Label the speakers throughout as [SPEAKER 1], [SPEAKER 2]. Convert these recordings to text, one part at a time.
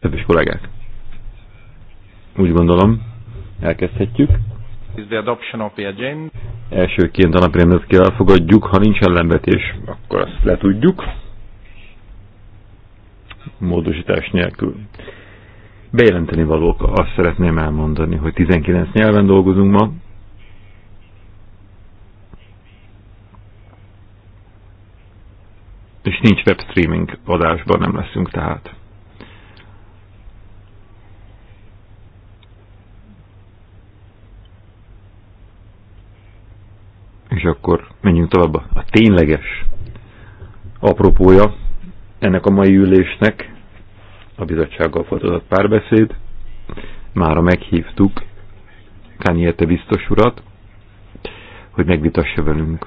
[SPEAKER 1] Kedves kollégák. Úgy gondolom, elkezdhetjük.
[SPEAKER 2] Is the adoption of the
[SPEAKER 1] Elsőként a napirendet kell elfogadjuk, ha nincs ellenvetés, akkor azt le tudjuk. Módosítás nélkül. Bejelenteni valók, azt szeretném elmondani, hogy 19 nyelven dolgozunk ma, nincs webstreaming adásban, nem leszünk tehát. És akkor menjünk tovább a tényleges apropója ennek a mai ülésnek, a bizottsággal folytatott párbeszéd. Mára meghívtuk Kányérte biztos urat, hogy megvitassa velünk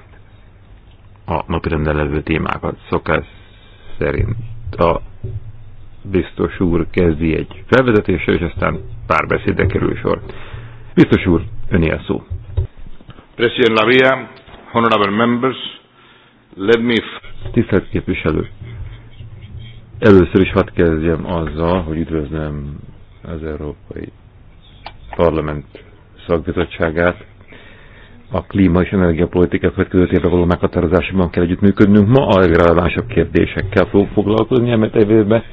[SPEAKER 1] a napirenden levő témákat. Szokás szerint a biztos úr kezdi egy felvezetéssel, és aztán párbeszédre kerül sor. Biztos úr, öné a szó.
[SPEAKER 3] President Lavia, honorable members, let me...
[SPEAKER 1] Tisztelt képviselő, először is hadd kezdjem azzal, hogy üdvözlöm az Európai Parlament szakbizottságát, a klíma és energiapolitika évre való meghatározásában kell együttműködnünk. Ma a legrelevánsabb kérdésekkel fog foglalkozni, mert évben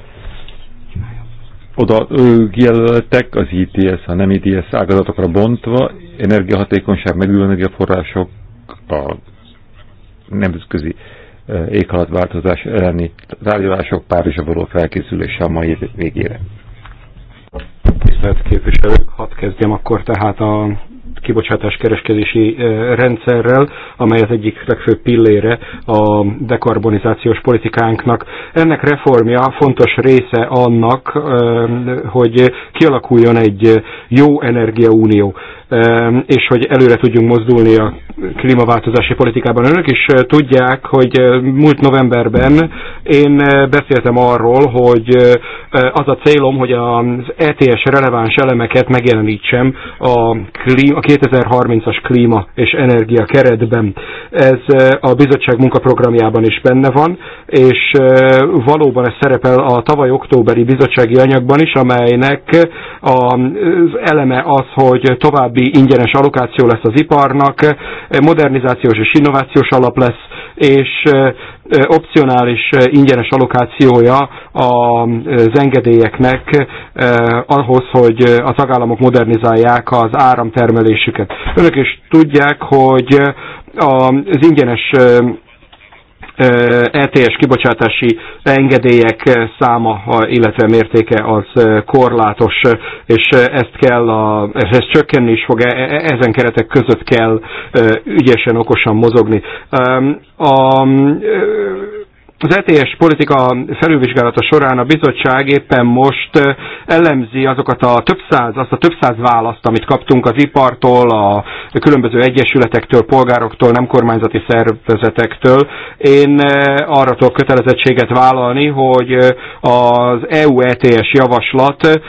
[SPEAKER 1] oda jelöltek az ITS, a nem ITS ágazatokra bontva, energiahatékonyság, megújuló energiaforrások, a nemzetközi éghalatváltozás elleni tárgyalások Párizsa való felkészülése a mai végére.
[SPEAKER 4] Tisztelt képviselők, hadd kezdjem akkor tehát a kibocsátás kereskedési eh, rendszerrel, amely az egyik legfőbb pillére a dekarbonizációs politikánknak. Ennek reformja fontos része annak, eh, hogy kialakuljon egy jó energiaunió és hogy előre tudjunk mozdulni a klímaváltozási politikában. Önök is eh, tudják, hogy eh, múlt novemberben én eh, beszéltem arról, hogy az a célom, hogy az ETS releváns elemeket megjelenítsem a, a 2030-as klíma és energia keretben. Ez a bizottság munkaprogramjában is benne van, és valóban ez szerepel a tavaly októberi bizottsági anyagban is, amelynek az eleme az, hogy tovább további ingyenes allokáció lesz az iparnak, eh, modernizációs és innovációs alap lesz, és eh, eh, opcionális ingyenes allokációja az engedélyeknek ahhoz, hogy a tagállamok modernizálják az áramtermelésüket. Önök is tudják, hogy az ingyenes ETS kibocsátási engedélyek száma, illetve mértéke az korlátos, és ezt kell, a, ez csökkenni is fog, e- e- ezen keretek között kell ügyesen, okosan mozogni. A az ETS politika felülvizsgálata során a bizottság éppen most elemzi azokat a több száz, azt a több száz választ, amit kaptunk az ipartól, a különböző egyesületektől, polgároktól, nem kormányzati szervezetektől. Én arra tudok kötelezettséget vállalni, hogy az EU ETS javaslat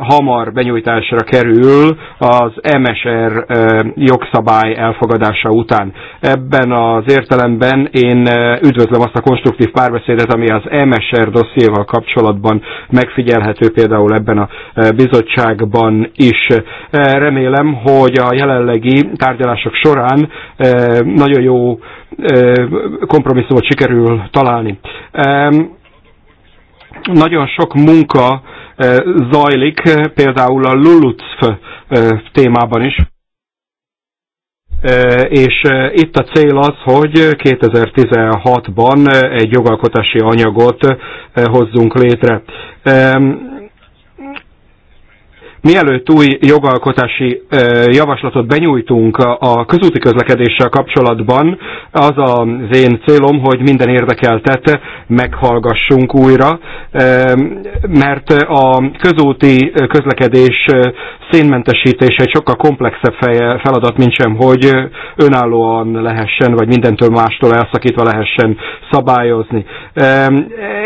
[SPEAKER 4] hamar benyújtásra kerül az MSR jogszabály elfogadása után. Ebben az értelemben én üdvözlöm azt a konstruktív párbeszédet, ami az MSR dossziéval kapcsolatban megfigyelhető például ebben a e, bizottságban is. E, remélem, hogy a jelenlegi tárgyalások során e, nagyon jó kompromisszumot sikerül találni. Nagyon sok munka zajlik, például a LULUCF témában is és itt a cél az, hogy 2016-ban egy jogalkotási anyagot hozzunk létre. Mielőtt új jogalkotási javaslatot benyújtunk a közúti közlekedéssel kapcsolatban, az az én célom, hogy minden érdekeltet meghallgassunk újra, mert a közúti közlekedés szénmentesítés egy sokkal komplexebb feladat, mint sem, hogy önállóan lehessen, vagy mindentől mástól elszakítva lehessen szabályozni.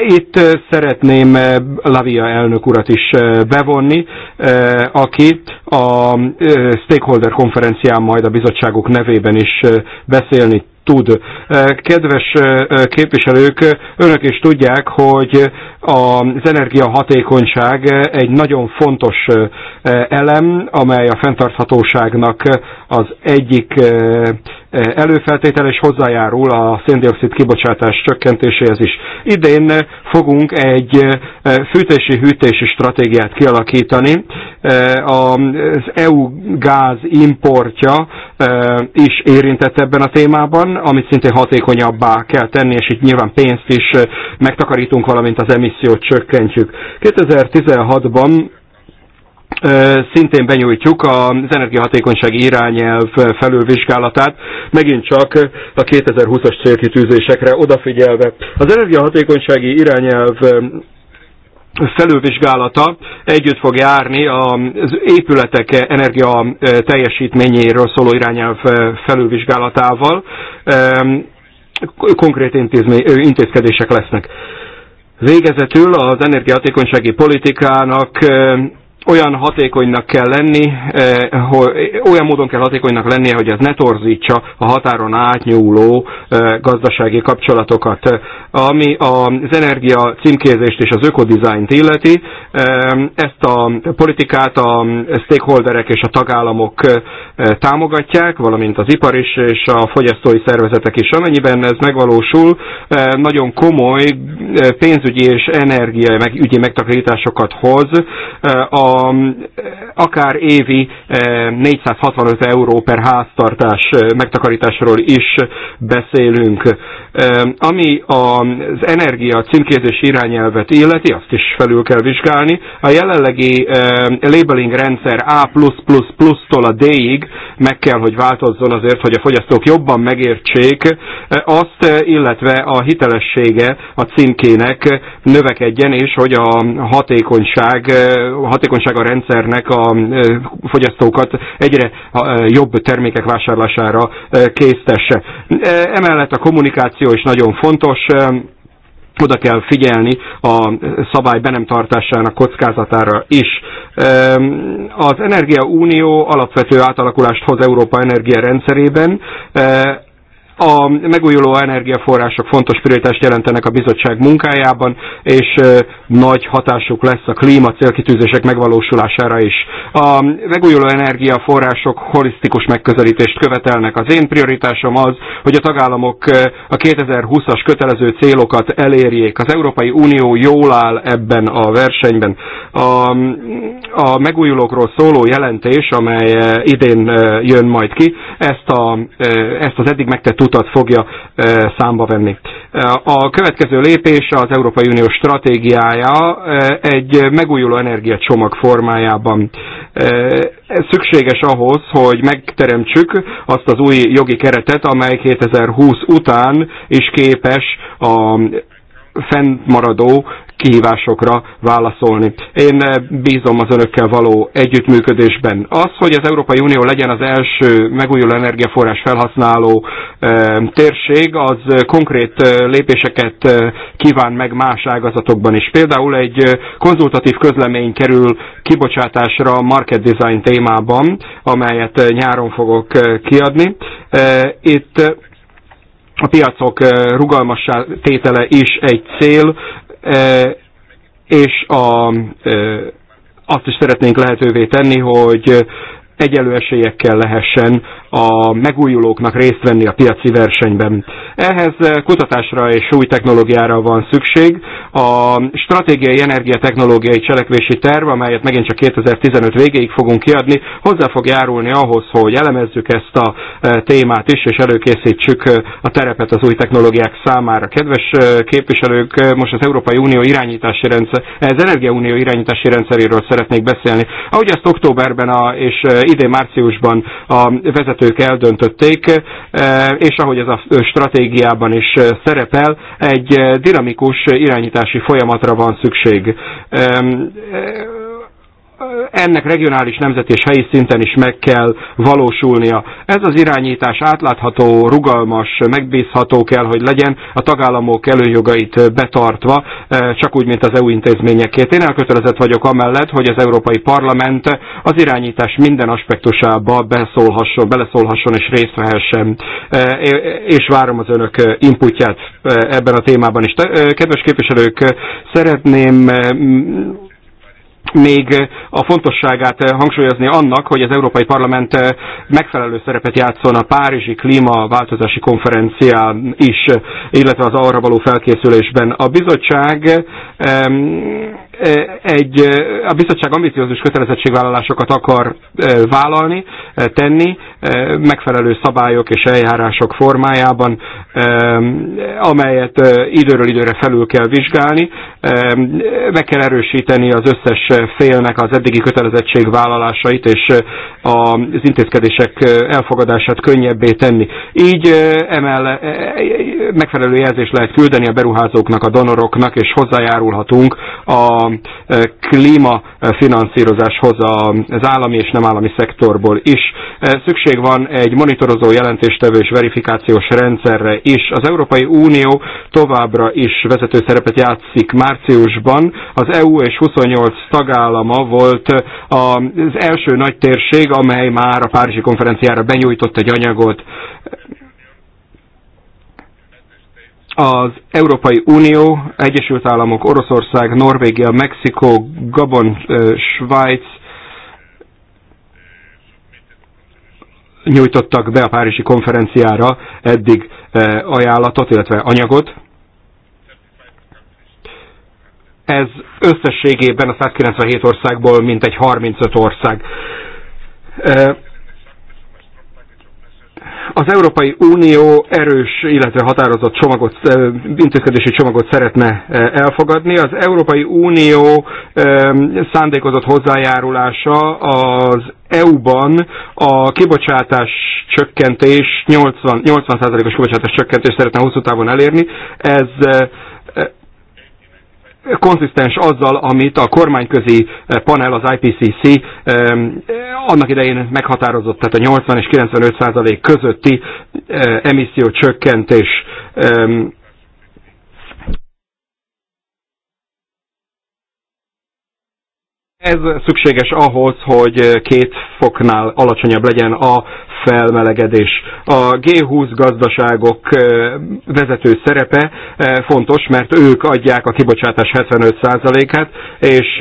[SPEAKER 4] Itt szeretném eh, Lavia elnök urat is eh, bevonni, eh, aki a stakeholder konferencián majd a bizottságok nevében is beszélni tud. Eh, kedves eh, képviselők, önök is tudják, hogy az energiahatékonyság egy nagyon fontos eh, elem, amely a fenntarthatóságnak az egyik előfeltétel, és hozzájárul a széndiokszid kibocsátás csökkentéséhez is. Idén fogunk egy fűtési-hűtési stratégiát kialakítani. Az EU gáz importja is érintett ebben a témában, amit szintén hatékonyabbá kell tenni, és itt nyilván pénzt is megtakarítunk, valamint az emissziót csökkentjük. 2016-ban szintén benyújtjuk az energiahatékonyság irányelv felülvizsgálatát, megint csak a 2020-as célkitűzésekre odafigyelve. Az energiahatékonysági irányelv felülvizsgálata együtt fog járni az épületek energia teljesítményéről szóló irányelv felülvizsgálatával. Konkrét intézkedések lesznek. Végezetül az energiahatékonysági politikának olyan hatékonynak kell lenni, eh, olyan módon kell hatékonynak lennie, hogy ez ne torzítsa a határon átnyúló eh, gazdasági kapcsolatokat. Ami az energia címkézést és az ökodizájnt illeti, eh, ezt a politikát a stakeholderek és a tagállamok támogatják, valamint az ipar is és a fogyasztói szervezetek is. Amennyiben ez megvalósul, nagyon komoly pénzügyi és energia ügyi megtakarításokat hoz a Eh, akár évi 465 eh, euró per háztartás eh, megtakarításról is beszélünk. Ami az energia címkézés irányelvet illeti, azt is felül kell vizsgálni. A jelenlegi labeling rendszer A+++-tól a D-ig meg kell, hogy változzon azért, hogy a fogyasztók jobban megértsék azt, illetve a hitelessége a címkének növekedjen, és hogy a hatékonyság, hatékonyság hatékonysága a rendszernek a fogyasztókat egyre jobb termékek vásárlására késztesse. Emellett a kommunikáció is nagyon fontos oda kell figyelni a szabály be nem tartásának kockázatára is. Az Energia Unió alapvető átalakulást hoz Európa energiarendszerében. A megújuló energiaforrások fontos prioritást jelentenek a bizottság munkájában, és nagy hatásuk lesz a klíma célkitűzések megvalósulására is. A megújuló energiaforrások holisztikus megközelítést követelnek. Az én prioritásom az, hogy a tagállamok a 2020-as kötelező célokat elérjék. Az Európai Unió jól áll ebben a versenyben. A, a megújulókról szóló jelentés, amely idén jön majd ki, ezt, a, ezt az eddig megtett utat fogja e, számba venni. E, a következő lépés az Európai Unió stratégiája e, egy megújuló energiacsomag formájában. Ez szükséges ahhoz, hogy megteremtsük azt az új jogi keretet, amely 2020 után is képes a fennmaradó kihívásokra válaszolni. Én eh, bízom az önökkel való együttműködésben. Az, hogy az Európai Unió legyen az első megújuló energiaforrás felhasználó eh, térség, az eh, konkrét lépéseket kíván meg más ágazatokban is. Például egy konzultatív közlemény kerül kibocsátásra market design témában, amelyet nyáron fogok kiadni. Itt a piacok rugalmassá tétele is egy cél, és a, azt is szeretnénk lehetővé tenni, hogy egyelő esélyekkel lehessen a megújulóknak részt venni a piaci versenyben. Ehhez kutatásra és új technológiára van szükség. A stratégiai energiatechnológiai cselekvési terv, amelyet megint csak 2015 végéig fogunk kiadni, hozzá fog járulni ahhoz, hogy elemezzük ezt a e, témát is, és előkészítsük e, a terepet az új technológiák számára. Kedves e, képviselők, most az Európai Unió irányítási rendszer, az Energiaunió irányítási rendszeréről szeretnék beszélni. Ahogy ezt októberben a, és idén márciusban a vezető vezetők eldöntötték, e, és ahogy ez a stratégiában is e, szerepel, egy e, dinamikus irányítási folyamatra van szükség ennek regionális, nemzeti és helyi szinten is meg kell valósulnia. Ez az irányítás átlátható, rugalmas, megbízható kell, hogy legyen a tagállamok előjogait betartva, eh, csak úgy, mint az EU intézményekét. Én elkötelezett vagyok amellett, hogy az Európai Parlament az irányítás minden aspektusába beszólhasson, beleszólhasson és részt vehessen, eh, eh, és várom az önök inputját ebben a témában is. Kedves képviselők, szeretném még eh, a fontosságát eh, hangsúlyozni annak, hogy az Európai Parlament eh, megfelelő szerepet játszon a Párizsi Klímaváltozási Konferencián is, illetve az arra való felkészülésben. A bizottság egy, a bizottság ambiciózus kötelezettségvállalásokat akar vállalni, tenni, megfelelő szabályok és eljárások formájában, amelyet időről időre felül kell vizsgálni. Meg kell erősíteni az összes félnek az eddigi kötelezettségvállalásait, és az intézkedések elfogadását könnyebbé tenni. Így emel, megfelelő jelzést lehet küldeni a beruházóknak, a donoroknak, és hozzájárulhatunk a E, klímafinanszírozáshoz az állami és nem állami szektorból is. E, szükség van egy monitorozó jelentéstevő és verifikációs rendszerre is. Az Európai Unió továbbra is vezető szerepet játszik márciusban. Az EU és 28 tagállama volt az első nagy térség, amely már a Párizsi konferenciára benyújtott egy anyagot az Európai Unió, Egyesült Államok, Oroszország, Norvégia, Mexikó, Gabon, Svájc nyújtottak be a Párizsi konferenciára eddig ajánlatot, illetve anyagot. Ez összességében a 197 országból mintegy 35 ország az Európai Unió erős, illetve határozott csomagot, intézkedési csomagot szeretne elfogadni. Az Európai Unió szándékozott hozzájárulása az EU-ban a kibocsátás csökkentés, 80%-os 80 kibocsátás csökkentés szeretne hosszú távon elérni. Ez konzisztens azzal, amit a kormányközi eh, panel, az IPCC eh, annak idején meghatározott, tehát a 80 és 95 százalék közötti eh, emissziócsökkentés csökkentés Ez szükséges ahhoz, hogy két foknál alacsonyabb legyen a felmelegedés. A G20 gazdaságok vezető szerepe fontos, mert ők adják a kibocsátás 75%-át, és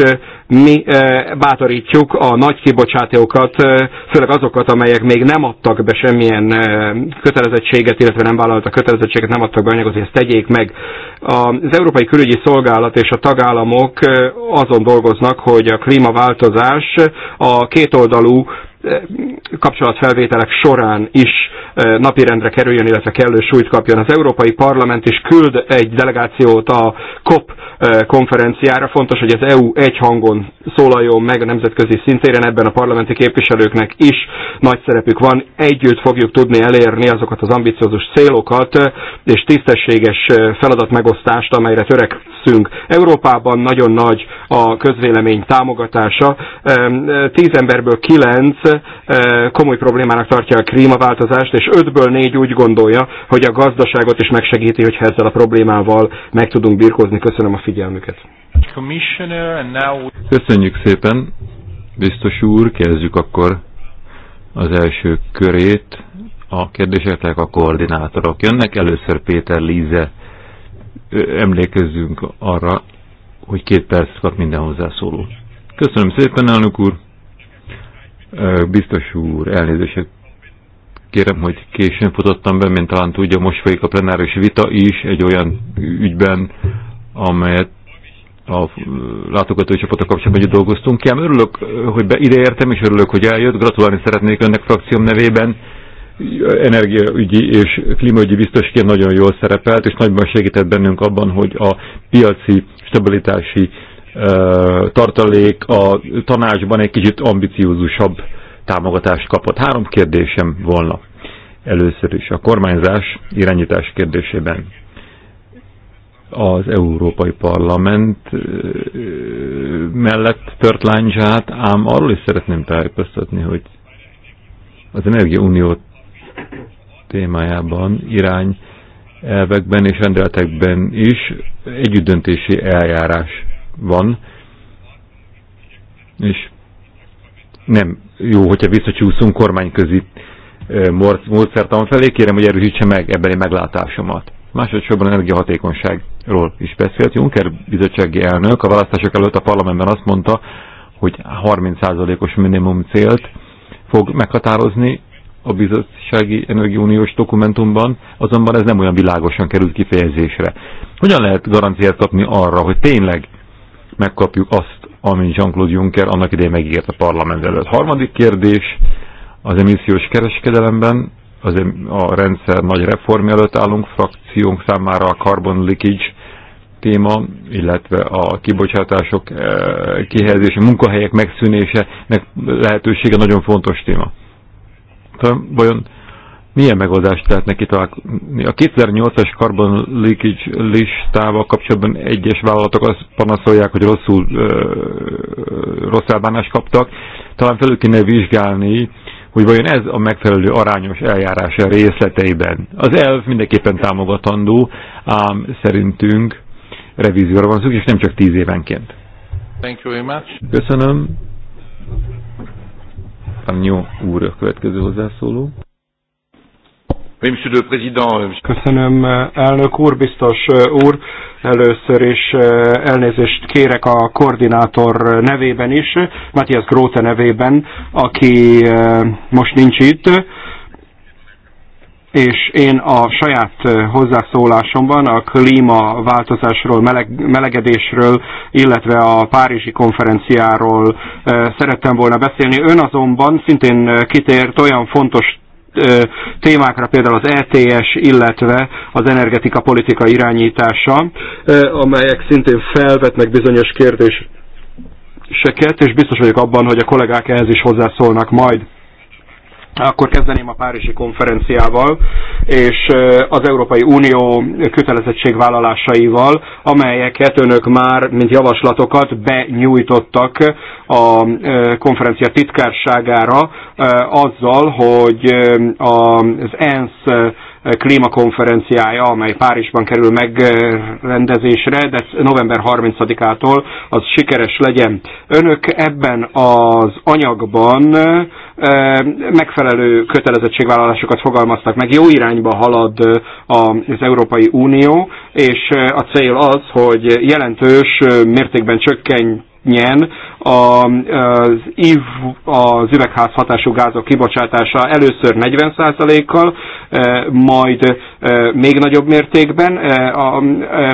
[SPEAKER 4] mi eh, bátorítjuk a nagy kibocsátókat, eh, főleg azokat, amelyek még nem adtak be semmilyen eh, kötelezettséget, illetve nem vállaltak kötelezettséget, nem adtak be anyagot, hogy ezt tegyék meg. Az Európai Külügyi Szolgálat és a tagállamok azon dolgoznak, hogy a klímaváltozás a kétoldalú kapcsolatfelvételek során is eh, napirendre kerüljön, illetve kellő súlyt kapjon. Az Európai Parlament is küld egy delegációt a COP eh, konferenciára. Fontos, hogy az EU egy hangon szólaljon meg a nemzetközi szintéren, ebben a parlamenti képviselőknek is nagy szerepük van. Együtt fogjuk tudni elérni azokat az ambiciózus célokat eh, és tisztességes feladatmegosztást, amelyre törekszünk. Európában nagyon nagy a közvélemény támogatása. Tíz emberből kilenc komoly problémának tartja a klímaváltozást, és ötből négy úgy gondolja, hogy a gazdaságot is megsegíti, hogyha ezzel a problémával meg tudunk birkózni. Köszönöm a figyelmüket.
[SPEAKER 1] Köszönjük szépen, biztos úr, kezdjük akkor az első körét. A kérdéseknek a koordinátorok jönnek. Először Péter Líze, emlékezzünk arra, hogy két perc kap minden hozzászóló. Köszönöm szépen, elnök úr! Biztos úr, elnézést kérem, hogy későn futottam be, mint talán tudja, most folyik a plenáris vita is egy olyan ügyben, amelyet a látogatói csapata kapcsolatban együtt dolgoztunk ki. örülök, hogy be, ideértem, és örülök, hogy eljött. Gratulálni szeretnék önnek frakcióm nevében. Energiaügyi és klímaügyi biztosként nagyon jól szerepelt, és nagyban segített bennünk abban, hogy a piaci stabilitási tartalék a tanácsban egy kicsit ambiciózusabb támogatást kapott. Három kérdésem volna először is. A kormányzás irányítás kérdésében az Európai Parlament mellett tört lányzsát, ám arról is szeretném tájékoztatni, hogy az unió témájában irány elvekben és rendeletekben is együttdöntési eljárás van, és nem jó, hogyha visszacsúszunk kormányközi módszertan felé, kérem, hogy erősítse meg ebben a meglátásomat. Másodszorban energiahatékonyságról is beszélt. Juncker bizottsági elnök a választások előtt a parlamentben azt mondta, hogy 30%-os minimum célt fog meghatározni a bizottsági energiauniós dokumentumban, azonban ez nem olyan világosan került kifejezésre. Hogyan lehet garanciát kapni arra, hogy tényleg megkapjuk azt, amit Jean-Claude Juncker annak idején megígért a parlament előtt. Harmadik kérdés, az emissziós kereskedelemben, az a rendszer nagy reformja előtt állunk, frakciónk számára a carbon leakage téma, illetve a kibocsátások eh, kihelyezése, munkahelyek megszűnése, meg lehetősége nagyon fontos téma. Szóval vajon milyen megoldást lehet neki találni. A 2008-as carbon leakage listával kapcsolatban egyes vállalatok azt panaszolják, hogy rosszul, rossz elbánást kaptak. Talán felül kéne vizsgálni, hogy vajon ez a megfelelő arányos eljárása részleteiben. Az elv mindenképpen támogatandó, ám szerintünk revízióra van szükség, és nem csak tíz évenként.
[SPEAKER 3] Thank you very much.
[SPEAKER 1] Köszönöm.
[SPEAKER 4] Jó úr, a következő hozzászóló. Euh, Köszönöm, eh, elnök úr, biztos eh, úr. Először is eh, elnézést kérek a koordinátor nevében is, Matthias Gróte nevében, aki most nincs itt és én a saját hozzászólásomban a klímaváltozásról, meleg, melegedésről, illetve a Párizsi konferenciáról szerettem volna beszélni. Ön azonban szintén kitért olyan fontos témákra, például az ETS, illetve az energetika politika irányítása, amelyek szintén felvetnek bizonyos kérdéseket, és biztos vagyok abban, hogy a kollégák ehhez is hozzászólnak majd akkor kezdeném a Párizsi konferenciával, és az Európai Unió kötelezettségvállalásaival, amelyeket önök már, mint javaslatokat benyújtottak a konferencia titkárságára azzal, hogy az ENSZ klímakonferenciája, amely Párizsban kerül megrendezésre, de november 30-ától az sikeres legyen. Önök ebben az anyagban eh, megfelelő kötelezettségvállalásokat fogalmaztak meg, jó irányba halad eh, az Európai Unió, és eh, a cél az, hogy jelentős mértékben csökkenjen az, IV, az hatású gázok kibocsátása először 40%-kal, e, majd e, még nagyobb mértékben, e, a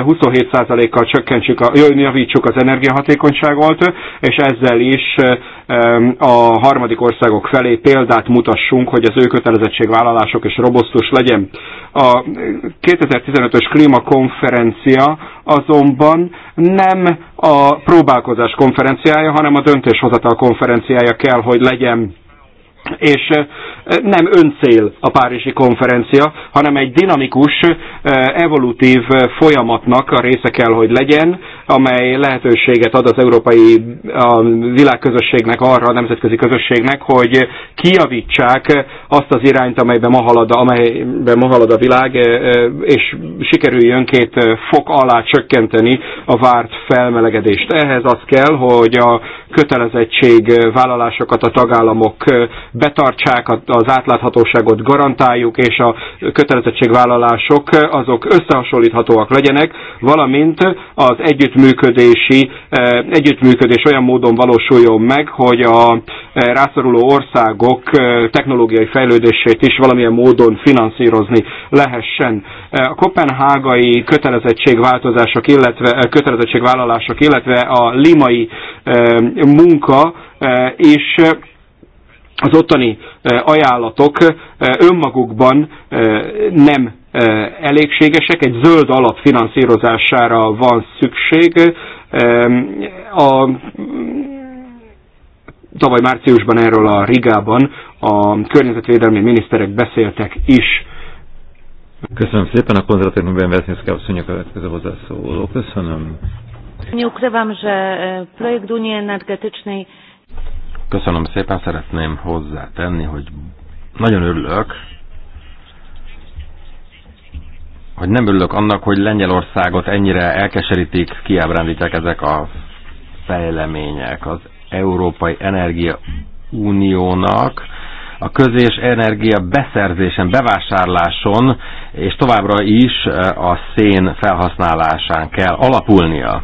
[SPEAKER 4] 27%-kal csökkentsük, a, javítsuk az energiahatékonyságot, és ezzel is a harmadik országok felé példát mutassunk, hogy az ő kötelezettségvállalások is robosztus legyen. A 2015-ös klímakonferencia azonban nem a próbálkozás konferenciája, hanem hanem a döntéshozatal konferenciája kell, hogy legyen és nem öncél a Párizsi konferencia, hanem egy dinamikus, evolutív folyamatnak a része kell, hogy legyen, amely lehetőséget ad az európai a világközösségnek arra, a nemzetközi közösségnek, hogy kiavítsák azt az irányt, amelyben ma halad, amelyben ma halad a világ, és sikerüljön két fok alá csökkenteni a várt felmelegedést. Ehhez az kell, hogy a kötelezettség vállalásokat a tagállamok betartsák, az átláthatóságot garantáljuk, és a kötelezettségvállalások eh, azok összehasonlíthatóak legyenek, valamint az együttműködési, eh, együttműködés olyan módon valósuljon meg, hogy a eh, rászoruló országok technológiai fejlődését is valamilyen módon finanszírozni lehessen. A kopenhágai kötelezettségváltozások, illetve kötelezettségvállalások, illetve a limai munka és az ottani e, ajánlatok e, önmagukban e, nem elégségesek, egy zöld alap finanszírozására van szükség. A tavaly márciusban erről a Rigában a környezetvédelmi miniszterek beszéltek is.
[SPEAKER 1] Köszönöm szépen, a konzervatív Nubén Vesznyszke a a következő hozzászóló. Köszönöm.
[SPEAKER 2] Nyugtávám, hogy a projekt Unii Energetycznej
[SPEAKER 1] Köszönöm szépen,
[SPEAKER 5] szeretném hozzátenni, hogy nagyon örülök, hogy nem örülök annak, hogy Lengyelországot ennyire elkeserítik, kiábrándítják ezek a fejlemények. Az Európai Energia Uniónak a közés energia beszerzésen, bevásárláson és továbbra is a szén felhasználásán kell alapulnia.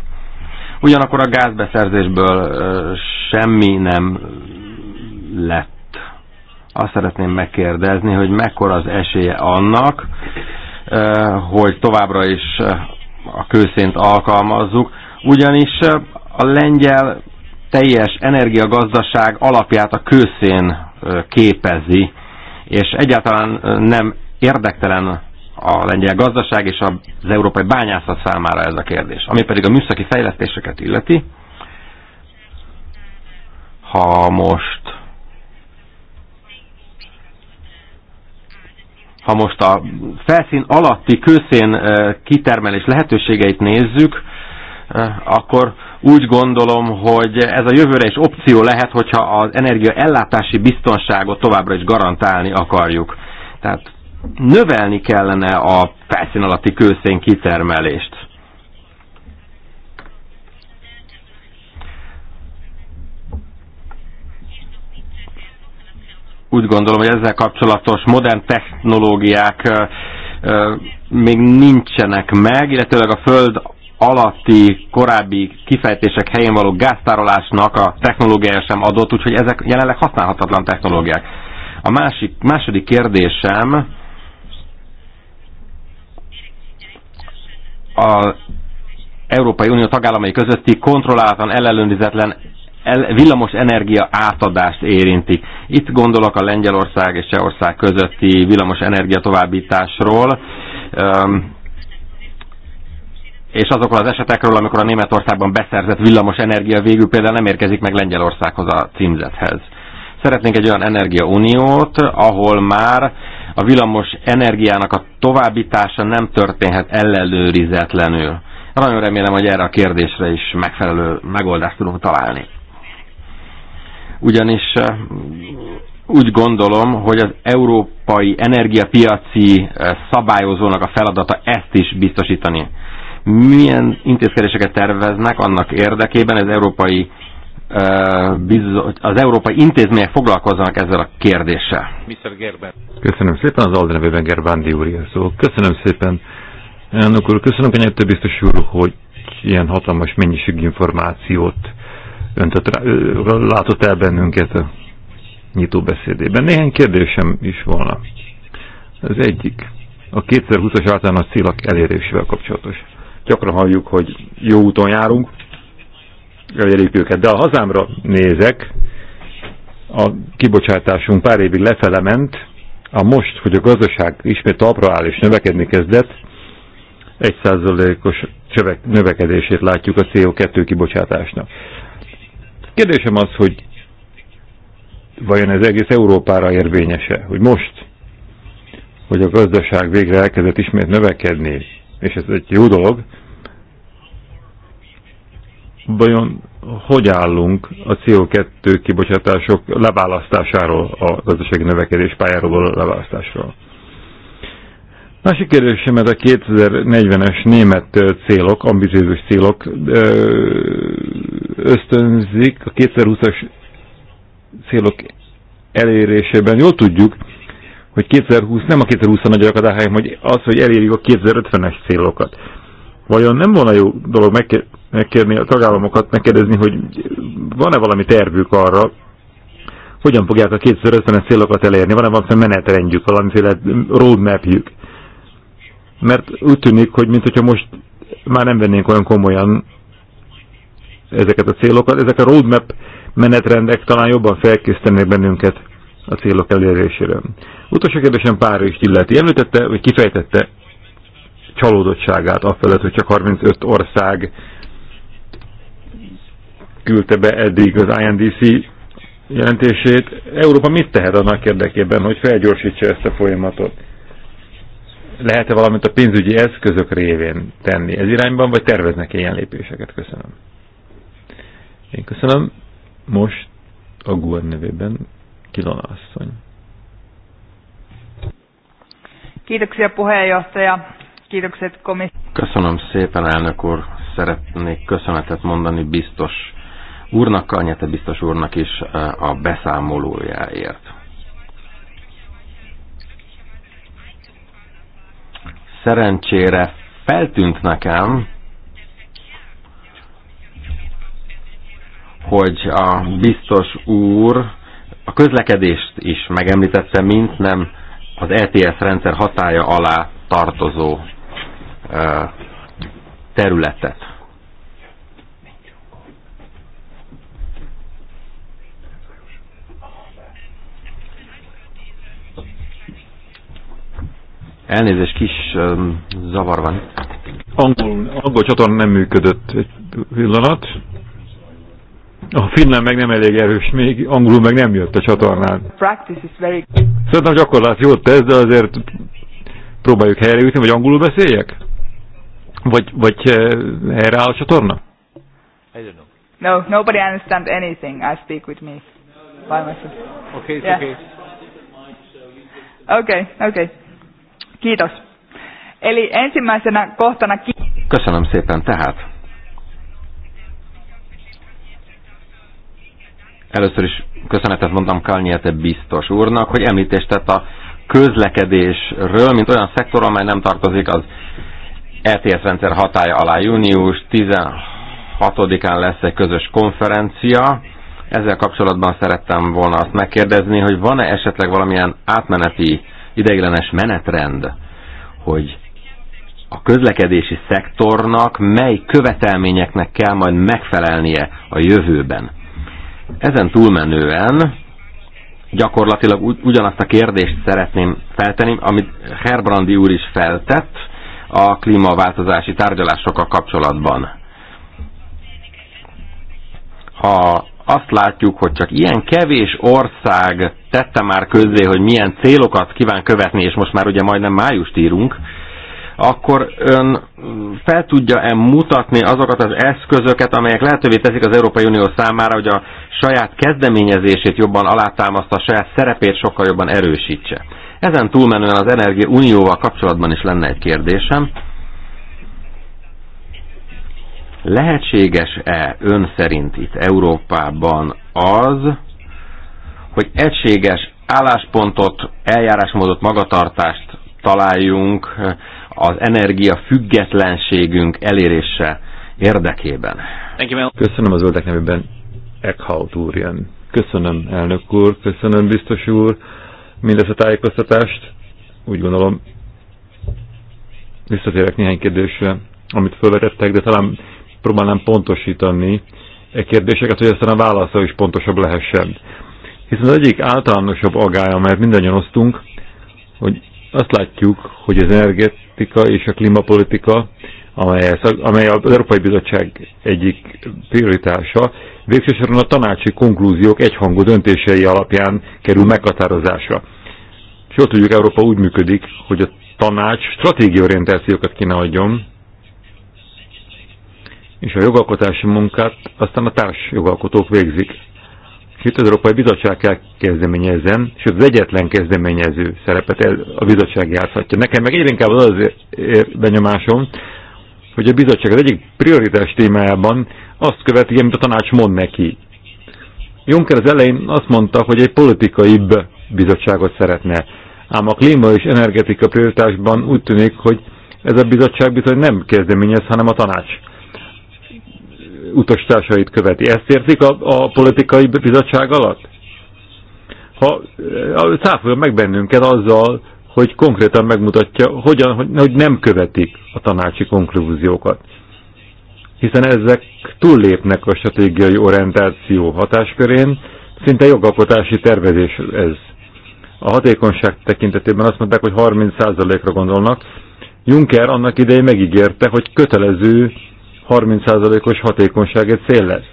[SPEAKER 5] Ugyanakkor a gázbeszerzésből semmi nem lett. Azt szeretném megkérdezni, hogy mekkora az esélye annak, hogy továbbra is a kőszént alkalmazzuk, ugyanis a lengyel teljes energiagazdaság alapját a kőszén képezi, és egyáltalán nem érdektelen a lengyel gazdaság és az európai bányászat számára ez a kérdés. Ami pedig a műszaki fejlesztéseket illeti, ha most ha most a felszín alatti kőszén eh, kitermelés lehetőségeit nézzük, eh, akkor úgy gondolom, hogy ez a jövőre is opció lehet, hogyha az energia ellátási biztonságot továbbra is garantálni akarjuk. Tehát növelni kellene a felszín alatti kőszén kitermelést. Úgy gondolom, hogy ezzel kapcsolatos modern technológiák még nincsenek meg, illetőleg a föld alatti korábbi kifejtések helyén való gáztárolásnak a technológiája sem adott, úgyhogy ezek jelenleg használhatatlan technológiák. A másik, második kérdésem az Európai Unió tagállamai közötti kontrolláltan, ellenőrizetlen villamos energia átadást érinti. Itt gondolok a Lengyelország és Csehország közötti villamos energia továbbításról, és azokról az esetekről, amikor a Németországban beszerzett villamos energia végül például nem érkezik meg Lengyelországhoz a címzethez. Szeretnénk egy olyan energiauniót, ahol már a villamos energiának a továbbítása nem történhet ellenőrizetlenül. Nagyon remélem, hogy erre a kérdésre is megfelelő megoldást tudunk találni. Ugyanis úgy gondolom, hogy az európai energiapiaci szabályozónak a feladata ezt is biztosítani. Milyen intézkedéseket terveznek annak érdekében, hogy az európai az európai intézmények
[SPEAKER 1] foglalkoznak ezzel a kérdéssel. Mr. Köszönöm szépen az Aldrevében Gerbándi úr szó. Köszönöm szépen. Elnök úr, köszönöm a biztos úr, hogy ilyen hatalmas mennyiségű információt öntött, rá, látott el bennünket a nyitó beszédében. Néhány kérdésem is volna. Az egyik, a 2020-as általános célak elérésével kapcsolatos. Gyakran halljuk, hogy jó úton járunk, elérjük őket. De a hazámra nézek, a kibocsátásunk pár évig lefele ment, a most, hogy a gazdaság ismét talpra áll és növekedni kezdett, egy százalékos növekedését látjuk a CO2 kibocsátásnak. Kérdésem az, hogy vajon ez egész Európára érvényese, hogy most, hogy a gazdaság végre elkezdett ismét növekedni, és ez egy jó dolog, vajon hogy állunk a CO2 kibocsátások leválasztásáról, a gazdasági növekedés pályáról leválasztásról. Másik kérdésem ez a 2040-es német célok, ambiciózus célok ösztönzik a 2020-as célok elérésében. Jól tudjuk, hogy 2020 nem a 2020 nagy akadály, hanem hogy az, hogy elérjük a 2050-es célokat. Vajon nem volna jó dolog megkérdezni, megkérni a tagállamokat, megkérdezni, hogy van-e valami tervük arra, hogyan fogják a 2050-es célokat elérni, van-e valami menetrendjük, valamiféle roadmapjük. Mert úgy tűnik, hogy mintha most már nem vennénk olyan komolyan ezeket a célokat. Ezek a roadmap menetrendek talán jobban felkészítenek bennünket a célok elérésére. Utolsó kérdésem is illeti. Említette, vagy kifejtette csalódottságát afelett, hogy csak 35 ország küldte be eddig az INDC jelentését. Európa mit tehet annak érdekében, hogy felgyorsítsa ezt a folyamatot? Lehet-e valamit a pénzügyi eszközök révén tenni ez irányban, vagy terveznek -e ilyen lépéseket? Köszönöm. Én köszönöm. Most a GUR nevében Kilona asszony.
[SPEAKER 2] Kiitoksia puheenjohtaja. Kiitokset komissi.
[SPEAKER 5] Köszönöm szépen, elnök úr. Szeretnék köszönetet mondani biztos úrnak, Kanyete biztos úrnak is a beszámolójáért. Szerencsére feltűnt nekem, hogy a biztos úr a közlekedést is megemlítette, mint nem az ETS rendszer hatája alá tartozó területet.
[SPEAKER 1] Elnézést, kis um, zavar van. Angol, angol csatorna nem működött egy pillanat. A finnán meg nem elég erős, még angolul meg nem jött a csatornán. Szerintem gyakorlás jól tesz, de azért próbáljuk jutni, vagy angolul beszéljek? Vagy, vagy eh, helyre áll a csatorna?
[SPEAKER 2] I don't know. No, nobody understands anything. I speak with me. By myself. Okay, it's yeah. okay. Okay, okay. Kiitos. Eli ensimmäisenä kohtana...
[SPEAKER 5] Köszönöm szépen. Tehát először is köszönetet mondtam Kalnyete biztos úrnak, hogy említést tett a közlekedésről, mint olyan szektor, amely nem tartozik az ETS rendszer hatája alá. Június 16-án lesz egy közös konferencia. Ezzel kapcsolatban szerettem volna azt megkérdezni, hogy van-e esetleg valamilyen átmeneti ideiglenes menetrend, hogy a közlekedési szektornak mely követelményeknek kell majd megfelelnie a jövőben. Ezen túlmenően gyakorlatilag ugyanazt a kérdést szeretném feltenni, amit Herbrandi úr is feltett a klímaváltozási tárgyalásokkal kapcsolatban. Ha azt látjuk, hogy csak ilyen kevés ország tette már közzé, hogy milyen célokat kíván követni, és most már ugye majdnem május írunk, akkor ön fel tudja-e mutatni azokat az eszközöket, amelyek lehetővé teszik az Európai Unió számára, hogy a saját kezdeményezését jobban alátámaszta, a saját szerepét sokkal jobban erősítse. Ezen túlmenően az Energia Unióval kapcsolatban is lenne egy kérdésem. Lehetséges-e ön szerint itt Európában az, hogy egységes álláspontot, eljárásmódot, magatartást találjunk eh, az energia függetlenségünk elérése érdekében.
[SPEAKER 1] Köszönöm az zöldek nevében Eckhout úr jön. Köszönöm elnök úr, köszönöm biztos úr mindezt a tájékoztatást. Úgy gondolom visszatérek néhány kérdésre, amit felvetettek, de talán próbálnám pontosítani e kérdéseket, hogy aztán a válasza is pontosabb lehessen. Hiszen az egyik általánosabb agája, mert mindannyian osztunk, hogy azt látjuk, hogy az energetika és a klímapolitika, amely, amely az Európai Bizottság egyik prioritása, végsősorban a tanácsi konklúziók egyhangú döntései alapján kerül meghatározásra. És jól tudjuk, Európa úgy működik, hogy a tanács stratégiorientációkat kéne adjon, és a jogalkotási munkát aztán a társjogalkotók végzik. Sőt, az Európai Bizottság kell kezdeményezzen, sőt, az egyetlen kezdeményező szerepet a bizottság játszhatja. Nekem meg egyre inkább az az eh, benyomásom, hogy a bizottság az egyik prioritás témájában azt követi, amit a tanács mond neki. Juncker az elején azt mondta, hogy egy politikai bizottságot szeretne. Ám a klíma és energetika prioritásban úgy tűnik, hogy ez a bizottság bizony nem kezdeményez, hanem a tanács utasításait követi. Ezt értik a, a politikai bizottság alatt? Ha száfolja meg bennünket azzal, hogy konkrétan megmutatja, hogyan, hogy, hogy nem követik a tanácsi konklúziókat. Hiszen ezek túllépnek a stratégiai orientáció hatáskörén, szinte jogalkotási tervezés ez. A hatékonyság tekintetében azt mondták, hogy 30%-ra gondolnak. Juncker annak idején megígérte, hogy kötelező 30%-os hatékonysági cél lesz.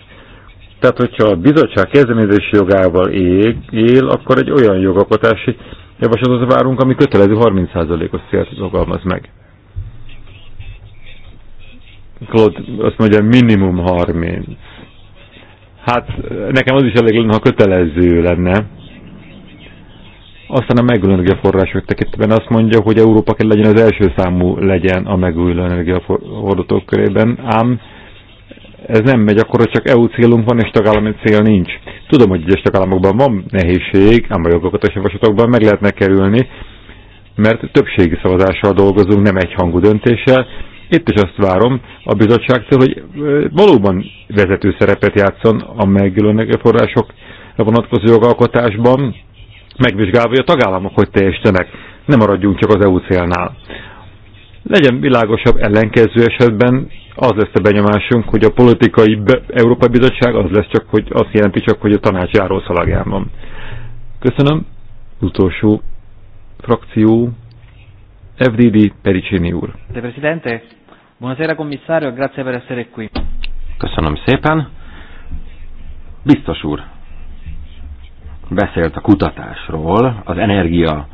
[SPEAKER 1] Tehát, hogyha a bizottság kezdeményezési jogával él, akkor egy olyan jogalkotási javaslatot várunk, ami kötelező 30%-os célt fogalmaz meg. Claude azt mondja, minimum 30. Hát nekem az is elég lenne, ha kötelező lenne. Aztán a megújuló energiaforrások tekintetben azt mondja, hogy Európa kell legyen az első számú legyen a megújuló energiaforrások körében, ám ez nem megy, akkor csak EU célunk van, és tagállami cél nincs. Tudom, hogy egyes tagállamokban van nehézség, ám a jogokat javaslatokban meg lehetne kerülni, mert többségi szavazással dolgozunk, nem egyhangú döntéssel. Itt is azt várom a bizottságtól, hogy valóban vezető szerepet játszon a megjelölő források vonatkozó jogalkotásban, megvizsgálva, hogy a tagállamok hogy teljesítenek. Nem maradjunk csak az EU célnál. Legyen világosabb ellenkező esetben, az lesz a benyomásunk, hogy a politikai be, Európai Bizottság az lesz csak, hogy azt jelenti csak, hogy a tanács járó szalagján van. Köszönöm. Utolsó frakció. FDD Pericini úr.
[SPEAKER 2] De Presidente, buonasera commissario, grazie per essere qui.
[SPEAKER 1] Köszönöm
[SPEAKER 5] szépen. Biztos úr, beszélt a kutatásról, az energia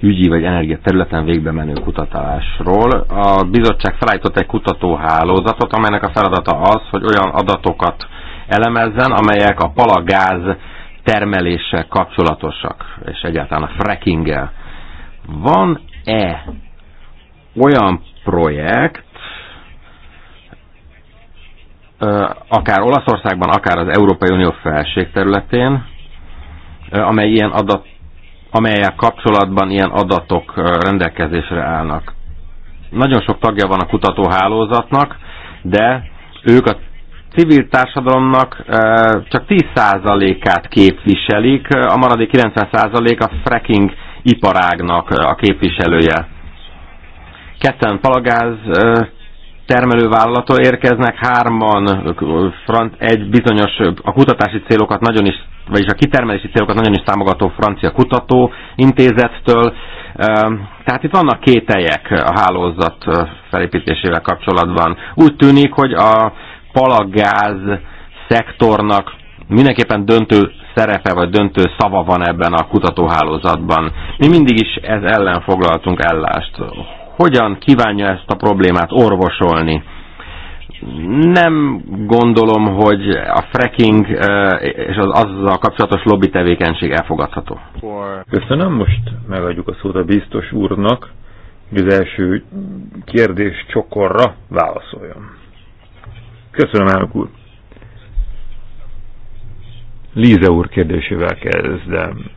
[SPEAKER 5] ügyi vagy energia területen végbe menő kutatásról. A bizottság felállított egy kutatóhálózatot, amelynek a feladata az, hogy olyan adatokat elemezzen, amelyek a palagáz termeléssel kapcsolatosak, és egyáltalán a frackinggel. Van-e olyan projekt, akár Olaszországban, akár az Európai Unió felség területén, amely ilyen adat, amelyek kapcsolatban ilyen adatok rendelkezésre állnak. Nagyon sok tagja van a kutatóhálózatnak, de ők a civil társadalomnak csak 10%-át képviselik, a maradék 90% a fracking iparágnak a képviselője. Ketten palagáz termelővállalattól érkeznek, hárman front egy bizonyos a kutatási célokat nagyon is vagyis a kitermelési célokat nagyon is támogató francia kutatóintézettől. Ehm, tehát itt vannak kételjek a hálózat felépítésével kapcsolatban. Úgy tűnik, hogy a palagáz szektornak mindenképpen döntő szerepe vagy döntő szava van ebben a kutatóhálózatban. Mi mindig is ez ellen foglaltunk ellást. Hogyan kívánja ezt a problémát orvosolni? nem gondolom, hogy a fracking és az azzal kapcsolatos lobby tevékenység elfogadható.
[SPEAKER 1] Köszönöm, most megadjuk a szót a biztos úrnak, hogy az első kérdés csokorra válaszoljon. Köszönöm, elnök úr. Líze úr kérdésével kezdem.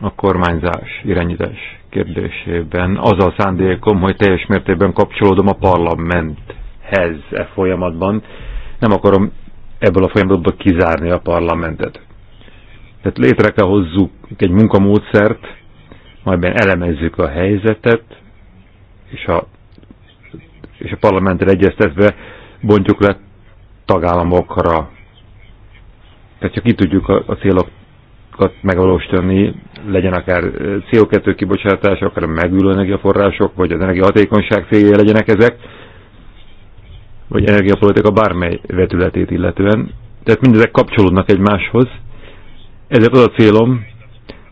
[SPEAKER 1] A kormányzás, irányítás kérdésében az a szándékom, hogy teljes mértékben kapcsolódom a parlamenthez e folyamatban. Nem akarom ebből a folyamatból kizárni a parlamentet. Tehát létre kell hozzuk egy munkamódszert, majd elemezzük a helyzetet, és a, és a parlamentre egyeztetve bontjuk le tagállamokra. Tehát csak itt tudjuk a, a célok célokat megvalósítani, legyen akár CO2 kibocsátás, akár a megülő energiaforrások, vagy az energiahatékonyság célja legyenek ezek, vagy energiapolitika bármely vetületét illetően. Tehát mindezek kapcsolódnak egymáshoz. Ezért az a célom,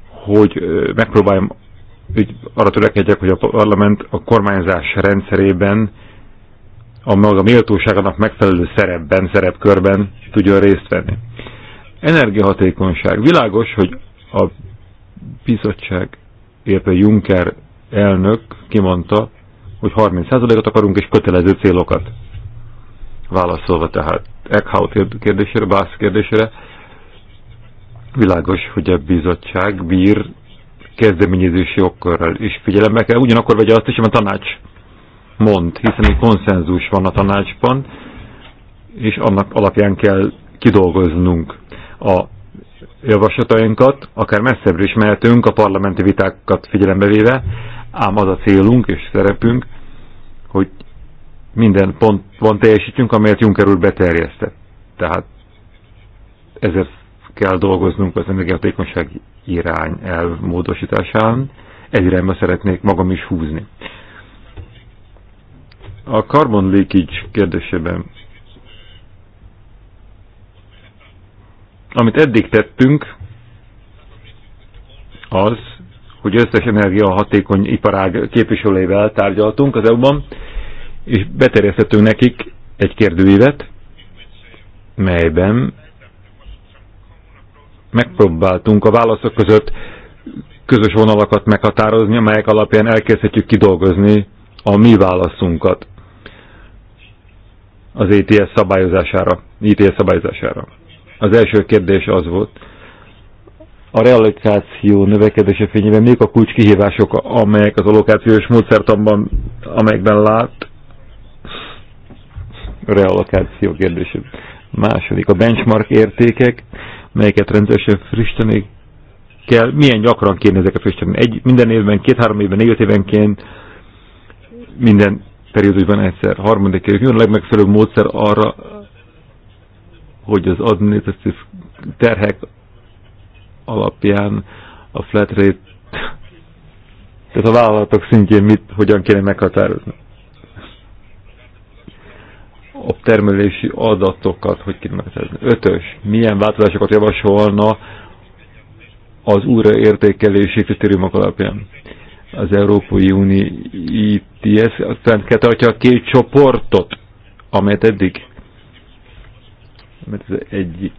[SPEAKER 1] hogy megpróbáljam, hogy arra törekedjek, hogy a parlament a kormányzás rendszerében a maga méltóságának megfelelő szerepben, szerepkörben tudjon részt venni. Energiahatékonyság. Világos, hogy a bizottság, illetve Juncker elnök kimondta, hogy 30%-ot akarunk és kötelező célokat. Válaszolva tehát Eckhout kérdésére, Bász kérdésére, világos, hogy a bizottság bír kezdeményezési okkörrel és figyelembe kell, ugyanakkor vegye azt is, amit a tanács mond, hiszen egy konszenzus van a tanácsban, és annak alapján kell kidolgoznunk a javaslatainkat, akár messzebbre is mehetünk a parlamenti vitákat figyelembe véve, ám az a célunk és szerepünk, hogy minden pontban teljesítjünk, amelyet Juncker úr beterjesztett. Tehát ezért kell dolgoznunk az energiatékonyság irány elv módosításán, ez irányba szeretnék magam is húzni. A carbon leakage kérdésében Amit eddig tettünk, az, hogy összes energia hatékony iparág képviselőivel tárgyaltunk az EU-ban, és beterjesztettünk nekik egy kérdőívet, melyben megpróbáltunk a válaszok között közös vonalakat meghatározni, amelyek alapján elkezdhetjük kidolgozni a mi válaszunkat az ETS szabályozására, ETS szabályozására. Az első kérdés az volt, a realizáció növekedése fényében mik a kulcs kihívások, amelyek az allokációs módszertanban, amelyekben lát Realokáció kérdése. Második, a benchmark értékek, melyeket rendszeresen frissíteni kell. Milyen gyakran kéne ezeket frissíteni? Egy, minden évben, két-három évben, négy évenként, minden periódusban egyszer. Harmadik kérdés, mi a legmegfelelőbb módszer arra, hogy az administratív terhek alapján a flat rate, tehát a vállalatok szintjén mit, hogyan kéne meghatározni. A termelési adatokat hogy kéne meghatározni. Ötös, milyen változásokat javasolna az újraértékelési kritériumok alapján? az Európai Unió ITS, fent tartja a két csoportot, amelyet eddig mert ez egyik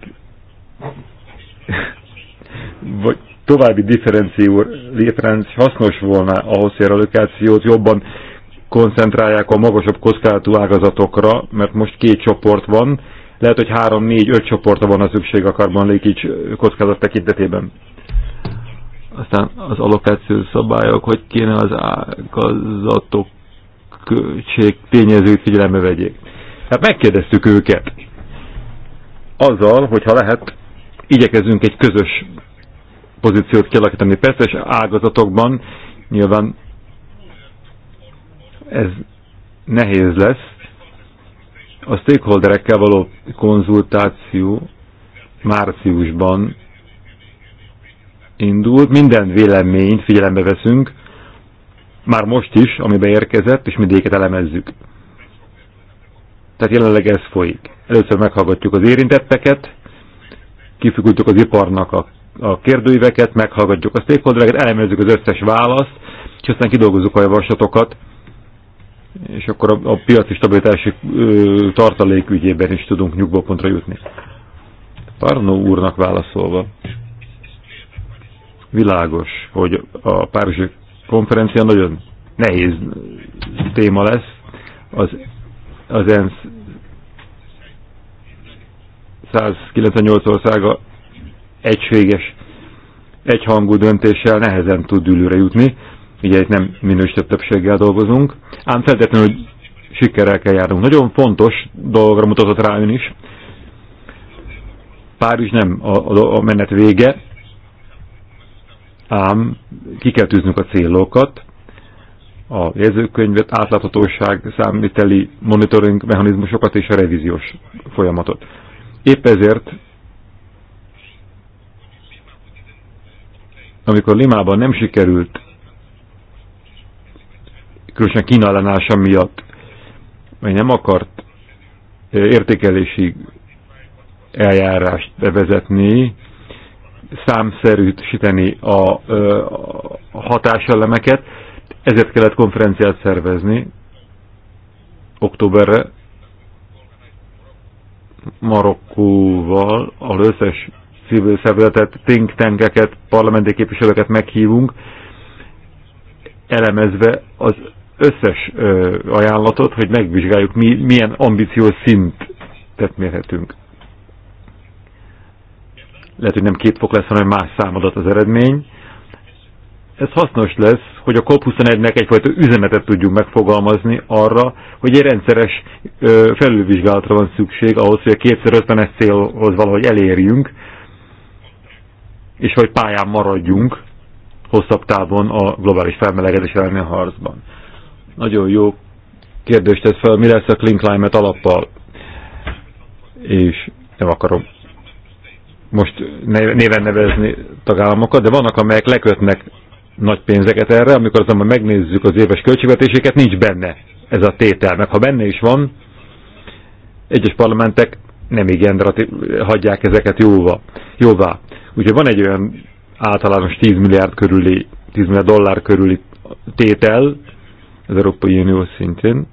[SPEAKER 1] vagy további differenció létrenc hasznos volna ahhoz, hogy a lokációt jobban koncentrálják a magasabb kockázatú ágazatokra, mert most két csoport van, lehet, hogy három, négy, öt csoportra van a szükség a karbonlékics kockázat tekintetében. Aztán az allokáció szabályok, hogy kéne az ágazatok költség tényezőt figyelembe vegyék. Hát megkérdeztük őket, azzal, hogyha lehet, igyekezünk egy közös pozíciót kialakítani. Persze, és ágazatokban nyilván ez nehéz lesz. A stakeholderekkel való konzultáció márciusban indult. Minden véleményt figyelembe veszünk, már most is, ami beérkezett, és mindéket elemezzük. Tehát jelenleg ez folyik. Először meghallgatjuk az érintetteket, kifigultuk az iparnak a, a kérdőíveket, meghallgatjuk a stakeholdereket, elemezzük az összes választ, és aztán kidolgozzuk a javaslatokat, és akkor a, a piaci stabilitási ö, tartalék ügyében is tudunk pontra jutni. Parnó úrnak válaszolva, világos, hogy a Párizsi konferencia nagyon nehéz téma lesz. Az, az ENSZ 198 országa egységes, egyhangú döntéssel nehezen tud ülőre jutni, ugye itt nem minősített többséggel dolgozunk, ám feltétlenül, hogy sikerrel kell járnunk. Nagyon fontos dologra mutatott rá ön is. Párizs nem a, a, a menet vége, ám ki kell tűznünk a célokat, a jegyzőkönyvet, átláthatóság, számíteli monitoring mechanizmusokat és a revíziós folyamatot. Épp ezért, amikor Limában nem sikerült, különösen Kína miatt, vagy nem akart eh, értékelési eljárást bevezetni, számszerűsíteni a, eh, a hatáselemeket, ezért kellett konferenciát szervezni októberre, Marokkóval, a összes civil szervezetet, think tankeket, parlamenti képviselőket meghívunk, elemezve az összes ö, ajánlatot, hogy megvizsgáljuk, mi, milyen ambíciós szintet mérhetünk. Lehet, hogy nem két fok lesz, hanem más számadat az eredmény, ez hasznos lesz, hogy a COP21-nek egyfajta üzenetet tudjunk megfogalmazni arra, hogy egy rendszeres felülvizsgálatra van szükség ahhoz, hogy a 2050-es célhoz valahogy elérjünk, és hogy pályán maradjunk hosszabb távon a globális felmelegedés elleni harcban. Nagyon jó kérdést tesz fel, mi lesz a Clean Climate alappal, és nem akarom most néven nevezni tagállamokat, de vannak, amelyek lekötnek nagy pénzeket erre, amikor azonban megnézzük az éves költségvetéséket, nincs benne ez a tétel. Meg ha benne is van, egyes parlamentek nem igen hagyják ezeket jóva, jóvá. Úgyhogy van egy olyan általános 10 milliárd körüli, 10 milliárd dollár körüli tétel az Európai Unió szintén,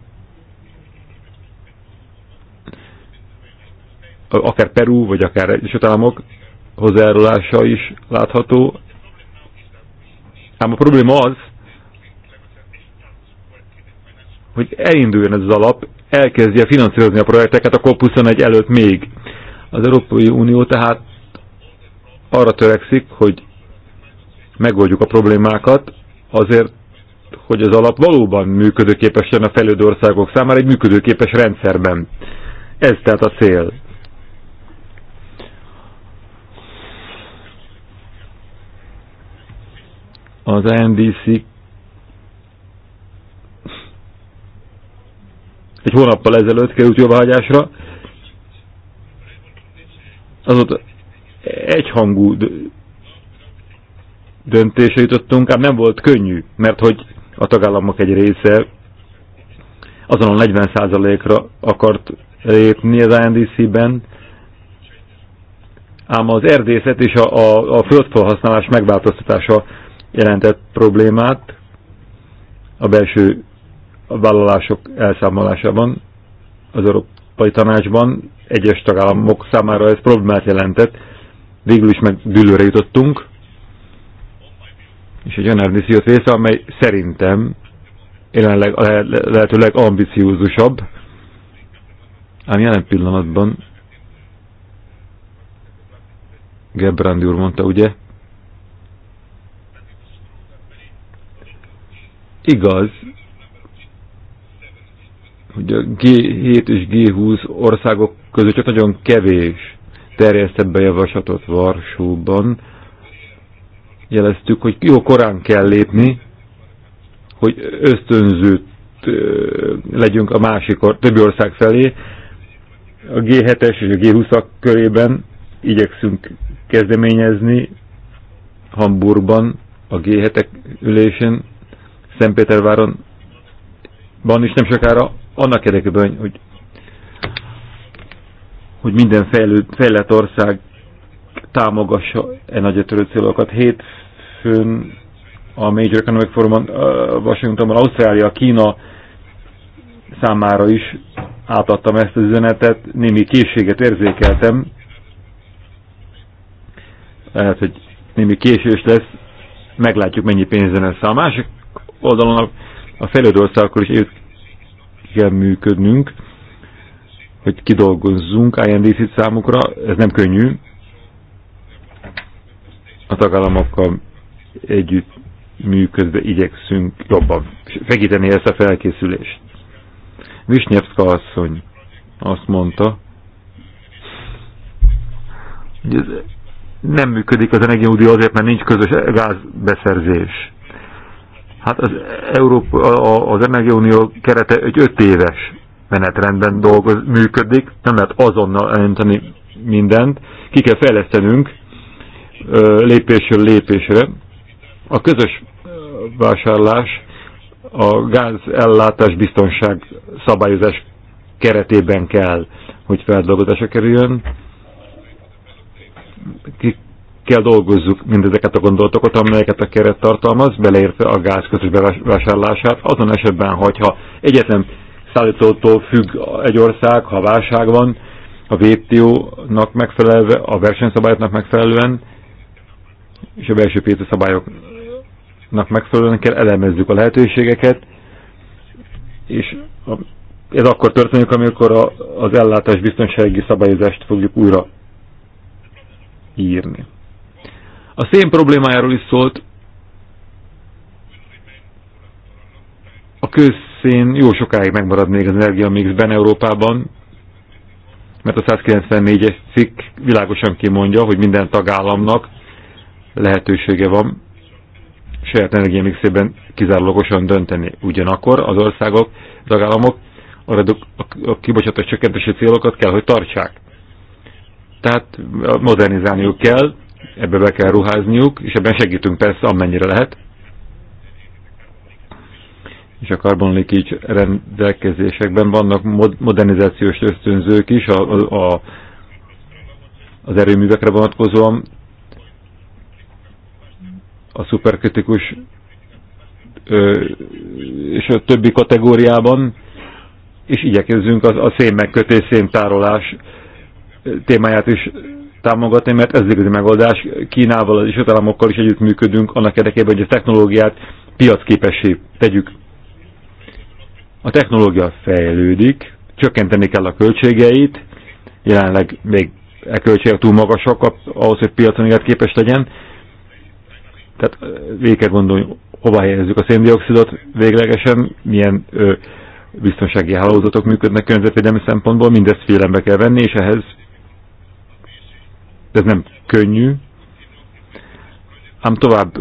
[SPEAKER 1] akár Peru, vagy akár Egyesült Államok hozzájárulása is látható Ám a probléma az, hogy elinduljon ez az alap, elkezdje finanszírozni a projekteket a COP21 előtt még. Az Európai Unió tehát arra törekszik, hogy megoldjuk a problémákat azért, hogy az alap valóban működőképes a fejlődő országok számára egy működőképes rendszerben. Ez tehát a cél. az NDC egy hónappal ezelőtt került jóváhagyásra, ott egyhangú döntése jutottunk, ám nem volt könnyű, mert hogy a tagállamok egy része azon a 40%-ra akart lépni az ANDC-ben, ám az erdészet és a, a, a földfelhasználás megváltoztatása jelentett problémát a belső vállalások elszámolásában az Európai Tanácsban. Egyes tagállamok számára ez problémát jelentett. Végül is meg dűlőre jutottunk, és egy olyan ambíciót része, amely szerintem jelenleg lehetőleg ambiciózusabb, ám jelen pillanatban Gebrandi úr mondta, ugye, Igaz, hogy a G7 és G20 országok között csak nagyon kevés terjesztett be javaslatot Varsóban. Jeleztük, hogy jó korán kell lépni, hogy ösztönzőt legyünk a másik, a többi ország felé. A G7-es és a G20-ak körében igyekszünk kezdeményezni Hamburgban, a G7-ek ülésén Szentpéterváron van is nem sokára, annak érdekében, hogy, hogy minden fejlőd, fejlett ország támogassa e nagyetörő célokat. Hétfőn a Major Economic Forumon Washingtonban Ausztrália, Kína számára is átadtam ezt az üzenetet, némi készséget érzékeltem. Lehet, hogy némi késős lesz, meglátjuk mennyi pénzen lesz. A másik oldalon a fejlődő országokkal is együtt kell működnünk, hogy kidolgozzunk INDC-t számukra, ez nem könnyű. A tagállamokkal együtt működve igyekszünk jobban segíteni ezt a felkészülést. Visnyevszka asszony azt mondta, hogy ez nem működik az energiaúdió azért, mert nincs közös gázbeszerzés. Hát az, Európa, az Unió kerete egy öt éves menetrendben dolgoz, működik, nem lehet azonnal elönteni mindent, ki kell fejlesztenünk lépésről lépésre. A közös vásárlás a gázellátás biztonság szabályozás keretében kell, hogy feldolgozásra kerüljön kell dolgozzuk mindezeket a gondolatokat, amelyeket a keret tartalmaz, beleértve a gáz közös bevásárlását, azon esetben, hogyha egyetlen szállítótól függ egy ország, ha válság van, a WTO-nak megfelelve, a versenyszabályoknak megfelelően, és a belső piaci szabályoknak megfelelően kell elemezzük a lehetőségeket, és ez akkor történik, amikor a, az ellátás biztonsági szabályozást fogjuk újra írni. A szén problémájáról is szólt. A közszén jó sokáig megmarad még az energiamixben Európában, mert a 194-es cikk világosan kimondja, hogy minden tagállamnak lehetősége van saját energiamixében kizárólagosan dönteni. Ugyanakkor az országok, tagállamok a, reduk, a kibocsátás csökkentési célokat kell, hogy tartsák. Tehát modernizálniuk kell, ebbe be kell ruházniuk, és ebben segítünk persze, amennyire lehet. És a Carbon Leakage rendelkezésekben vannak mod modernizációs ösztönzők is a, a, az erőművekre vonatkozóan. A szuperkritikus és a többi kategóriában, és igyekezzünk a szén megkötés, tárolás témáját is támogatni, mert ez igazi megoldás. Kínával és államokkal is együttműködünk annak érdekében, hogy a technológiát piacképessé tegyük. A technológia fejlődik, csökkenteni kell a költségeit, jelenleg még e költségek túl magasak ahhoz, hogy piacon képes legyen. Tehát végig gondolni, hova helyezzük a széndiokszidot véglegesen, milyen ö, biztonsági hálózatok működnek környezetvédelmi szempontból, mindezt figyelembe kell venni, és ehhez de ez nem könnyű, ám tovább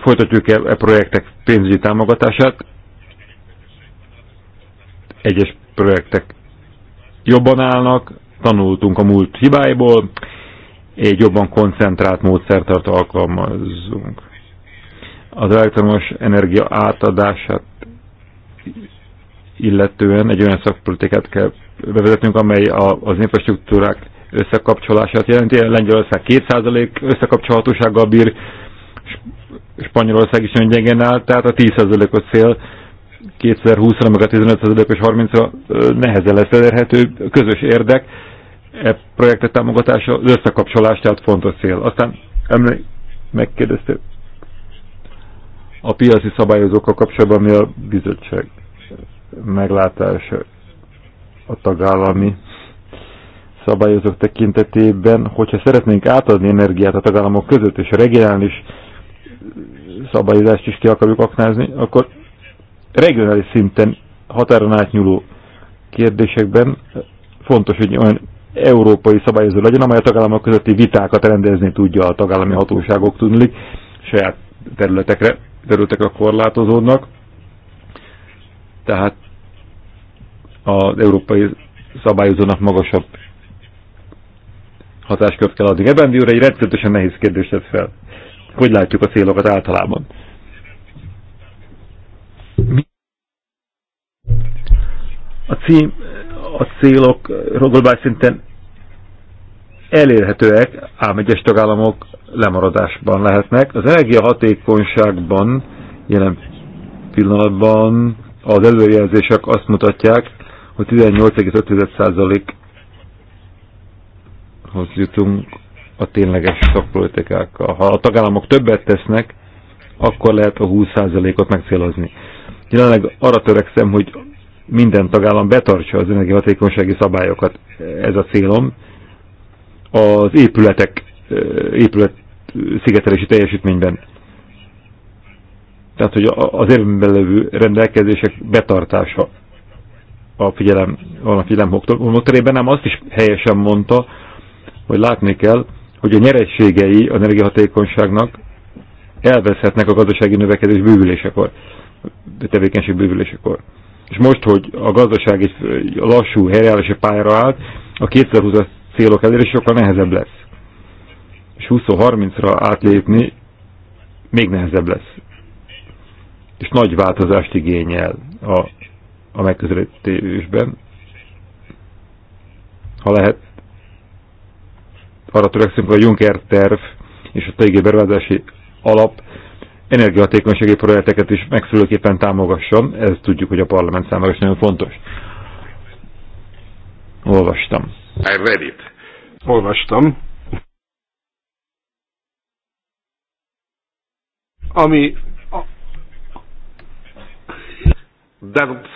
[SPEAKER 1] folytatjuk e, projektek pénzügyi támogatását. Egyes projektek jobban állnak, tanultunk a múlt hibáiból, egy jobban koncentrált módszertart alkalmazzunk. Az elektromos energia átadását illetően egy olyan szakpolitikát kell bevezetnünk, amely a, az infrastruktúrák összekapcsolását jelenti. Lengyelország 2% összekapcsolhatósággal bír, Spanyolország is nagyon gyengen áll, tehát a 10%-os cél 2020-ra, meg a 15%-os 30-ra nehezen lesz elérhető. Közös érdek, e projektet támogatása, az összekapcsolás, tehát fontos cél. Aztán emlék, megkérdezte a piaci szabályozókkal kapcsolatban mi a bizottság meglátása a tagállami szabályozók tekintetében, hogyha szeretnénk átadni energiát a tagállamok között, és a regionális szabályozást is ki akarjuk aknázni, akkor regionális szinten határon átnyúló kérdésekben fontos, hogy olyan európai szabályozó legyen, amely a tagállamok közötti vitákat rendezni tudja a tagállami hatóságok tudni, saját területekre, területekre korlátozódnak. Tehát az európai szabályozónak magasabb hatáskört kell adni. Ebben úr egy rettetesen nehéz kérdést tett fel. Hogy látjuk a célokat általában? Mi? A cím, a célok globális szinten elérhetőek, ám egyes tagállamok lemaradásban lehetnek. Az energiahatékonyságban jelen pillanatban az előjelzések azt mutatják, hogy 18,5% eredményhoz jutunk a tényleges szakpolitikákkal. Ha a tagállamok többet tesznek, akkor lehet a 20%-ot megcélozni. Jelenleg arra törekszem, hogy minden tagállam betartsa az energiahatékonysági szabályokat. Ez a célom. Az épületek, épület szigetelési teljesítményben. Tehát, hogy az érvényben levő rendelkezések betartása a figyelem, van a figyelem homokterében, nem azt is helyesen mondta, hogy látni kell, hogy a nyerességei az energiahatékonyságnak elveszhetnek a gazdasági növekedés bővülésekor, a tevékenység bővülésekor. És most, hogy a gazdaság egy lassú helyreállási pályára állt, a 2020-as célok elérés sokkal nehezebb lesz. És 20-30-ra átlépni még nehezebb lesz. És nagy változást igényel a, a megközelítésben, ha lehet arra törekszünk, hogy a Juncker terv és a stratégiai beruházási alap energiahatékonysági projekteket is megfelelőképpen támogasson. Ez tudjuk, hogy a parlament számára is nagyon fontos. Olvastam.
[SPEAKER 4] I read it. Olvastam. Ami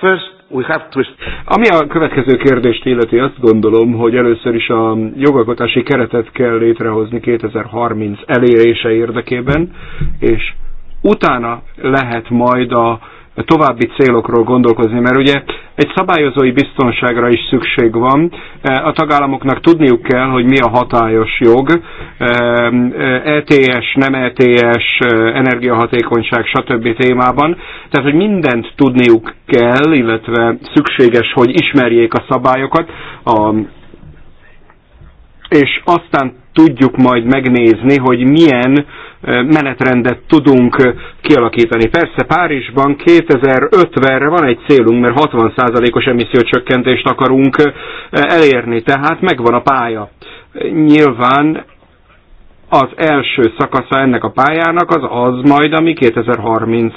[SPEAKER 4] first we have to... Ami a következő kérdést illeti, azt gondolom, hogy először is a jogalkotási keretet kell létrehozni 2030 elérése érdekében, és utána lehet majd a további célokról gondolkozni, mert ugye egy szabályozói biztonságra is szükség van. E, a tagállamoknak tudniuk kell, hogy mi a hatályos jog, ETS, e, e nem ETS, energiahatékonyság, stb. témában. Tehát, hogy mindent tudniuk kell, illetve szükséges, hogy ismerjék a szabályokat, a és aztán tudjuk majd megnézni, hogy milyen menetrendet tudunk kialakítani. Persze Párizsban 2050-re van egy célunk, mert 60%-os emissziócsökkentést akarunk elérni, tehát megvan a pálya. Nyilván az első szakasza ennek a pályának az az majd, ami 2030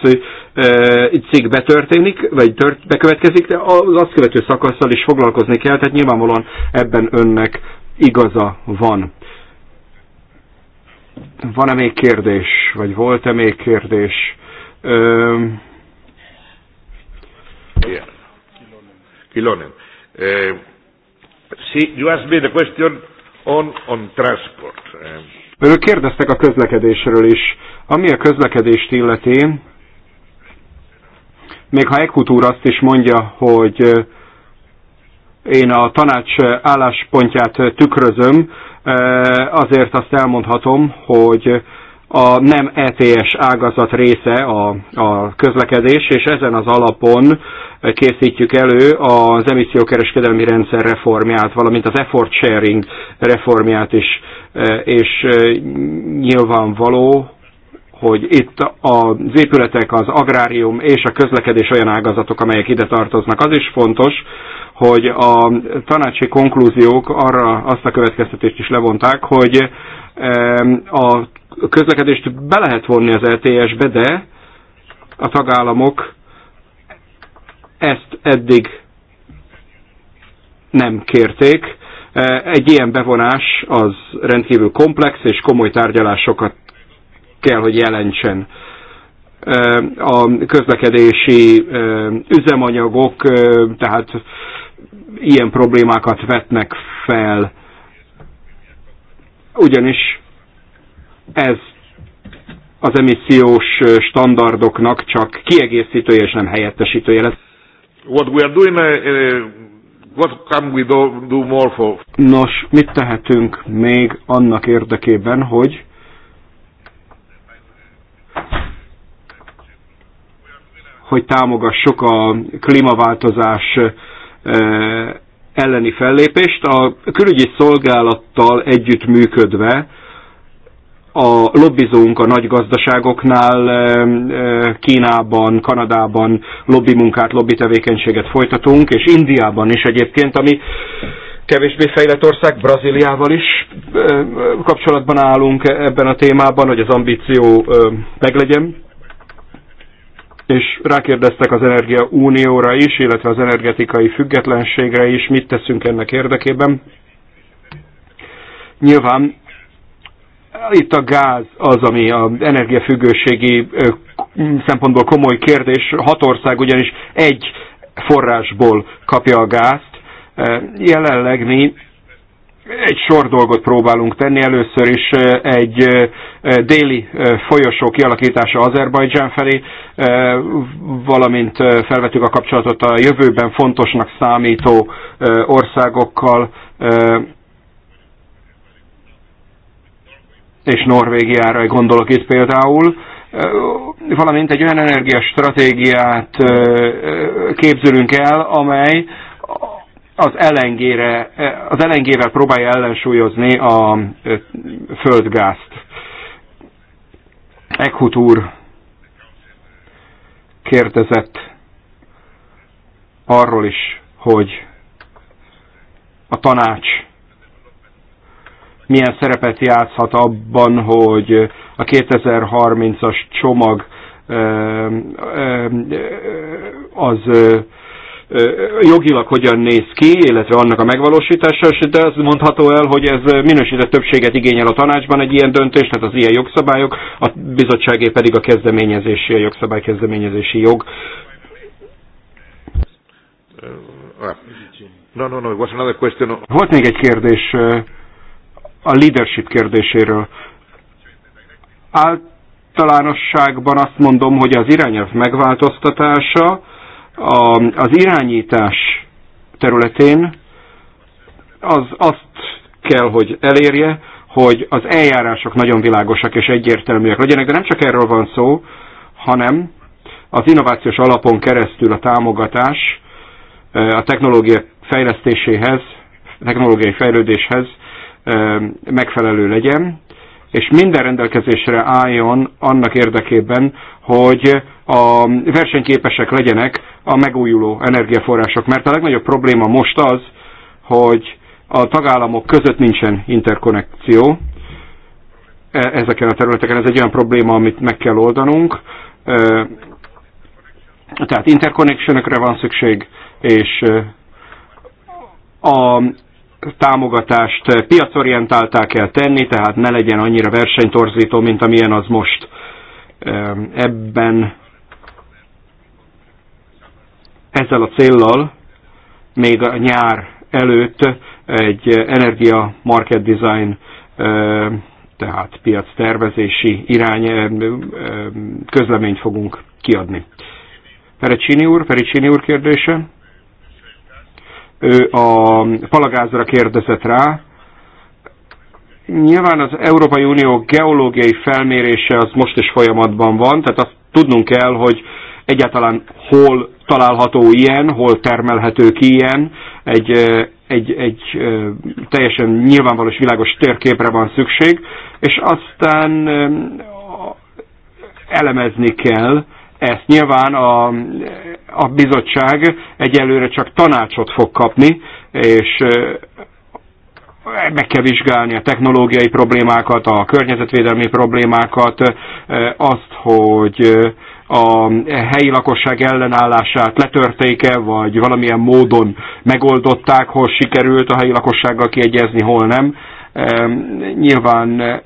[SPEAKER 4] cikkbe történik, vagy tört, bekövetkezik, de az azt követő szakaszsal is foglalkozni kell, tehát nyilvánvalóan ebben önnek igaza van. Van-e még kérdés, vagy volt-e még kérdés? Ö... Yeah. Kilonen.
[SPEAKER 3] Uh, you asked me the question on, on transport.
[SPEAKER 4] Önök ehm. kérdeztek a közlekedésről is. Ami a közlekedést illeti, még ha Ekutúr azt is mondja, hogy én a tanács álláspontját tükrözöm, Azért azt elmondhatom, hogy a nem ETS ágazat része a, a közlekedés, és ezen az alapon készítjük elő az emissziókereskedelmi rendszer reformját, valamint az effort sharing reformját is, és nyilvánvaló, hogy itt az épületek, az agrárium és a közlekedés olyan ágazatok, amelyek ide tartoznak. Az is fontos, hogy a tanácsi konklúziók arra azt a következtetést is levonták, hogy a közlekedést be lehet vonni az LTS-be, de a tagállamok ezt eddig nem kérték. Egy ilyen bevonás az rendkívül komplex és komoly tárgyalásokat kell, hogy jelentsen. A közlekedési üzemanyagok, tehát ilyen problémákat vetnek fel, ugyanis ez az emissziós standardoknak csak kiegészítője és nem helyettesítője lesz.
[SPEAKER 3] What we are doing, uh, uh what can we do, do more for?
[SPEAKER 4] Nos, mit tehetünk még annak érdekében, hogy hogy támogassuk a klímaváltozás elleni fellépést. A külügyi szolgálattal együttműködve a lobbizónk a nagy gazdaságoknál, Kínában, Kanadában lobby munkát, lobby tevékenységet folytatunk, és Indiában is egyébként, ami kevésbé fejlett ország, Brazíliával is kapcsolatban állunk ebben a témában, hogy az ambíció meglegyen és rákérdeztek az Energia Unióra is, illetve az energetikai függetlenségre is, mit teszünk ennek érdekében. Nyilván itt a gáz az, ami az energiafüggőségi szempontból komoly kérdés. Hat ország ugyanis egy forrásból kapja a gázt. Jelenleg mi egy sor dolgot próbálunk tenni. Először is egy déli folyosó kialakítása Azerbajdzsán felé, valamint felvetjük a kapcsolatot a jövőben fontosnak számító országokkal, és Norvégiára gondolok itt például, valamint egy olyan energiastratégiát képzülünk el, amely az elengére, az elengével próbálja ellensúlyozni a földgázt. Ekhut úr kérdezett arról is, hogy a tanács milyen szerepet játszhat abban, hogy a 2030-as csomag az jogilag hogyan néz ki, illetve annak a megvalósítása, de az mondható el, hogy ez minősített többséget igényel a tanácsban egy ilyen döntés, tehát az ilyen jogszabályok, a bizottságé pedig a kezdeményezési, a jogszabály kezdeményezési jog.
[SPEAKER 3] Ah. No, no, no, was another question.
[SPEAKER 4] Volt még egy kérdés a leadership kérdéséről. Általánosságban azt mondom, hogy az irányelv megváltoztatása, a, az irányítás területén az azt kell, hogy elérje, hogy az eljárások nagyon világosak és egyértelműek legyenek, de nem csak erről van szó, hanem az innovációs alapon keresztül a támogatás a technológia fejlesztéséhez, technológiai fejlődéshez megfelelő legyen, és minden rendelkezésre álljon annak érdekében, hogy a versenyképesek legyenek a megújuló energiaforrások. Mert a legnagyobb probléma most az, hogy a tagállamok között nincsen interkonnekció e- ezeken a területeken. Ez egy olyan probléma, amit meg kell oldanunk. E- tehát interconnection van szükség, és e- a támogatást piacorientáltá kell tenni, tehát ne legyen annyira versenytorzító, mint amilyen az most. Ebben ezzel a céllal még a nyár előtt egy energia market design, tehát piac tervezési irány közleményt fogunk kiadni. Perecini úr, Perecini úr kérdése ő a palagázra kérdezett rá. Nyilván az Európai Unió geológiai felmérése az most is folyamatban van, tehát azt tudnunk kell, hogy egyáltalán hol található ilyen, hol termelhető ki ilyen, egy, egy, egy teljesen nyilvánvalós világos térképre van szükség, és aztán elemezni kell, ezt. Nyilván a, a bizottság egyelőre csak tanácsot fog kapni, és meg kell vizsgálni a technológiai problémákat, a környezetvédelmi problémákat, azt, hogy a helyi lakosság ellenállását letörték-e, vagy valamilyen módon megoldották, hol sikerült a helyi lakossággal kiegyezni, hol nem. Nyilván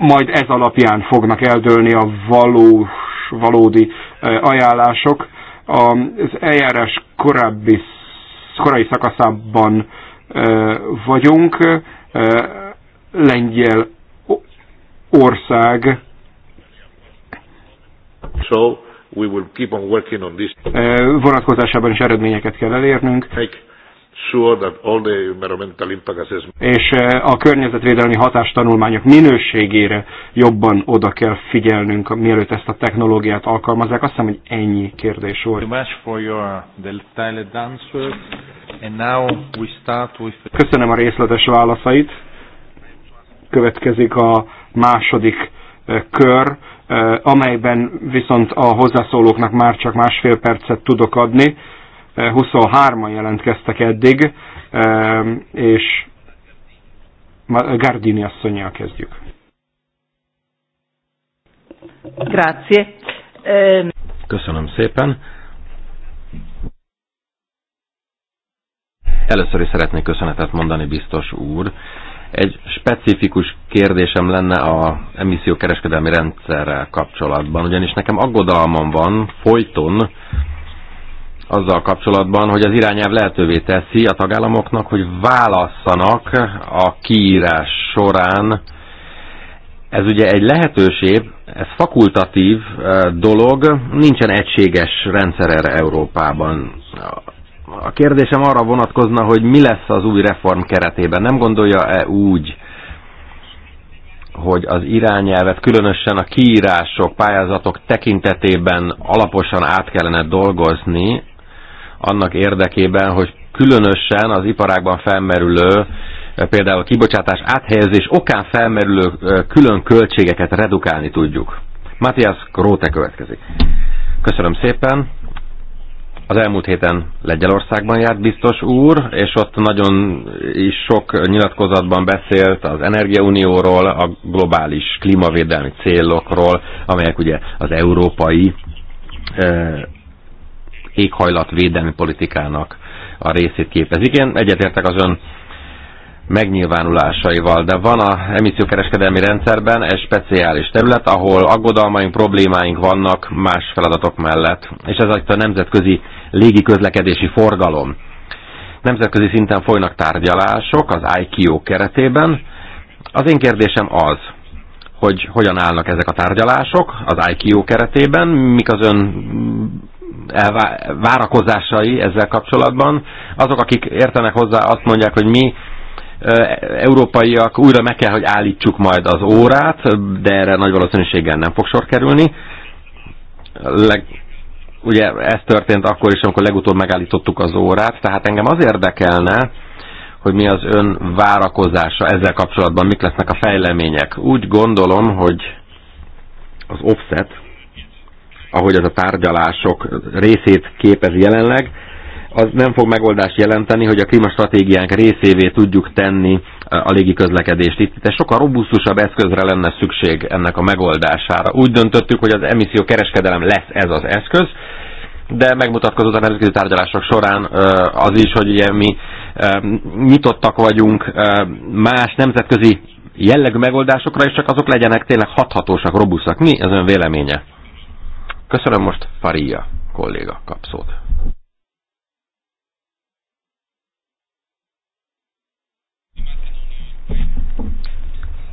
[SPEAKER 4] majd ez alapján fognak eldőlni a valós, valódi eh, ajánlások. Az eljárás korábbi, korai szakaszában eh, vagyunk. Eh, Lengyel ország
[SPEAKER 3] so we will keep on working on this.
[SPEAKER 4] vonatkozásában is eredményeket kell elérnünk. Make és eh, a környezetvédelmi hatástanulmányok minőségére jobban oda kell figyelnünk, mielőtt ezt a technológiát alkalmazzák. Azt hiszem, hogy ennyi kérdés volt. Köszönöm a részletes válaszait. Következik a második eh, kör, eh, amelyben viszont a hozzászólóknak már csak másfél percet tudok adni 23-an jelentkeztek eddig, és Gardini asszonyjal kezdjük.
[SPEAKER 3] Grazie.
[SPEAKER 4] Köszönöm szépen.
[SPEAKER 5] Először is szeretnék köszönetet mondani, biztos úr. Egy specifikus kérdésem lenne a emissziókereskedelmi rendszerrel kapcsolatban, ugyanis nekem aggodalmam van folyton azzal kapcsolatban, hogy az irányelv lehetővé teszi a tagállamoknak, hogy válasszanak a kiírás során. Ez ugye egy lehetőség, ez fakultatív dolog, nincsen egységes rendszer erre Európában. A kérdésem arra vonatkozna, hogy mi lesz az új reform keretében. Nem gondolja-e úgy, hogy az irányelvet különösen a kiírások, pályázatok tekintetében alaposan át kellene dolgozni, annak érdekében, hogy különösen az iparágban felmerülő, eh, például kibocsátás áthelyezés okán felmerülő eh, külön költségeket redukálni tudjuk. Matthias Króte következik. Köszönöm szépen. Az elmúlt héten Lengyelországban járt biztos úr, és ott nagyon is sok nyilatkozatban beszélt az energiaunióról, a globális klímavédelmi célokról, amelyek ugye az európai eh, éghajlatvédelmi politikának a részét képezik. Én egyetértek az ön megnyilvánulásaival, de van a emissziókereskedelmi rendszerben egy speciális terület, ahol aggodalmaink, problémáink vannak más feladatok mellett, és ez a nemzetközi légiközlekedési forgalom. Nemzetközi szinten folynak tárgyalások az ICO keretében. Az én kérdésem az, hogy hogyan állnak ezek a tárgyalások az ICO keretében, mik az ön várakozásai ezzel kapcsolatban. Azok, akik értenek hozzá, azt mondják, hogy mi európaiak újra meg kell, hogy állítsuk majd az órát, de erre nagy valószínűséggel nem fog sor kerülni. Leg, ugye ez történt akkor is, amikor legutóbb megállítottuk az órát, tehát engem az érdekelne, hogy mi az ön várakozása ezzel kapcsolatban, mik lesznek a fejlemények. Úgy gondolom, hogy az offset ahogy az a tárgyalások részét képez jelenleg, az nem fog megoldást jelenteni, hogy a klímastratégiánk részévé tudjuk tenni a légiközlekedést. Itt, de sokkal robusztusabb eszközre lenne szükség ennek a megoldására. Úgy döntöttük, hogy az emisszió kereskedelem lesz ez az eszköz, de megmutatkozott a nemzetközi tárgyalások során az is, hogy ugye mi nyitottak vagyunk más nemzetközi jellegű megoldásokra, és csak azok legyenek tényleg hathatósak, robusztak. Mi az ön véleménye? Köszönöm most Faria kolléga kapszót.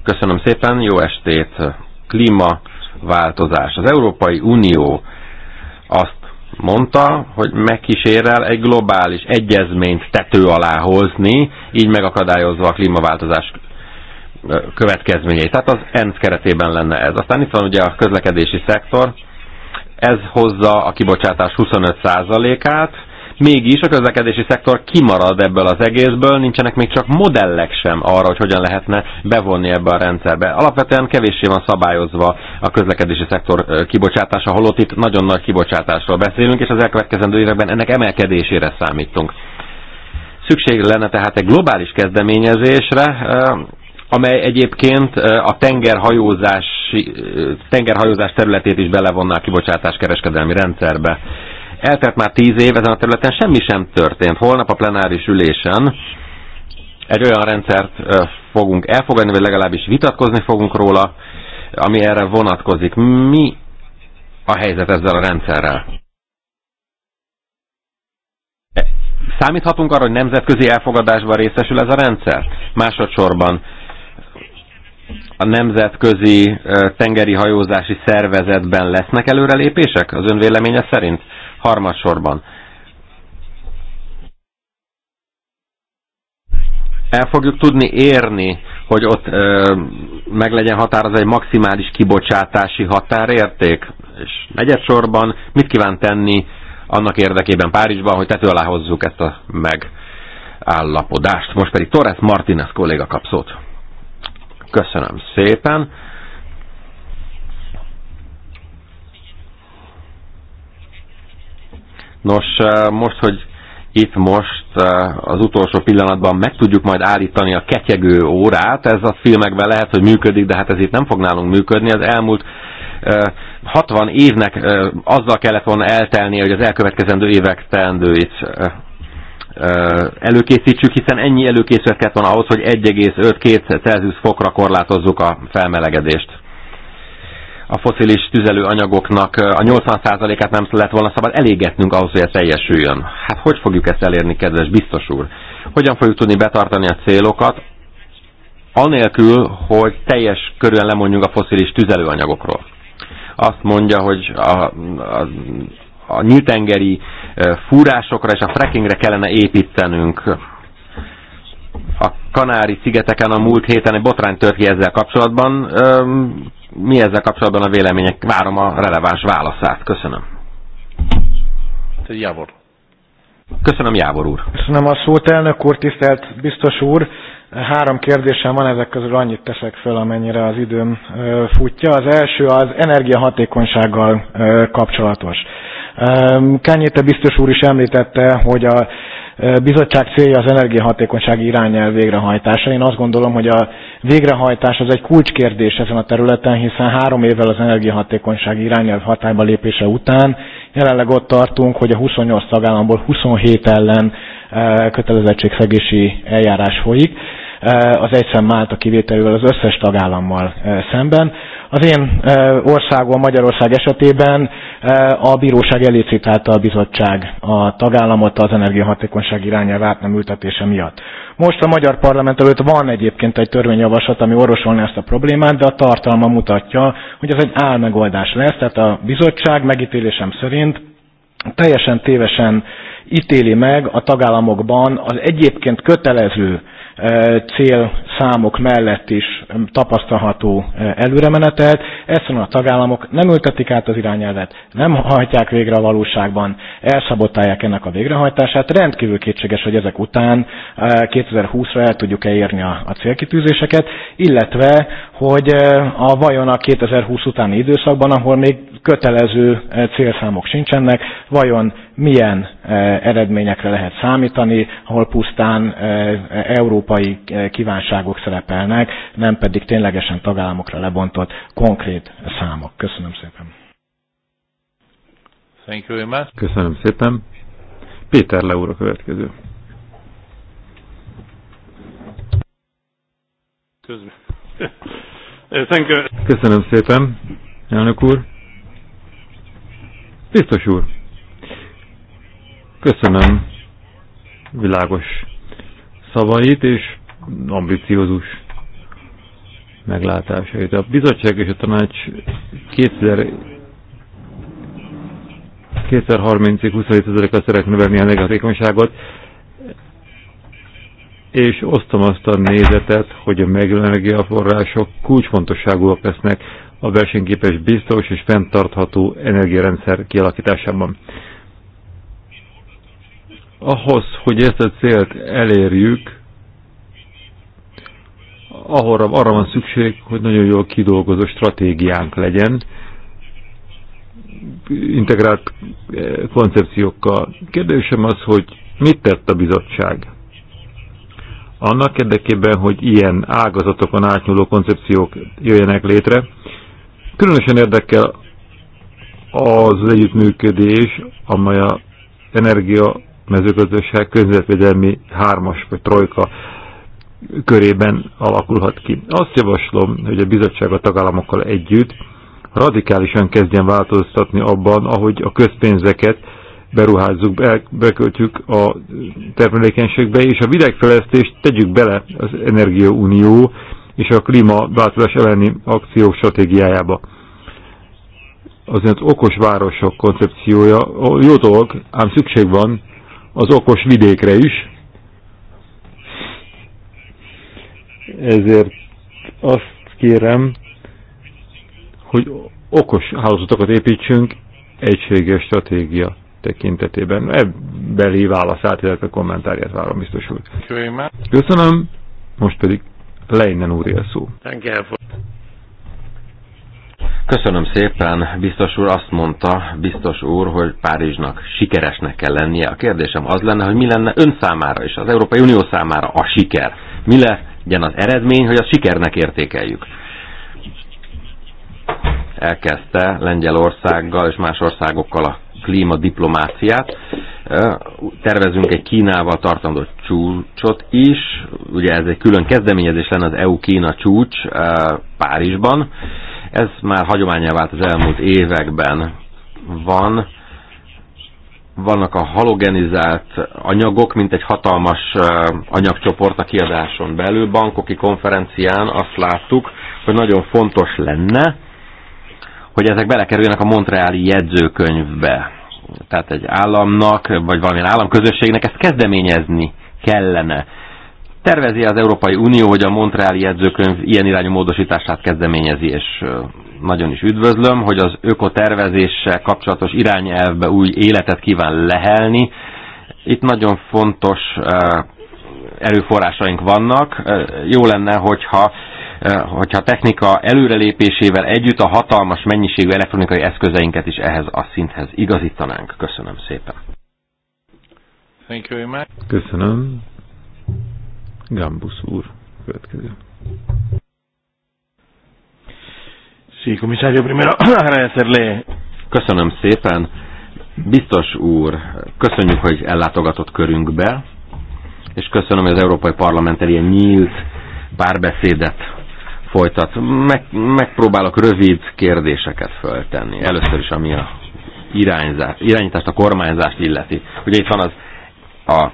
[SPEAKER 5] Köszönöm szépen, jó estét! Klímaváltozás. Az Európai Unió azt mondta, hogy megkísérel egy globális egyezményt tető alá hozni, így megakadályozva a klímaváltozás következményeit. Tehát az ENSZ keretében lenne ez. Aztán itt van ugye a közlekedési szektor, ez hozza a kibocsátás 25%-át, mégis a közlekedési szektor kimarad ebből az egészből, nincsenek még csak modellek sem arra, hogy hogyan lehetne bevonni ebbe a rendszerbe. Alapvetően kevéssé van szabályozva a közlekedési szektor kibocsátása, holott itt nagyon nagy kibocsátásról beszélünk, és az elkövetkezendő években ennek emelkedésére számítunk. Szükség lenne tehát egy globális kezdeményezésre, amely egyébként a tengerhajózás, tengerhajózás területét is belevonná a kibocsátás kereskedelmi rendszerbe. Eltelt már tíz év, ezen a területen semmi sem történt. Holnap a plenáris ülésen egy olyan rendszert fogunk elfogadni, vagy legalábbis vitatkozni fogunk róla, ami erre vonatkozik. Mi a helyzet ezzel a rendszerrel? Számíthatunk arra, hogy nemzetközi elfogadásban részesül ez a rendszer? Másodszorban a nemzetközi tengeri hajózási szervezetben lesznek előrelépések az ön véleménye szerint? Harmadsorban. El fogjuk tudni érni, hogy ott ö, meg legyen határozva egy maximális kibocsátási határérték? És negyedsorban mit kíván tenni annak érdekében Párizsban, hogy tető alá hozzuk ezt a megállapodást? Most pedig Torres Martínez kolléga kap szót. Köszönöm szépen. Nos, eh, most, hogy itt most eh, az utolsó pillanatban meg tudjuk majd állítani a ketyegő órát, ez a filmekben lehet, hogy működik, de hát ez itt nem fog nálunk működni. Az elmúlt 60 eh, évnek azzal kellett volna eltelni, hogy az elkövetkezendő évek teendőit előkészítsük, hiszen ennyi előkészületet van ahhoz, hogy 1,5-2 Celsius fokra korlátozzuk a felmelegedést a foszilis tüzelőanyagoknak a 80%-át nem lett volna szabad elégetnünk ahhoz, hogy ez teljesüljön. Hát hogy fogjuk ezt elérni, kedves biztos úr? Hogyan fogjuk tudni betartani a célokat, anélkül, hogy teljes körülön lemondjuk a foszilis tüzelőanyagokról? Azt mondja, hogy a, a a nyitengeri fúrásokra és a frackingre kellene építenünk. A Kanári-szigeteken a múlt héten egy botrány tört ki ezzel kapcsolatban. Mi ezzel kapcsolatban a vélemények? Várom a releváns válaszát. Köszönöm. jávor. Köszönöm, Jávor úr.
[SPEAKER 2] Köszönöm a szót, elnök úr, tisztelt biztos úr. Három kérdésem van, ezek közül annyit teszek fel, amennyire az időm futja. Az első az energiahatékonysággal kapcsolatos. Ehm, Kenyete biztos úr is említette, hogy a e, bizottság célja az energiahatékonysági irányelv végrehajtása. Én azt gondolom, hogy a végrehajtás az egy kulcskérdés ezen a területen, hiszen három évvel az energiahatékonysági irányelv hatályba lépése után jelenleg ott tartunk, hogy a 28 tagállamból 27 ellen e, kötelezettségszegési eljárás folyik az egyszer Málta kivételével az összes tagállammal szemben. Az én országom Magyarország esetében a bíróság elicitálta a bizottság a tagállamot az energiahatékonyság irányelv átnem ültetése miatt. Most a magyar parlament előtt van egyébként egy törvényjavaslat, ami orvosolna ezt a problémát, de a tartalma mutatja, hogy ez egy álmegoldás lesz, tehát a bizottság megítélésem szerint teljesen tévesen ítéli meg a tagállamokban az egyébként kötelező E, célszámok mellett is tapasztalható e, előremenetelt. Egyszerűen a tagállamok nem ültetik át az irányelvet, nem hajtják végre a valóságban, elszabotálják ennek a végrehajtását. Rendkívül kétséges, hogy ezek után 2020-ra e, el tudjuk-e érni a célkitűzéseket, illetve, hogy a vajon a 2020 utáni időszakban, ahol még kötelező célszámok sincsenek, vajon milyen eh, eredményekre lehet számítani, ahol pusztán eh, európai eh, kívánságok szerepelnek, nem pedig ténylegesen tagállamokra lebontott konkrét számok. Köszönöm szépen.
[SPEAKER 3] Thank you very much.
[SPEAKER 2] Köszönöm szépen. Péter
[SPEAKER 1] Leúr a következő. Köszönöm szépen, elnök úr. Biztos úr Köszönöm világos szavait és ambiciózus meglátásait. A bizottság és a tanács 2030-ig 27%-kal szeretne növelni a negatékonyságot, és osztom azt a nézetet, hogy a megjelenő források kulcsfontosságúak lesznek a versenyképes, biztos és fenntartható energiarendszer kialakításában ahhoz, hogy ezt a célt elérjük, ahorra, arra van szükség, hogy nagyon jól kidolgozó stratégiánk legyen, integrált eh, koncepciókkal. Kérdésem az, hogy mit tett a bizottság? Annak érdekében, hogy ilyen ágazatokon átnyúló koncepciók jöjjenek létre, különösen érdekel az együttműködés, amely a energia mezőgazdaság közvetvédelmi hármas vagy trojka körében alakulhat ki. Azt javaslom, hogy a bizottság a tagállamokkal együtt radikálisan kezdjen változtatni abban, ahogy a közpénzeket beruházzuk, be, beköltjük a termelékenységbe, és a videgfejlesztést tegyük bele az Energiaunió és a klímaváltozás elleni akciók stratégiájába. Az okos városok koncepciója jó dolog, ám szükség van az okos vidékre is. Ezért azt kérem, hogy okos hálózatokat építsünk egységes stratégia tekintetében. Ebbeli válaszát, illetve kommentárját várom biztos úr. Köszönöm, most pedig Leinen úr szó.
[SPEAKER 5] Köszönöm szépen, biztos úr azt mondta, biztos úr, hogy Párizsnak sikeresnek kell lennie. A kérdésem az lenne, hogy mi lenne ön számára és az Európai Unió számára a siker. Mi legyen az eredmény, hogy a sikernek értékeljük. Elkezdte Lengyelországgal és más országokkal a klímadiplomáciát. Tervezünk egy Kínával tartandó csúcsot is. Ugye ez egy külön kezdeményezés lenne az EU-Kína csúcs Párizsban ez már hagyományá vált az elmúlt években. Van, vannak a halogenizált anyagok, mint egy hatalmas anyagcsoport a kiadáson belül. Bankoki konferencián azt láttuk, hogy nagyon fontos lenne, hogy ezek belekerüljenek a Montreali jegyzőkönyvbe. Tehát egy államnak, vagy valamilyen államközösségnek ezt kezdeményezni kellene tervezi az Európai Unió, hogy a Montreali jegyzőkönyv ilyen irányú módosítását kezdeményezi, és nagyon is üdvözlöm, hogy az ökotervezéssel kapcsolatos irányelvbe új életet kíván lehelni. Itt nagyon fontos erőforrásaink vannak. Jó lenne, hogyha hogyha a technika előrelépésével együtt a hatalmas mennyiségű elektronikai eszközeinket is ehhez a szinthez igazítanánk. Köszönöm szépen.
[SPEAKER 3] Thank you very much.
[SPEAKER 1] Köszönöm. Gambus úr következő. Sí, komisárió, primero agradecerle.
[SPEAKER 5] Köszönöm szépen. Biztos úr, köszönjük, hogy ellátogatott körünkbe, és köszönöm, hogy az Európai Parlament ilyen nyílt párbeszédet folytat. Meg, megpróbálok rövid kérdéseket föltenni. Először is, ami a irányzás, irányítást, a kormányzást illeti. Ugye itt van az a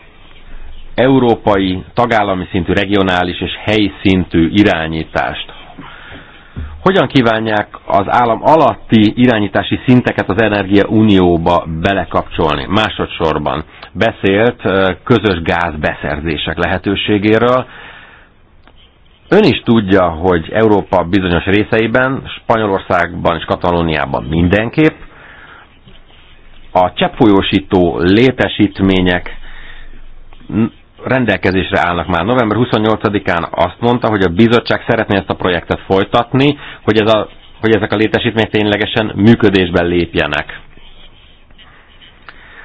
[SPEAKER 5] európai, tagállami szintű, regionális és helyi szintű irányítást. Hogyan kívánják az állam alatti irányítási szinteket az Energia Unióba belekapcsolni? Másodszorban beszélt közös gázbeszerzések lehetőségéről. Ön is tudja, hogy Európa bizonyos részeiben, Spanyolországban és Katalóniában mindenképp, a cseppfolyósító létesítmények rendelkezésre állnak már. November 28-án azt mondta, hogy a bizottság szeretné ezt a projektet folytatni, hogy, ez a, hogy ezek a létesítmények ténylegesen működésben lépjenek.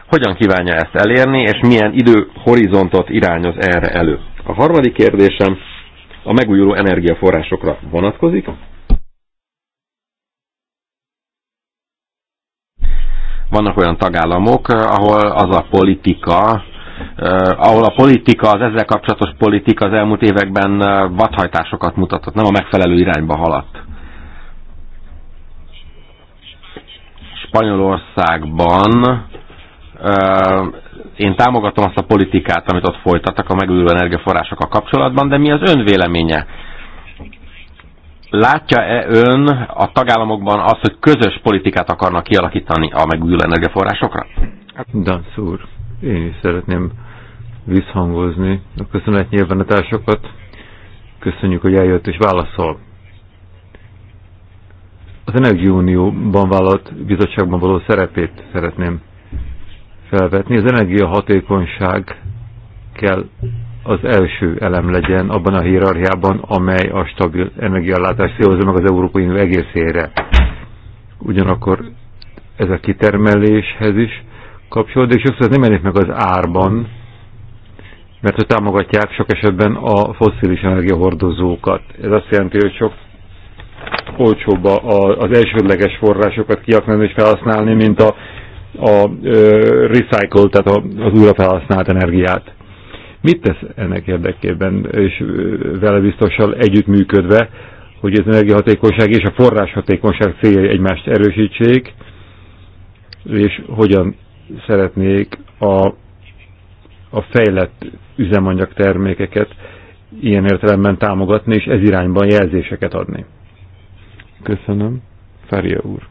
[SPEAKER 5] Hogyan kívánja ezt elérni, és milyen időhorizontot irányoz erre elő? A harmadik kérdésem a megújuló energiaforrásokra vonatkozik. Vannak olyan tagállamok, ahol az a politika, Eh, ahol a politika, az ezzel kapcsolatos politika az elmúlt években eh, vadhajtásokat mutatott, nem a megfelelő irányba haladt. Spanyolországban eh, én támogatom azt a politikát, amit ott folytattak a megújuló energiaforrásokkal kapcsolatban, de mi az ön véleménye? Látja-e ön a tagállamokban azt, hogy közös politikát akarnak kialakítani a megújuló energiaforrásokra?
[SPEAKER 1] Dansz úr. Én is szeretném visszhangozni a köszönet nyilvánatásokat. Köszönjük, hogy eljött és válaszol. Az Energiaunióban vállalt bizottságban való szerepét szeretném felvetni. Az energiahatékonyság kell az első elem legyen abban a hierarchiában, amely a stabil energiállátást célozza meg az Európai Unió egészére. Ugyanakkor ez a kitermeléshez is kapcsolódik, sokszor ez nem jelenik meg az árban, mert hogy támogatják sok esetben a foszilis energiahordozókat. Ez azt jelenti, hogy sok olcsóbb a, az elsődleges forrásokat kiaknázni és felhasználni, mint a, a e, recycle, tehát a, az újra felhasznált energiát. Mit tesz ennek érdekében, és vele biztosan együttműködve, hogy az energiahatékonyság és a forráshatékonyság céljai egymást erősítsék, és hogyan szeretnék a, a fejlett üzemanyag termékeket ilyen értelemben támogatni, és ez irányban jelzéseket adni. Köszönöm. Feria úr.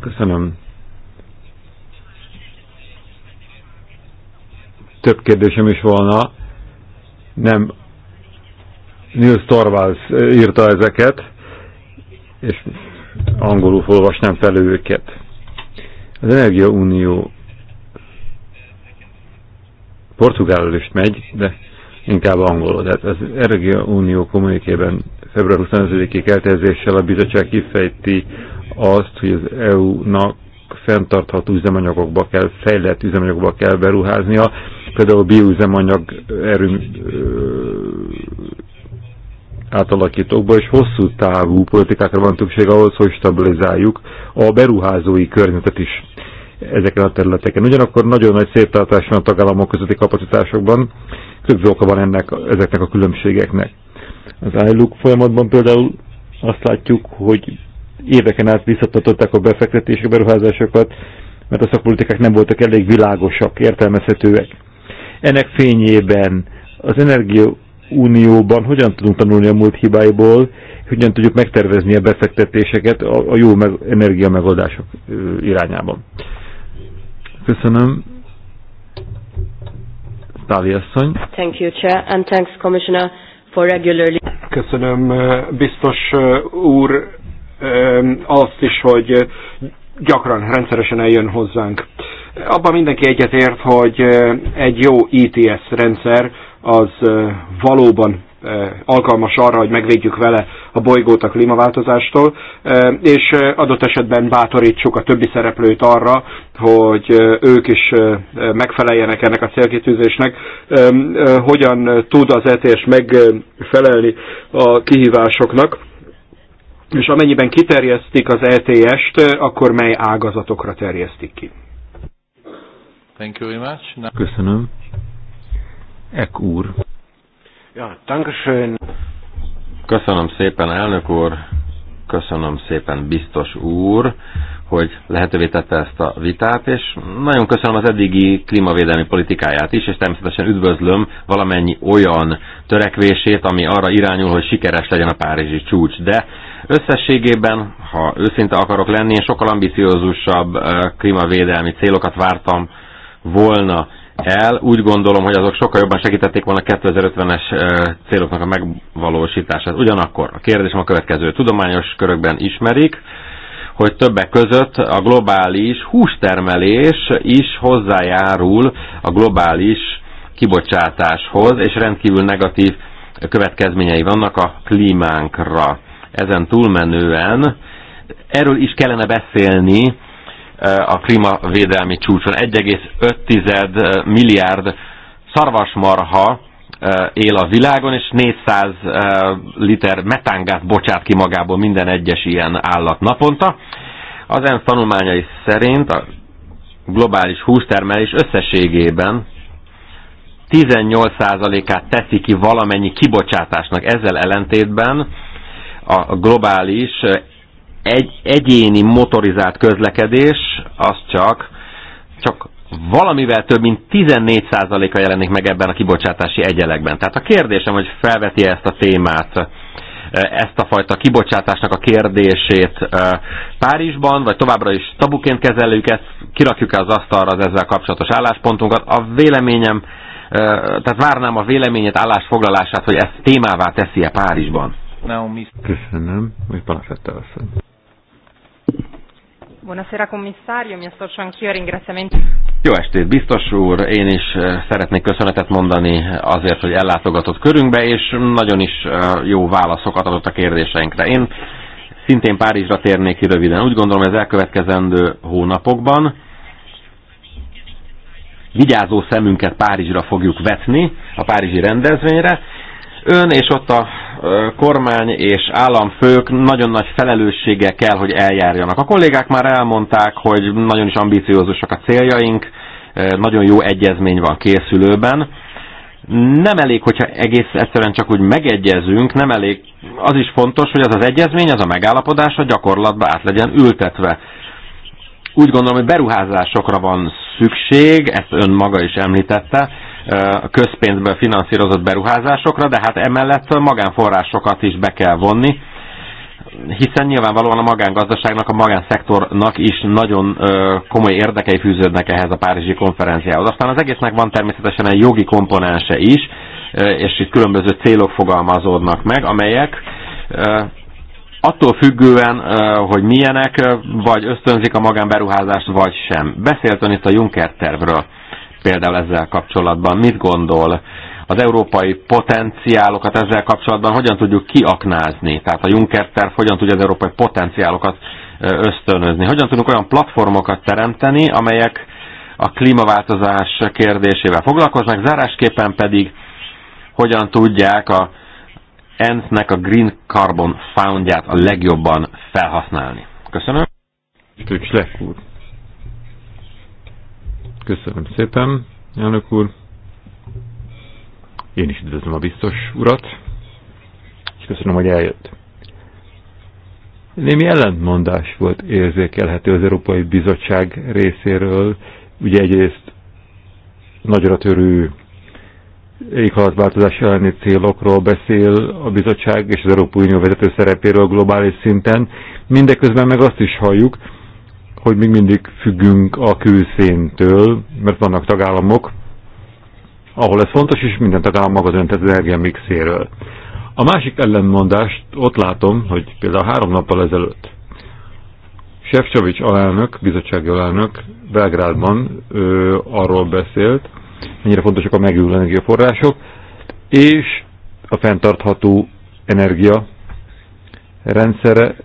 [SPEAKER 1] Köszönöm. Több kérdésem is volna. Nem Nils Torvalds írta ezeket, és angolul olvasnám fel őket. Az Unió portugálul is megy, de inkább angolul. Tehát az Unió kommunikében február 25-i keltezéssel a bizottság kifejti azt, hogy az EU-nak fenntartható üzemanyagokba kell, fejlett üzemanyagokba kell beruháznia, például bioüzemanyag erőm átalakítókba, és hosszú távú politikákra van szükség ahhoz, hogy stabilizáljuk a beruházói környezetet is ezeken a területeken. Ugyanakkor nagyon nagy széttartás van a tagállamok közötti kapacitásokban, több oka van ennek, ezeknek a különbségeknek. Az ILUK folyamatban például azt látjuk, hogy éveken át visszatartották a befektetési beruházásokat, mert a szakpolitikák nem voltak elég világosak, értelmezhetőek. Ennek fényében az energia Unióban hogyan tudunk tanulni a múlt hibáiból, hogyan tudjuk megtervezni a befektetéseket a, a jó meg, energia megoldások irányában. Köszönöm.
[SPEAKER 4] Távi asszony. Thank you, Chair, and thanks, Commissioner, for regularly... Köszönöm, biztos úr, azt is, hogy gyakran, rendszeresen eljön hozzánk. Abban mindenki egyetért, hogy egy jó ETS rendszer az valóban alkalmas arra, hogy megvédjük vele a bolygót a klímaváltozástól, és adott esetben bátorítsuk a többi szereplőt arra, hogy ők is megfeleljenek ennek a célkitűzésnek. Hogyan tud az ETS megfelelni a kihívásoknak? És amennyiben kiterjesztik az ETS-t, akkor mely ágazatokra terjesztik ki?
[SPEAKER 2] Thank you very much.
[SPEAKER 4] Köszönöm. Ek úr.
[SPEAKER 2] Ja, dankeschön.
[SPEAKER 5] Köszönöm szépen, elnök úr. Köszönöm szépen, biztos úr, hogy lehetővé tette ezt a vitát, és nagyon köszönöm az eddigi klímavédelmi politikáját is, és természetesen üdvözlöm valamennyi olyan törekvését, ami arra irányul, hogy sikeres legyen a Párizsi csúcs. De összességében, ha őszinte akarok lenni, én sokkal ambiciózusabb klímavédelmi célokat vártam volna el. Úgy gondolom, hogy azok sokkal jobban segítették volna 2050-es eh, céloknak a megvalósítását. Ugyanakkor a kérdésem a következő. Tudományos körökben ismerik, hogy többek között a globális hústermelés is hozzájárul a globális kibocsátáshoz, és rendkívül negatív következményei vannak a klímánkra. Ezen túlmenően erről is kellene beszélni a klímavédelmi csúcson. 1,5 milliárd szarvasmarha él a világon, és 400 liter metángát bocsát ki magából minden egyes ilyen állat naponta. Az ENSZ tanulmányai szerint a globális hústermelés összességében 18%-át teszi ki valamennyi kibocsátásnak. Ezzel ellentétben a globális egy egyéni motorizált közlekedés az csak, csak valamivel több mint 14%-a jelenik meg ebben a kibocsátási egyenlegben. Tehát a kérdésem, hogy felveti -e ezt a témát, eh, ezt a fajta kibocsátásnak a kérdését eh, Párizsban, vagy továbbra is tabuként kezeljük ezt, kirakjuk-e az asztalra az ezzel kapcsolatos álláspontunkat. A véleményem, eh, tehát várnám a véleményet, állásfoglalását, hogy ezt témává teszi-e Párizsban.
[SPEAKER 1] Köszönöm, még Palafetta asszony.
[SPEAKER 2] Buonasera commissario, mi associo anch'io a ringraziamenti.
[SPEAKER 5] Jó estét, biztos úr! Én is eh, szeretnék köszönetet mondani azért, hogy ellátogatott körünkbe, és nagyon is eh, jó válaszokat adott a kérdéseinkre. Én szintén Párizsra térnék ki röviden. Úgy gondolom, ez elkövetkezendő hónapokban vigyázó szemünket Párizsra fogjuk vetni, a párizsi rendezvényre, Ön és ott a kormány és államfők nagyon nagy felelőssége kell, hogy eljárjanak. A kollégák már elmondták, hogy nagyon is ambíciózusak a céljaink, nagyon jó egyezmény van készülőben. Nem elég, hogyha egész egyszerűen csak úgy megegyezünk, nem elég. Az is fontos, hogy az az egyezmény, az a megállapodás a gyakorlatba át legyen ültetve. Úgy gondolom, hogy beruházásokra van szükség, ezt ön maga is említette a közpénzből finanszírozott beruházásokra, de hát emellett magánforrásokat is be kell vonni, hiszen nyilvánvalóan a magángazdaságnak, a magánszektornak is nagyon komoly érdekei fűződnek ehhez a Párizsi konferenciához. Aztán az egésznek van természetesen egy jogi komponense is, és itt különböző célok fogalmazódnak meg, amelyek attól függően, hogy milyenek, vagy ösztönzik a magánberuházást, vagy sem. Beszélt ön itt a Juncker tervről például ezzel kapcsolatban? Mit gondol? Az európai potenciálokat ezzel kapcsolatban hogyan tudjuk kiaknázni? Tehát a Juncker terv hogyan tudja az európai potenciálokat ösztönözni? Hogyan tudunk olyan platformokat teremteni, amelyek a klímaváltozás kérdésével foglalkoznak, zárásképpen pedig hogyan tudják a ENSZ-nek a Green Carbon Foundját a legjobban felhasználni. Köszönöm.
[SPEAKER 1] Köszönöm. Köszönöm szépen, elnök úr. Én is üdvözlöm a biztos urat, és köszönöm, hogy eljött. Némi ellentmondás volt érzékelhető az Európai Bizottság részéről. Ugye egyrészt nagyra törő éghalatváltozás elleni célokról beszél a bizottság és az Európai Unió vezető szerepéről globális szinten. Mindeközben meg azt is halljuk, hogy még mindig függünk a külszéntől, mert vannak tagállamok, ahol ez fontos, és minden tagállam maga dönt az energiamixéről. A másik ellenmondást ott látom, hogy például három nappal ezelőtt Sefcsovics alelnök, bizottsági alelnök Belgrádban ő, arról beszélt, mennyire fontosak a megújuló energiaforrások, és a fenntartható energia rendszere,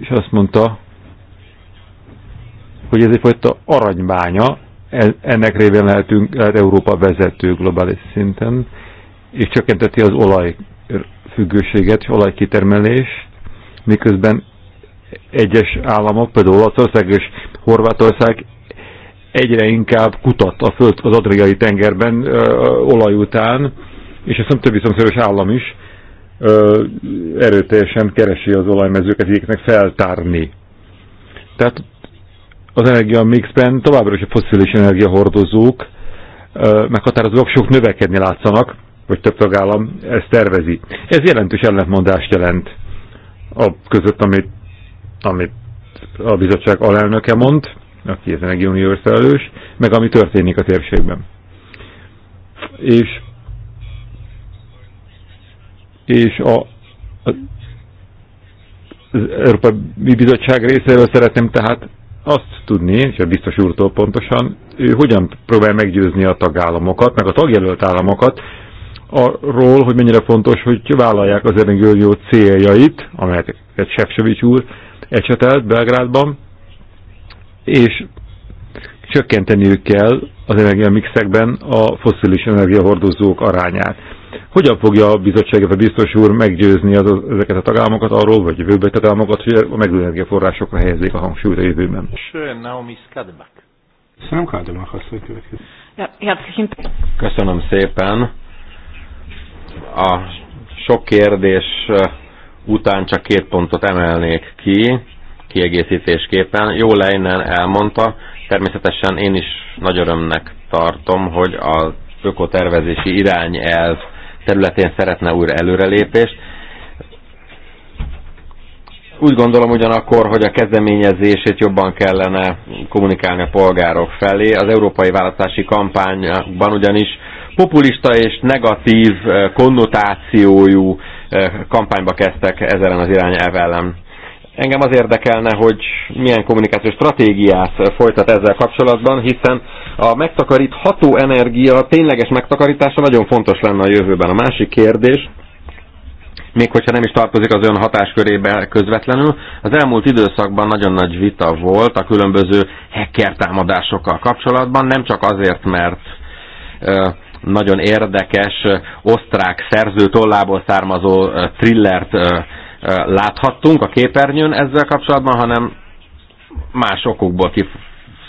[SPEAKER 1] és azt mondta, hogy ez egyfajta aranybánya, e, ennek révén lehetünk lehet Európa vezető globális szinten, és csökkenteti az olaj függőséget és olajkitermelést, miközben egyes államok, például Olaszország és Horvátország egyre inkább kutat a föld, az Adriai tengerben ö, olaj után, és a hiszem többi szomszédos állam is ö, erőteljesen keresi az olajmezőket, igyekeznek feltárni. Tehát az energia mixben továbbra is a foszilis energiahordozók meghatározóak sok növekedni látszanak, vagy több tagállam ezt tervezi. Ez jelentős ellentmondást jelent a között, amit, amit a bizottság alelnöke mond, aki az uniós felelős, meg ami történik a térségben. És, és a, a az Európai Bizottság részéről szeretném tehát azt tudni, és a biztos úrtól pontosan, ő hogyan próbál meggyőzni a tagállamokat, meg a tagjelölt államokat arról, hogy mennyire fontos, hogy vállalják az Evangelió céljait, amelyet Sefcovics úr ecsetelt Belgrádban, és csökkenteniük kell az energiamixekben a foszilis energiahordozók arányát. Hogyan fogja a bizottság, a biztos úr meggyőzni az, ezeket a tagállamokat arról, vagy jövőbe tagállamokat, hogy a megújuló energiaforrásokra helyezzék a hangsúlyt a jövőben?
[SPEAKER 5] Köszönöm, szépen. A sok kérdés után csak két pontot emelnék ki, kiegészítésképpen. Jó Leinen elmondta, természetesen én is nagy örömnek tartom, hogy a ökotervezési irányelv területén szeretne újra előrelépést. Úgy gondolom ugyanakkor, hogy a kezdeményezését jobban kellene kommunikálni a polgárok felé. Az európai választási kampányban ugyanis populista és negatív eh, konnotációjú eh, kampányba kezdtek ezzel az irány ellen. Engem az érdekelne, hogy milyen kommunikációs stratégiát folytat ezzel kapcsolatban, hiszen a megtakarítható energia a tényleges megtakarítása nagyon fontos lenne a jövőben. A másik kérdés, még hogyha nem is tartozik az ön hatáskörébe közvetlenül. Az elmúlt időszakban nagyon nagy vita volt a különböző hacker támadásokkal kapcsolatban, nem csak azért, mert nagyon érdekes osztrák szerző tollából származó thrillert láthattunk a képernyőn ezzel kapcsolatban, hanem más okokból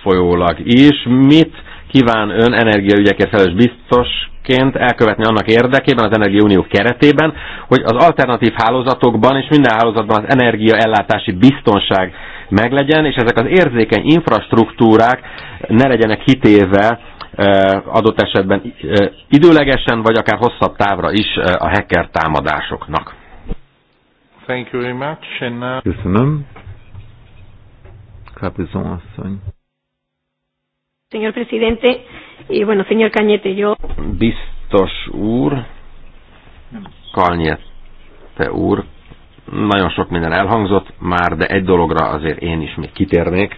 [SPEAKER 5] kifolyólag is. Mit kíván ön energiaügyekért felelős biztosként elkövetni annak érdekében az Energiaunió keretében, hogy az alternatív hálózatokban és minden hálózatban az energiaellátási biztonság meglegyen, és ezek az érzékeny infrastruktúrák ne legyenek kitéve adott esetben időlegesen, vagy akár hosszabb távra is a hacker támadásoknak.
[SPEAKER 3] Thank you very much. And now...
[SPEAKER 1] Köszönöm. Capizon asszony.
[SPEAKER 3] Señor presidente, y bueno, señor Cañete, yo...
[SPEAKER 5] Biztos úr, Cañete úr, nagyon sok minden elhangzott már, de egy dologra azért én is még kitérnék.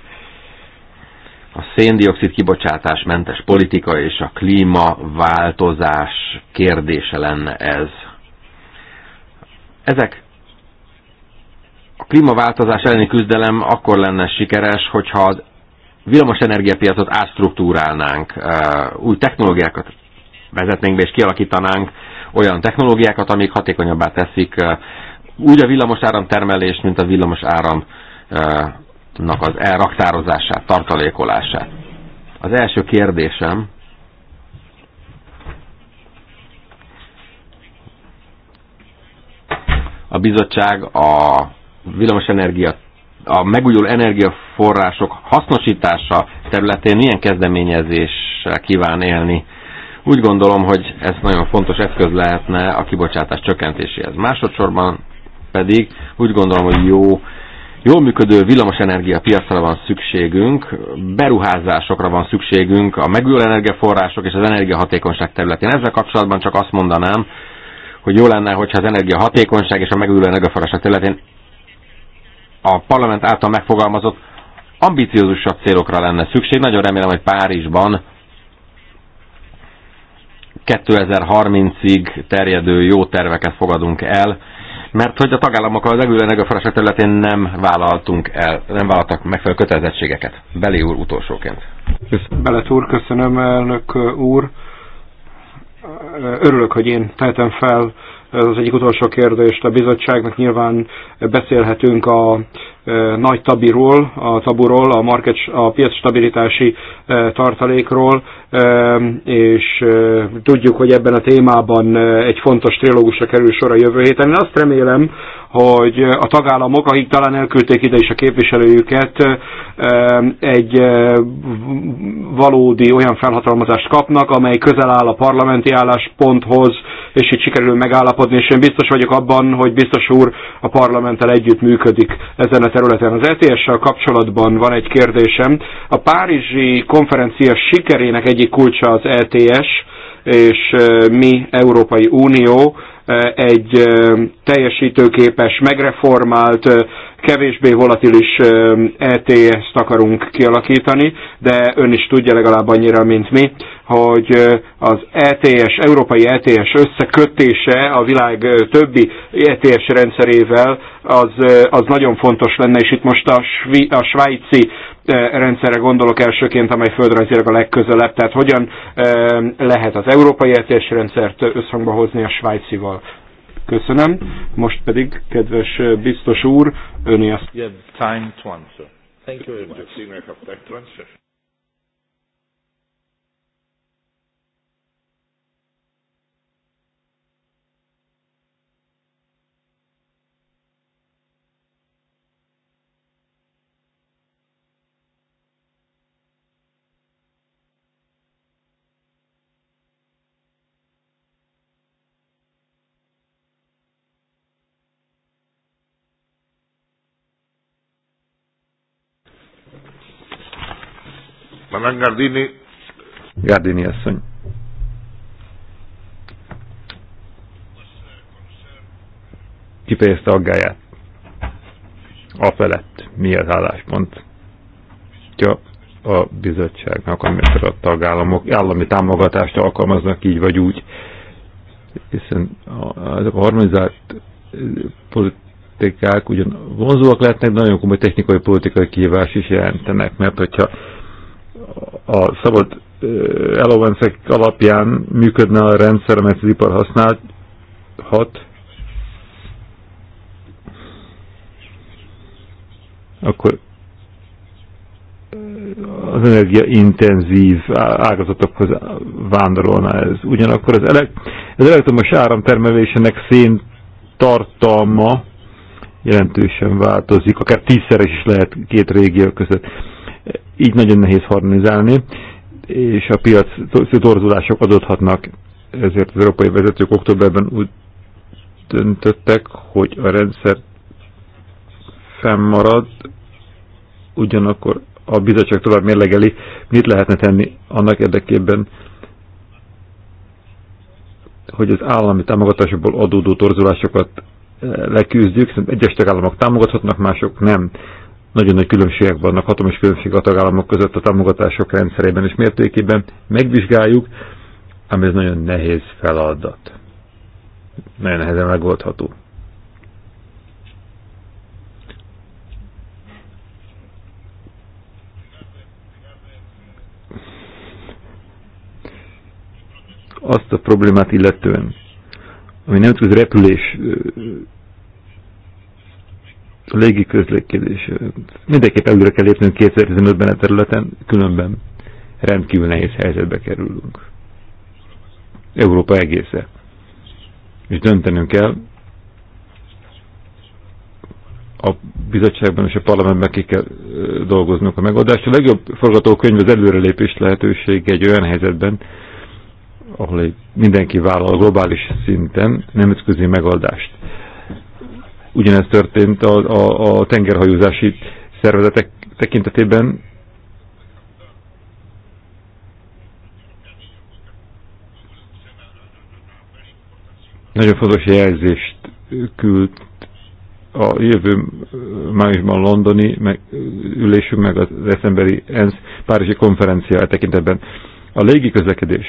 [SPEAKER 5] A széndiokszid kibocsátás mentes politika és a klímaváltozás kérdése lenne ez. Ezek a klímaváltozás elleni küzdelem akkor lenne sikeres, hogyha az villamos energiapiacot átstruktúrálnánk, új technológiákat vezetnénk be és kialakítanánk, olyan technológiákat, amik hatékonyabbá teszik úgy a villamos áram termelés, mint a villamos áramnak az elraktározását, tartalékolását. Az első kérdésem, a bizottság a energia, a megújuló energiaforrások hasznosítása területén milyen kezdeményezéssel kíván élni. Úgy gondolom, hogy ez nagyon fontos eszköz lehetne a kibocsátás csökkentéséhez. Másodszorban pedig úgy gondolom, hogy jó Jól működő villamosenergia piacra van szükségünk, beruházásokra van szükségünk a megújuló energiaforrások és az energiahatékonyság területén. Ezzel kapcsolatban csak azt mondanám, hogy jó lenne, hogyha az energiahatékonyság és a megújuló energiaforrások területén a parlament által megfogalmazott ambiciózusabb célokra lenne szükség. Nagyon remélem, hogy Párizsban 2030-ig terjedő jó terveket fogadunk el, mert hogy a tagállamokkal az egülő energiaforrások területén nem vállaltunk el, nem vállaltak megfelelő kötelezettségeket. Beli úr utolsóként.
[SPEAKER 4] Belet úr, köszönöm elnök úr. Örülök, hogy én tehetem fel ez az egyik utolsó kérdést a bizottságnak. Nyilván beszélhetünk a nagy tabiról, a taburól, a, market, a piac stabilitási tartalékról, és tudjuk, hogy ebben a témában egy fontos trilógusra kerül sor a jövő héten. Én azt remélem, hogy a tagállamok, akik talán elküldték ide is a képviselőjüket, egy valódi olyan felhatalmazást kapnak, amely közel áll a parlamenti állásponthoz, és itt sikerül megállapodni, és én biztos vagyok abban, hogy biztos úr a parlamenttel együtt működik ezen a területen. Az ETS-sel kapcsolatban van egy kérdésem. A Párizsi konferencia sikerének egyik kulcsa az ETS, és eh, mi, Európai Unió, eh, egy eh, teljesítőképes, megreformált, kevésbé volatilis ETS-t akarunk kialakítani, de ön is tudja legalább annyira, mint mi, hogy az ETS, európai ETS összekötése a világ többi ETS rendszerével az, az nagyon fontos lenne, és itt most a, svi, a svájci rendszerre gondolok elsőként, amely földrajzilag a legközelebb, tehát hogyan lehet az európai ETS rendszert összhangba hozni a svájcival. Köszönöm. Most pedig, kedves eh, biztos úr, öné azt.
[SPEAKER 3] Madame Gardini.
[SPEAKER 1] Gardini asszony. Kifejezte aggáját. A felett mi az álláspont? Ja, a bizottságnak, amikor a tagállamok állami támogatást alkalmaznak így vagy úgy, hiszen a harmonizált eh, politikák ugyan vonzóak lehetnek, de nagyon komoly technikai politikai kihívás is jelentenek, mert hogyha a szabad elovencek alapján működne a rendszer, amelyet az ipar használhat, akkor az energiaintenzív ágazatokhoz vándorolna ez. Ugyanakkor az, elek az elektromos áramtermelésének szén tartalma jelentősen változik, akár tízszeres is lehet két régió között így nagyon nehéz harmonizálni, és a piac torzulások adódhatnak. Ezért az európai vezetők októberben úgy döntöttek, hogy a rendszer fennmarad, ugyanakkor a bizottság tovább mérlegeli, mit lehetne tenni annak érdekében, hogy az állami támogatásokból adódó torzulásokat leküzdjük, szóval egyes tagállamok támogathatnak, mások nem nagyon nagy különbségek vannak, hatalmas különbség a tagállamok között a támogatások rendszerében és mértékében. Megvizsgáljuk, ám ez nagyon nehéz feladat. Nagyon nehezen megoldható. Azt a problémát illetően, ami nem nemzetközi repülés a légi közlekedés. Mindenképp előre kell lépnünk 2015-ben a e területen, különben rendkívül nehéz helyzetbe kerülünk. Európa egésze. És döntenünk kell, a bizottságban és a parlamentben ki kell dolgoznunk a megoldást. A legjobb forgatókönyv az előrelépés lehetőség egy olyan helyzetben, ahol mindenki vállal globális szinten nemzetközi megoldást Ugyanez történt a, a, a tengerhajózási szervezetek tekintetében. Nagyon fontos jelzést küldt a jövő májusban londoni meg, ülésünk, meg az eszemberi ENSZ Párizsi konferencia e tekintetben. A légi közlekedés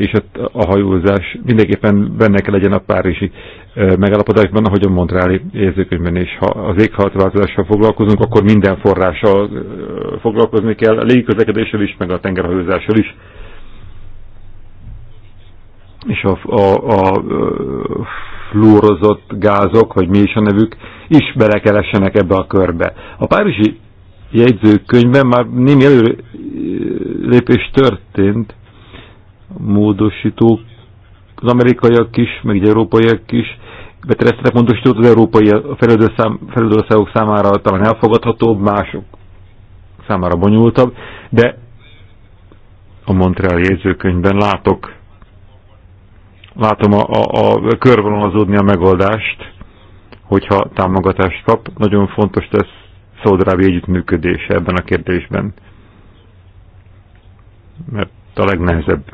[SPEAKER 1] és ott a hajózás mindenképpen benne kell legyen a párizsi megállapodásban, ahogy a Montreali érzőkönyvben is. Ha az éghajlatváltozással foglalkozunk, akkor minden forrással foglalkozni kell, a légiközlekedéssel is, meg a tengerhajózással is. És a, a, a fluorozott gázok, vagy mi is a nevük, is belekeressenek ebbe a körbe. A párizsi jegyzőkönyvben már némi előlépés történt, módosítók, az amerikaiak is, meg az európaiak is betereztetek módosítót az európai fejlődő, szám, számára talán elfogadhatóbb, mások számára bonyolultabb, de a Montreal jegyzőkönyvben látok, látom a, a, a körvonalazódni a megoldást, hogyha támogatást kap. Nagyon fontos lesz Szaudarábia együttműködése ebben a kérdésben. Mert a legnehezebb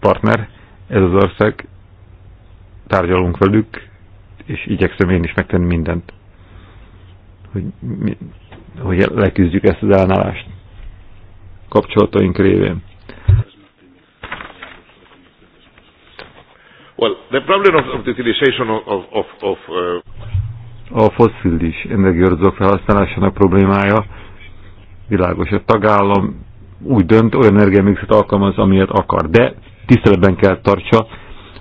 [SPEAKER 1] partner ez az ország, tárgyalunk velük, és igyekszem én is megtenni mindent, hogy, hogy leküzdjük ezt az ellenállást kapcsolataink révén.
[SPEAKER 3] Well, the problem of, of the utilization of, of, of uh...
[SPEAKER 1] A foszilis energiarzók felhasználásának problémája világos. A tagállam úgy dönt, olyan energiamixet alkalmaz, amilyet akar. De tiszteletben kell tartsa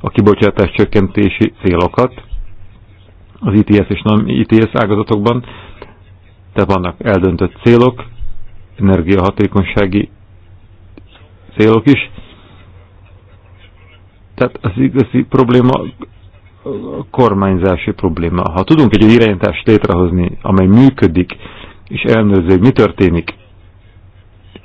[SPEAKER 1] a kibocsátás csökkentési célokat az ITS és nem ITS ágazatokban. Tehát vannak eldöntött célok, energiahatékonysági célok is. Tehát az igazi probléma a kormányzási probléma. Ha tudunk egy irányítást létrehozni, amely működik, és ellenőrző, hogy mi történik,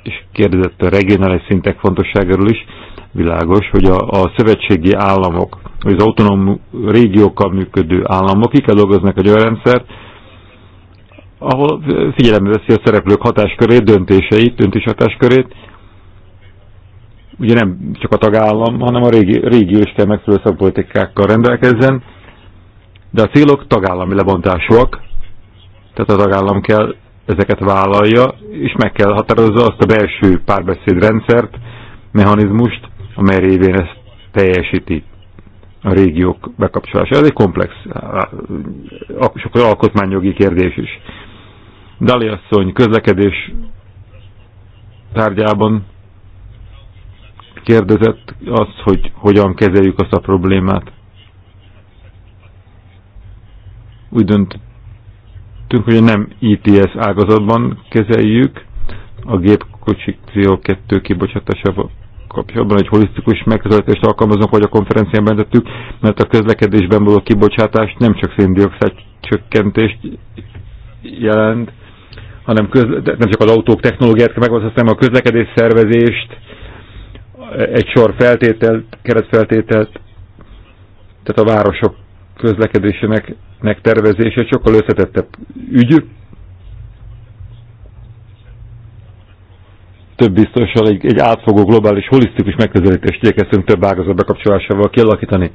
[SPEAKER 1] és kérdezett a regionális szintek fontosságáról is, világos, hogy a, a szövetségi államok, vagy az autonóm régiókkal működő államok, kikkel dolgoznak egy olyan rendszert, ahol figyelembe veszi a szereplők hatáskörét, döntéseit, döntés hatáskörét, ugye nem csak a tagállam, hanem a régi, régió is kell megfelelő szakpolitikákkal rendelkezzen, de a célok tagállami lebontásúak, tehát a tagállam kell ezeket vállalja, és meg kell határozza azt a belső párbeszédrendszert, mechanizmust, amely révén ezt teljesíti a régiók bekapcsolása. Ez egy komplex, sokkal alkotmányjogi kérdés is. Dali asszony közlekedés tárgyában kérdezett azt, hogy hogyan kezeljük azt a problémát. Úgy döntött, döntöttünk, hogy nem ITS e ágazatban kezeljük a gépkocsik CO2 kibocsátásával kapcsolatban egy holisztikus megközelítést alkalmazunk, hogy a konferencián bentettük, mert a közlekedésben való kibocsátás nem csak széndiokszid csökkentést jelent, hanem közle, nem csak az autók technológiát kell megváltoztatni, hanem a közlekedés szervezést, egy sor feltételt, keretfeltételt, tehát a városok közlekedésének megtervezése sokkal összetettebb ügy. Több biztosan egy, egy átfogó globális holisztikus megközelítést igyekeztünk több ágazat bekapcsolásával kialakítani.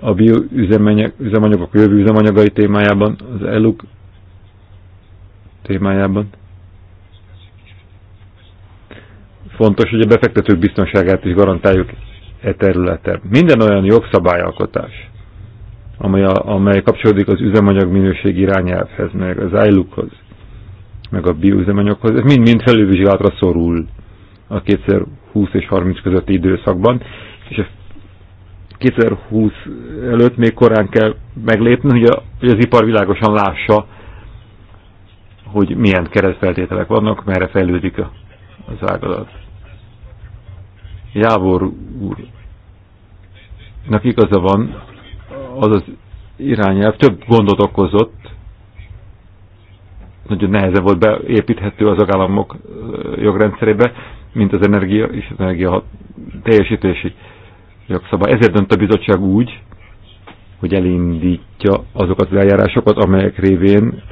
[SPEAKER 1] A bioüzemanyagok, jövő üzemanyagai témájában, az ELUK témájában. Fontos, hogy a befektetők biztonságát is garantáljuk e területen. Minden olyan jogszabályalkotás, amely, a, amely kapcsolódik az üzemanyag minőség irányelvhez, meg az ILUK-hoz, meg a bioüzemanyaghoz. Ez mind-mind felülvizsgálatra szorul a 2020 és 30 közötti időszakban, és a 2020 előtt még korán kell meglépni, hogy, a, hogy az ipar világosan lássa, hogy milyen keresztfeltételek vannak, merre fejlődik az ágazat. Jávor úr, nekik igaza van, az az irányelv több gondot okozott, nagyon nehezebb volt beépíthető az agállamok jogrendszerébe, mint az energia és az energia teljesítési jogszabály. Ezért dönt a bizottság úgy, hogy elindítja azokat az eljárásokat, amelyek révén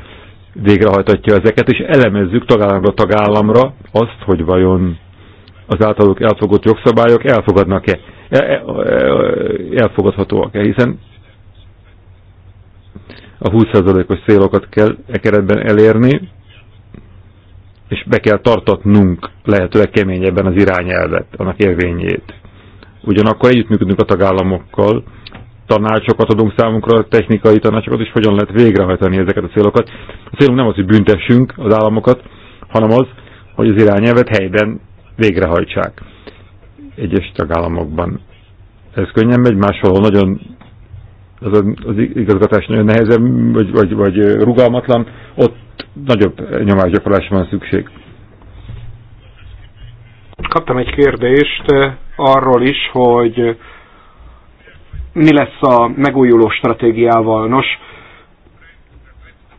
[SPEAKER 1] végrehajtatja ezeket, és elemezzük tagállamra tagállamra azt, hogy vajon az általuk elfogott jogszabályok elfogadnak-e, e, e, e, elfogadhatóak-e, hiszen a 20%-os célokat kell e keretben elérni, és be kell tartatnunk lehetőleg keményebben az irányelvet, annak érvényét. Ugyanakkor együttműködünk a tagállamokkal, tanácsokat adunk számunkra, technikai tanácsokat, és hogyan lehet végrehajtani ezeket a célokat. A célunk nem az, hogy büntessünk az államokat, hanem az, hogy az irányelvet helyben végrehajtsák. Egyes tagállamokban ez könnyen megy, máshol nagyon az, az igazgatás nagyon nehezen, vagy, vagy, vagy rugalmatlan, ott nagyobb nyomásgyakorlásra van szükség.
[SPEAKER 4] Kaptam egy kérdést eh, arról is, hogy eh, mi lesz a megújuló stratégiával. Nos,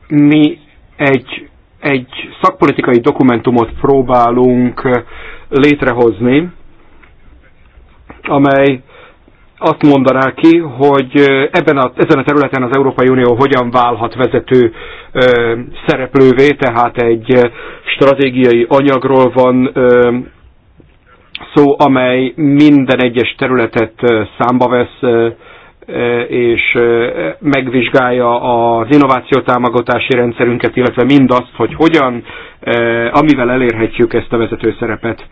[SPEAKER 4] mi egy, egy szakpolitikai dokumentumot próbálunk eh, létrehozni, amely azt mondaná ki, hogy ebben a, ezen a területen az Európai Unió hogyan válhat vezető ö, szereplővé, tehát egy stratégiai anyagról van ö, szó, amely minden egyes területet számba vesz, ö, és megvizsgálja az innováció támogatási rendszerünket, illetve mindazt, hogy hogyan, amivel elérhetjük ezt a vezető szerepet.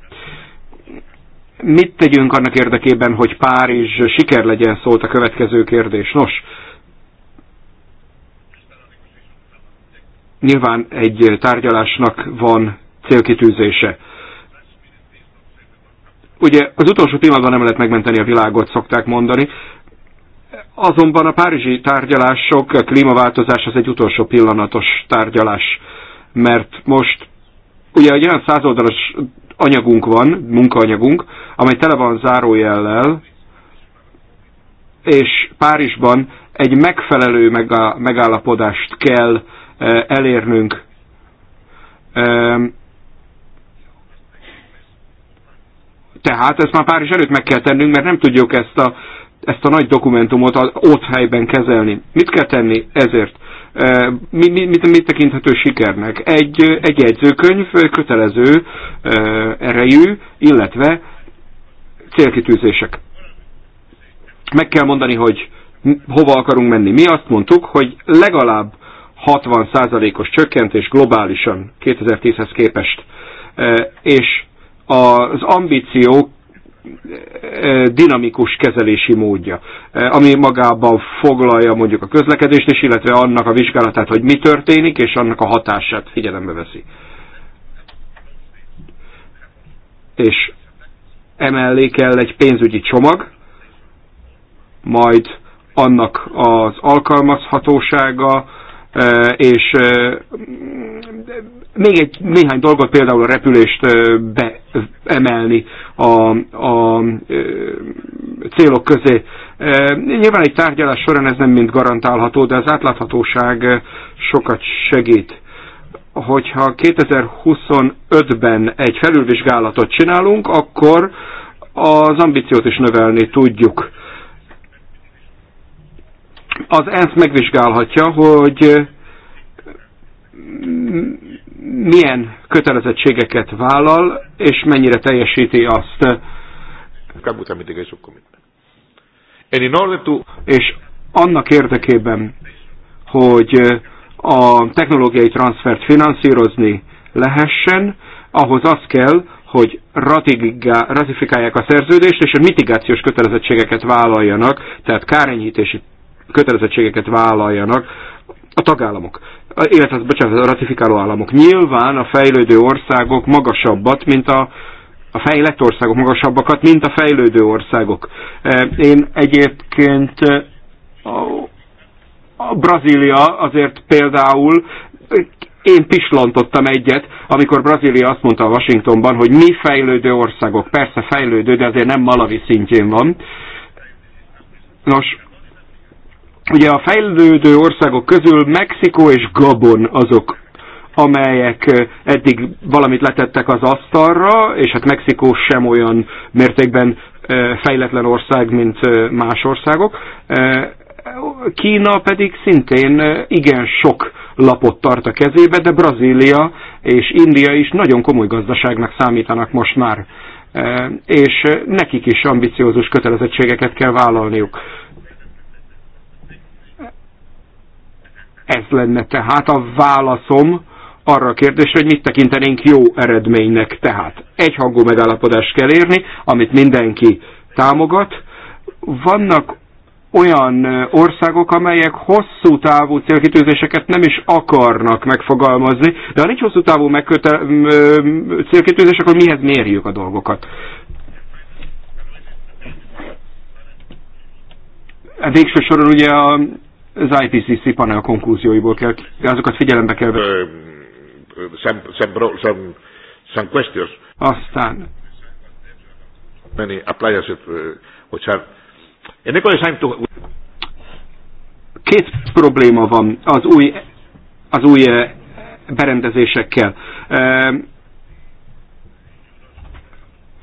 [SPEAKER 4] Mit tegyünk annak érdekében, hogy Párizs siker legyen, szólt a következő kérdés. Nos, nyilván egy tárgyalásnak van célkitűzése. Ugye az utolsó pillanatban nem lehet megmenteni a világot, szokták mondani, azonban a párizsi tárgyalások, a klímaváltozás az egy utolsó pillanatos tárgyalás, mert most ugye egy olyan százoldalas anyagunk van, munkaanyagunk, amely tele van zárójellel, és Párizsban egy megfelelő megállapodást kell eh, elérnünk. Ehm, tehát ezt már Párizs előtt meg kell tennünk, mert nem tudjuk ezt a, ezt a nagy dokumentumot ott helyben kezelni. Mit kell tenni ezért? mi, mit, mit tekinthető sikernek? Egy, egy jegyzőkönyv kötelező erejű, illetve célkitűzések. Meg kell mondani, hogy hova akarunk menni. Mi azt mondtuk, hogy legalább 60%-os csökkentés globálisan 2010-hez képest. És az ambíciók dinamikus kezelési módja, ami magában foglalja mondjuk a közlekedést is, illetve annak a vizsgálatát, hogy mi történik, és annak a hatását figyelembe veszi. És emellé kell egy pénzügyi csomag, majd annak az alkalmazhatósága, és még egy néhány dolgot, például a repülést beemelni a, a célok közé. Nyilván egy tárgyalás során ez nem mind garantálható, de az átláthatóság sokat segít. Hogyha 2025-ben egy felülvizsgálatot csinálunk, akkor az ambíciót is növelni tudjuk az ENSZ megvizsgálhatja, hogy milyen kötelezettségeket vállal, és mennyire teljesíti azt. És annak érdekében, hogy a technológiai transfert finanszírozni lehessen, ahhoz az kell, hogy ratifikálják a szerződést, és a mitigációs kötelezettségeket vállaljanak, tehát kárenyhítési kötelezettségeket vállaljanak a tagállamok, illetve bocsánat, a ratifikáló államok. Nyilván a fejlődő országok magasabbat, mint a a fejlett országok magasabbakat, mint a fejlődő országok. E, én egyébként e, a Brazília azért például én pislantottam egyet, amikor Brazília azt mondta a Washingtonban, hogy mi fejlődő országok, persze fejlődő, de azért nem Malawi szintjén van. Nos, Ugye a fejlődő országok közül Mexikó és Gabon azok, amelyek eddig valamit letettek az asztalra, és hát Mexikó sem olyan mértékben fejletlen ország, mint más országok. Kína pedig szintén igen sok lapot tart a kezébe, de Brazília és India is nagyon komoly gazdaságnak számítanak most már, és nekik is ambiciózus kötelezettségeket kell vállalniuk. Ez lenne tehát a válaszom arra a kérdésre, hogy mit tekintenénk jó eredménynek. Tehát egyhangú megállapodást kell érni, amit mindenki támogat. Vannak olyan országok, amelyek hosszú távú célkitűzéseket nem is akarnak megfogalmazni, de ha nincs hosszú távú megköte- célkitűzés, akkor mihez mérjük a dolgokat? A végső soron ugye a az IPCC panel konklúzióiból kell, azokat figyelembe kell venni. Some, some, some, some questions. Aztán.
[SPEAKER 3] Many appliances
[SPEAKER 4] which are... And time to... Két probléma van az új, az új berendezésekkel.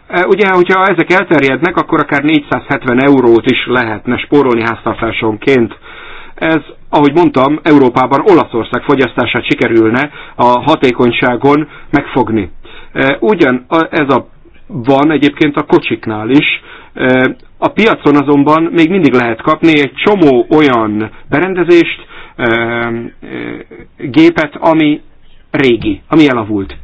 [SPEAKER 4] Ugye, hogyha ezek elterjednek, akkor akár 470 eurót is lehetne spórolni háztartásonként. Ez, ahogy mondtam, Európában Olaszország fogyasztását sikerülne a hatékonyságon megfogni. E, ugyan ez a, van egyébként a kocsiknál is. E, a piacon azonban még mindig lehet kapni egy csomó olyan berendezést, e, gépet, ami régi, ami elavult.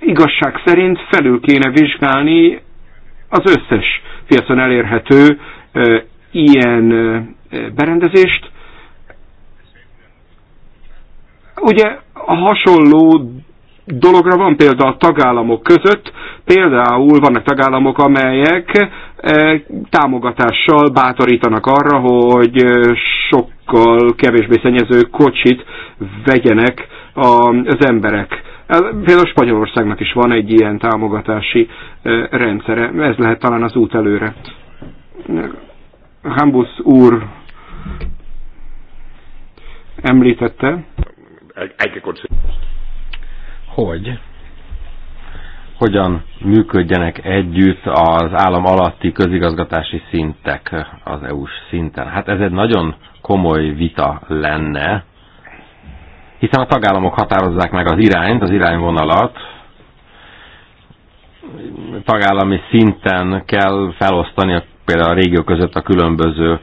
[SPEAKER 4] Igazság szerint felül kéne vizsgálni az összes piacon elérhető ilyen berendezést. Ugye a hasonló dologra van példa a tagállamok között, például vannak tagállamok, amelyek támogatással bátorítanak arra, hogy sokkal kevésbé szennyező kocsit vegyenek az emberek. Például Spanyolországnak is van egy ilyen támogatási rendszere, ez lehet talán az út előre. Hambusz úr említette, hogy hogyan
[SPEAKER 1] működjenek
[SPEAKER 5] együtt az állam alatti közigazgatási szintek az EU-s szinten. Hát ez egy nagyon komoly vita lenne, hiszen a tagállamok határozzák meg az irányt, az irányvonalat, tagállami szinten kell felosztani a például a régió között a különböző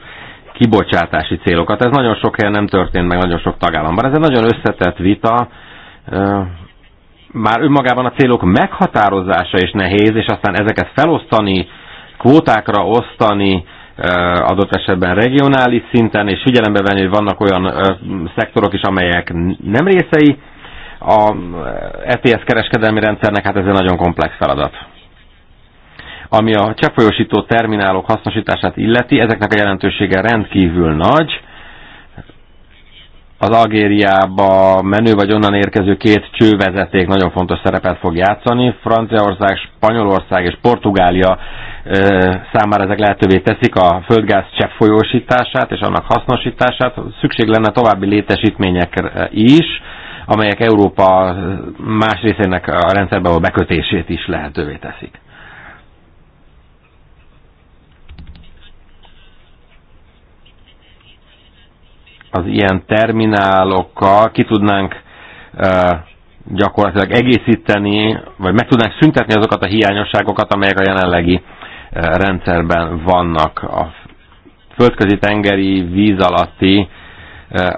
[SPEAKER 5] kibocsátási célokat. Ez nagyon sok helyen nem történt meg, nagyon sok tagállamban. Ez egy nagyon összetett vita. Már önmagában a célok meghatározása is nehéz, és aztán ezeket felosztani, kvótákra osztani, adott esetben regionális szinten, és figyelembe venni, hogy vannak olyan szektorok is, amelyek nem részei a ETS kereskedelmi rendszernek, hát ez egy nagyon komplex feladat. Ami a cseppfolyósító terminálok hasznosítását illeti, ezeknek a jelentősége rendkívül nagy. Az Algériába menő vagy onnan érkező két csővezeték nagyon fontos szerepet fog játszani. Franciaország, Spanyolország és Portugália számára ezek lehetővé teszik a földgáz csepp folyósítását és annak hasznosítását. Szükség lenne további létesítményekre is, amelyek Európa más részének a rendszerbe való bekötését is lehetővé teszik. az ilyen terminálokkal ki tudnánk gyakorlatilag egészíteni, vagy meg tudnánk szüntetni azokat a hiányosságokat, amelyek a jelenlegi rendszerben vannak. A földközi tengeri víz alatti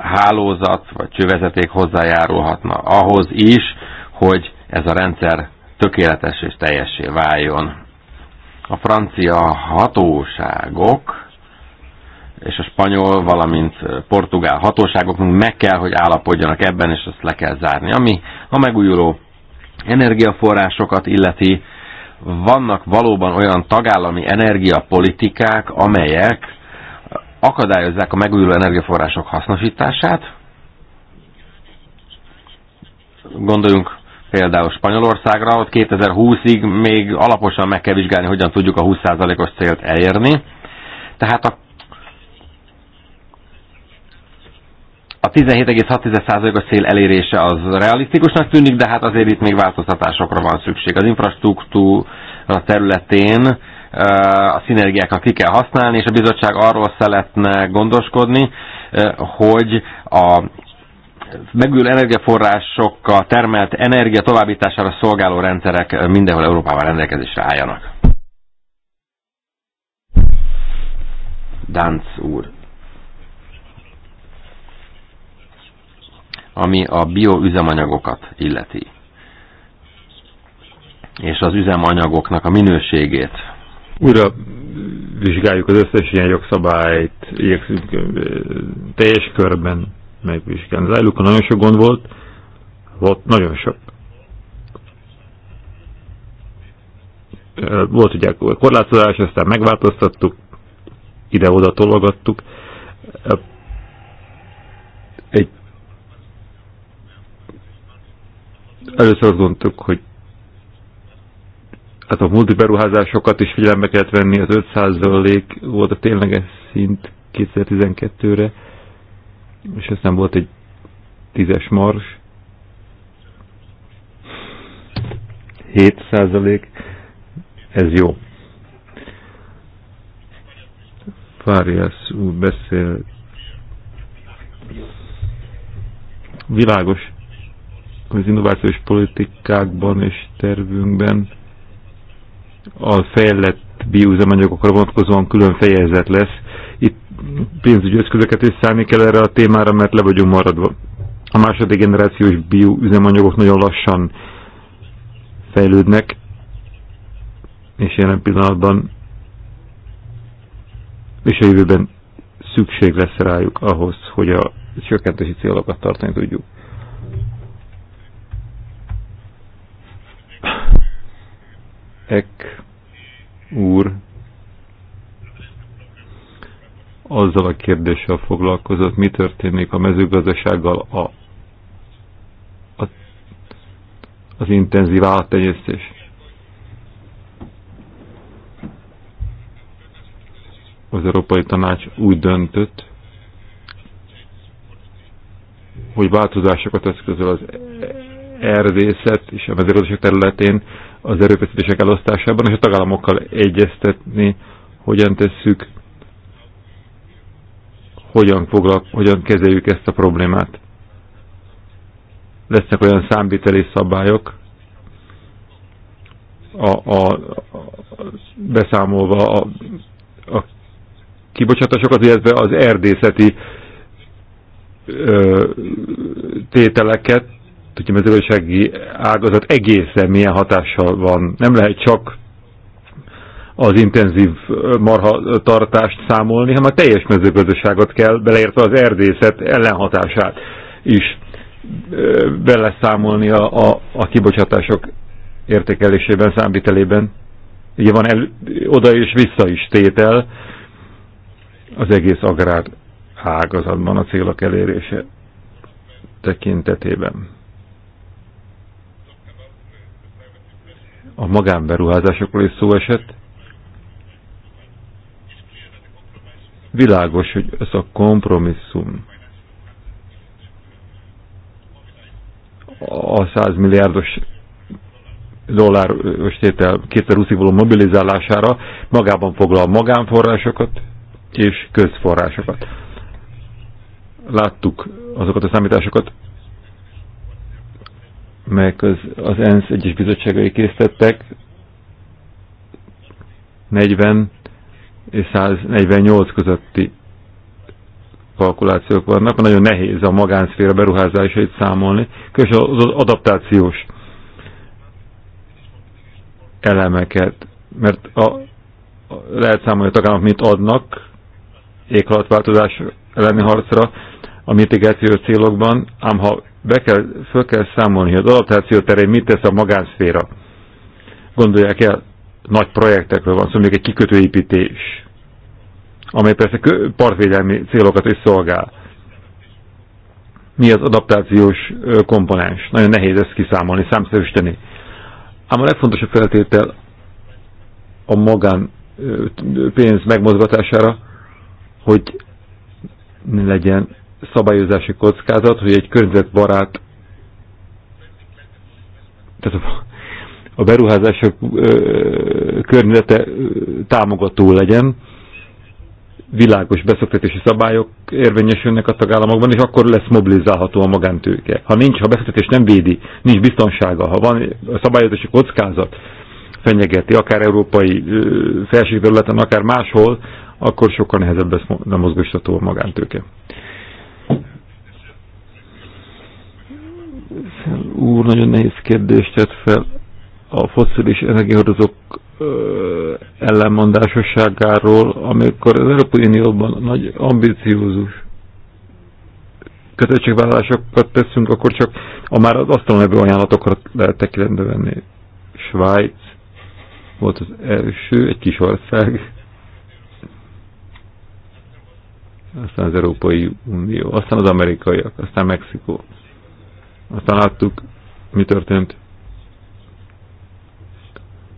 [SPEAKER 5] hálózat vagy csővezeték hozzájárulhatna ahhoz is, hogy ez a rendszer tökéletes és teljessé váljon. A francia hatóságok és a spanyol, valamint portugál hatóságoknak meg kell, hogy állapodjanak ebben, és ezt le kell zárni. Ami a megújuló energiaforrásokat illeti, vannak valóban olyan tagállami energiapolitikák, amelyek akadályozzák a megújuló energiaforrások hasznosítását. Gondoljunk például Spanyolországra, ott 2020-ig még alaposan meg kell vizsgálni, hogyan tudjuk a 20%-os célt elérni. Tehát a a 17,6%-os cél elérése az realisztikusnak tűnik, de hát azért itt még változtatásokra van szükség. Az infrastruktúra területén a szinergiákat ki kell használni, és a bizottság arról szeretne gondoskodni, hogy a megújuló energiaforrásokkal termelt energia továbbítására szolgáló rendszerek mindenhol Európában rendelkezésre álljanak. Dánc úr. ami a bioüzemanyagokat illeti, és az üzemanyagoknak a
[SPEAKER 1] minőségét. Újra vizsgáljuk az összes ilyen jogszabályt, igyekszünk teljes körben megvizsgálni. Az ájlukon nagyon sok gond volt, volt nagyon sok. Volt ugye korlátozás, aztán megváltoztattuk, ide-oda tologattuk. Először azt gondoltuk, hogy hát a múlti beruházásokat is figyelembe kellett venni, az 500 zöllék volt a tényleges szint 2012-re, és nem volt egy tízes mars, 7 százalék, ez jó. Fáriász úr beszél világos az innovációs politikákban és tervünkben a fejlett bioüzemanyagokra vonatkozóan külön fejezet lesz. Itt pénzügyi eszközöket is szállni kell erre a témára, mert le vagyunk maradva. A második generációs bioüzemanyagok nagyon lassan fejlődnek, és jelen pillanatban és a jövőben szükség lesz rájuk ahhoz, hogy a csökkentési célokat tartani tudjuk. Ek úr azzal a kérdéssel foglalkozott, mi történik a mezőgazdasággal a, a, az intenzív állattenyésztés. Az Európai Tanács úgy döntött, hogy változásokat eszközöl az e- e- erdészet és a mezőgazdaság területén, az erőfeszítések elosztásában, és a tagállamokkal egyeztetni, hogyan tesszük, hogyan, foglal, hogyan kezeljük ezt a problémát. Lesznek olyan számbiteli szabályok, a, a, a beszámolva a, a kibocsátásokat, illetve az erdészeti ö, tételeket, a mezőgazdasági ágazat egészen milyen hatással van. Nem lehet csak az intenzív marha tartást számolni, hanem a teljes mezőgazdaságot kell, beleértve az erdészet ellenhatását is beleszámolni a, a, a kibocsátások értékelésében, számvitelében. Ugye van el, oda és vissza is tétel az egész agrár ágazatban a célok elérése tekintetében. a magánberuházásokról is szó esett. Világos, hogy ez a kompromisszum a 100 milliárdos dolláros tétel 2020-ig való mobilizálására magában foglal magánforrásokat és közforrásokat. Láttuk azokat a számításokat, melyek az, az ENSZ egyes bizottságai készítettek, 40 és 148 közötti kalkulációk vannak, mert nagyon nehéz a magánszféra beruházásait számolni, különösen az adaptációs elemeket, mert a, a, lehet számolni a tagállamok, mint adnak éghalatváltozás elleni harcra, a mitigációs célokban, ám ha be kell, föl kell számolni, hogy az adaptáció terén mit tesz a magánszféra. Gondolják el, nagy projektekről van szó, szóval még egy kikötőépítés, amely persze partvédelmi célokat is szolgál. Mi az adaptációs komponens? Nagyon nehéz ezt kiszámolni, számszerűsíteni. Ám a legfontosabb feltétel a magán pénz megmozgatására, hogy ne legyen szabályozási kockázat, hogy egy környezetbarát, tehát a beruházások környezete támogató legyen, világos beszoktatási szabályok érvényesülnek a tagállamokban, és akkor lesz mobilizálható a magántőke. Ha nincs, ha befektetés nem védi, nincs biztonsága, ha van a szabályozási kockázat fenyegeti, akár európai felső akár máshol, akkor sokkal nehezebb lesz nem mozgósítható a magántőke. Axel úr nagyon nehéz kérdést tett fel a foszilis energiahordozók ellenmondásosságáról, amikor az Európai Unióban nagy ambiciózus kötöttségvállalásokat teszünk, akkor csak a már az asztalon levő ajánlatokat lehet tekintetbe venni. Svájc volt az első, egy kis ország, aztán az Európai Unió, aztán az amerikaiak, aztán Mexikó. Aztán láttuk, mi történt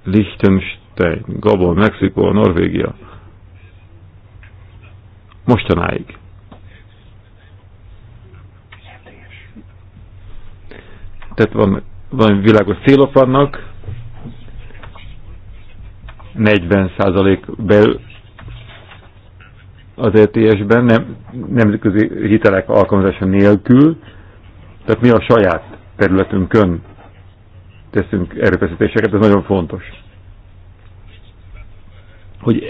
[SPEAKER 1] Liechtenstein, Gabon, Mexikó, Norvégia. Mostanáig. Tehát van, van világos célok vannak, 40% belül az ETS-ben, nem, nemzetközi hitelek alkalmazása nélkül, tehát mi a saját területünkön teszünk erőfeszítéseket, ez nagyon fontos. Hogy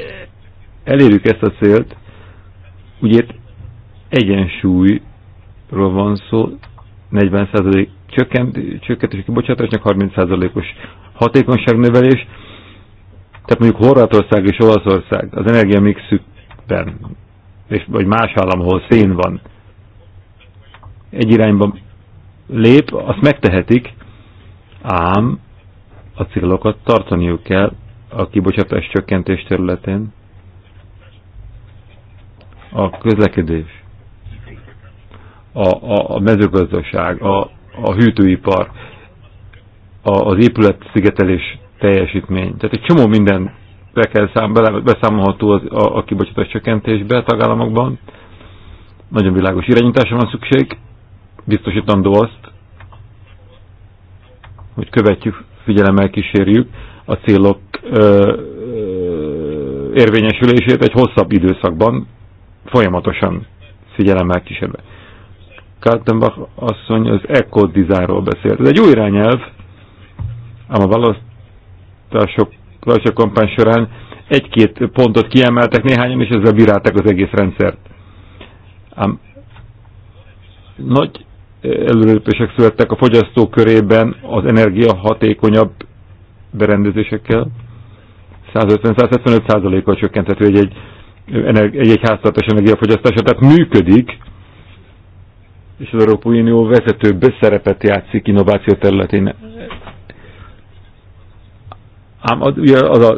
[SPEAKER 1] elérjük ezt a célt, ugye egyensúlyról van szó, 40% csökkent, csökkentési kibocsátásnak 30%-os hatékonyságnövelés, tehát mondjuk Horvátország és Olaszország az energiamixükben, és, vagy más államhol szén van, egy irányban lép, azt megtehetik, ám a célokat tartaniuk kell a kibocsátás csökkentés területén. A közlekedés, a, a, a mezőgazdaság, a, a hűtőipar, a, az szigetelés teljesítmény. Tehát egy csomó minden be kell szám, bele, beszámolható az, a, a kibocsátás csökkentésbe a tagállamokban. Nagyon világos irányításra van szükség, biztosítandó azt, hogy követjük, figyelemmel kísérjük a célok ö, ö, érvényesülését egy hosszabb időszakban, folyamatosan figyelemmel kísérve. Kaltenbach asszony az eco designról beszélt. Ez egy új irányelv, ám a választások, választások kampány során egy-két pontot kiemeltek néhányan, és ezzel bírálták az egész rendszert. Ám nagy előrelépések születtek a fogyasztók körében az energia hatékonyabb berendezésekkel. 150-175 százalékkal csökkenthető egy, egy, egy, egy háztartás energiafogyasztása, tehát működik, és az Európai Unió vezető szerepet játszik innováció területén. Ám az, ugye az a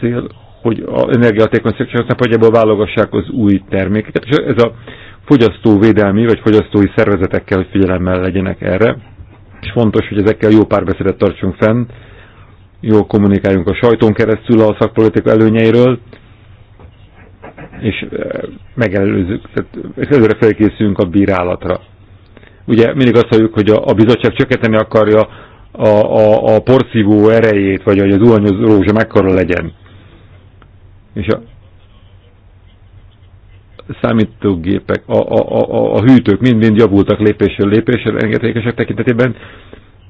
[SPEAKER 1] cél, hogy az energiahatékony szükségnek nagyjából válogassák az új terméket. És ez a fogyasztóvédelmi vagy fogyasztói szervezetekkel, hogy figyelemmel legyenek erre. És fontos, hogy ezekkel jó párbeszédet tartsunk fenn, jól kommunikáljunk a sajtón keresztül a szakpolitika előnyeiről, és eh, megelőzzük, tehát előre felkészülünk a bírálatra. Ugye mindig azt halljuk, hogy a, a bizottság csökkenteni akarja a, a, a porszívó erejét, vagy hogy az uhanyozó rózsa mekkora legyen. És a, számítógépek, a, a, a, a hűtők mind-mind javultak lépésről lépésről engedélyesek tekintetében,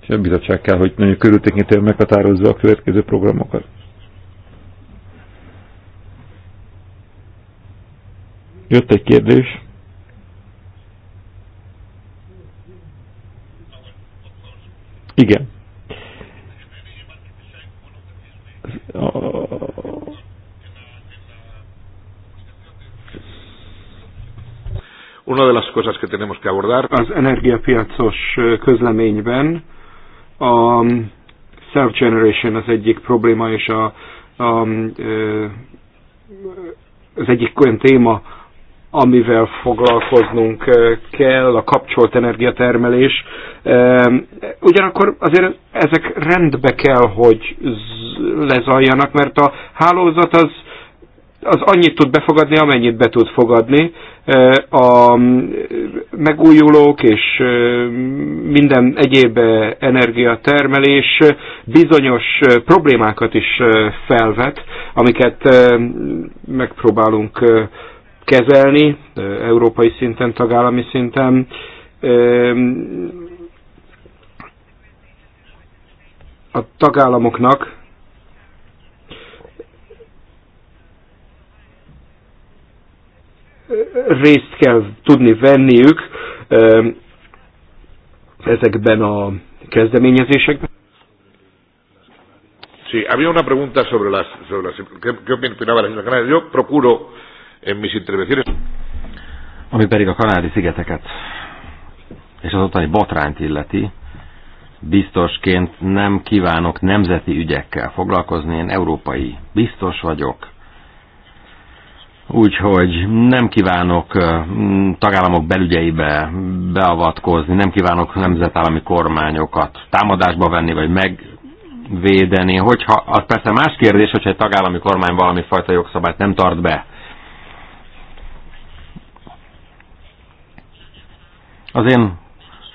[SPEAKER 1] és a bizottság kell, hogy nagyon körültekintően meghatározza a következő programokat. Jött egy kérdés. Igen.
[SPEAKER 3] Una de las cosas que tenemos que abordar.
[SPEAKER 4] Az energiapiacos közleményben a self-generation az egyik probléma, és a, a, az egyik olyan téma, amivel foglalkoznunk kell, a kapcsolt energiatermelés. Ugyanakkor azért ezek rendbe kell, hogy lezajjanak, mert a hálózat az, az annyit tud befogadni, amennyit be tud fogadni, a megújulók és minden egyéb energiatermelés bizonyos problémákat is felvet, amiket megpróbálunk kezelni európai szinten, tagállami szinten. A tagállamoknak részt kell tudni venniük ehm, ezekben a kezdeményezésekben.
[SPEAKER 3] Sí, había una pregunta sobre las, sobre las ¿qué, qué opinaba la señora Canarias. Yo procuro en mis intervenciones.
[SPEAKER 5] Ami pedig a Kanári-szigeteket és az ottani botrányt illeti, biztosként nem kívánok nemzeti ügyekkel foglalkozni, én európai biztos vagyok, Úgyhogy nem kívánok tagállamok belügyeibe beavatkozni, nem kívánok nemzetállami kormányokat támadásba venni, vagy megvédeni. Hogyha, az persze más kérdés, hogyha egy tagállami kormány valami fajta jogszabályt nem tart be. Az én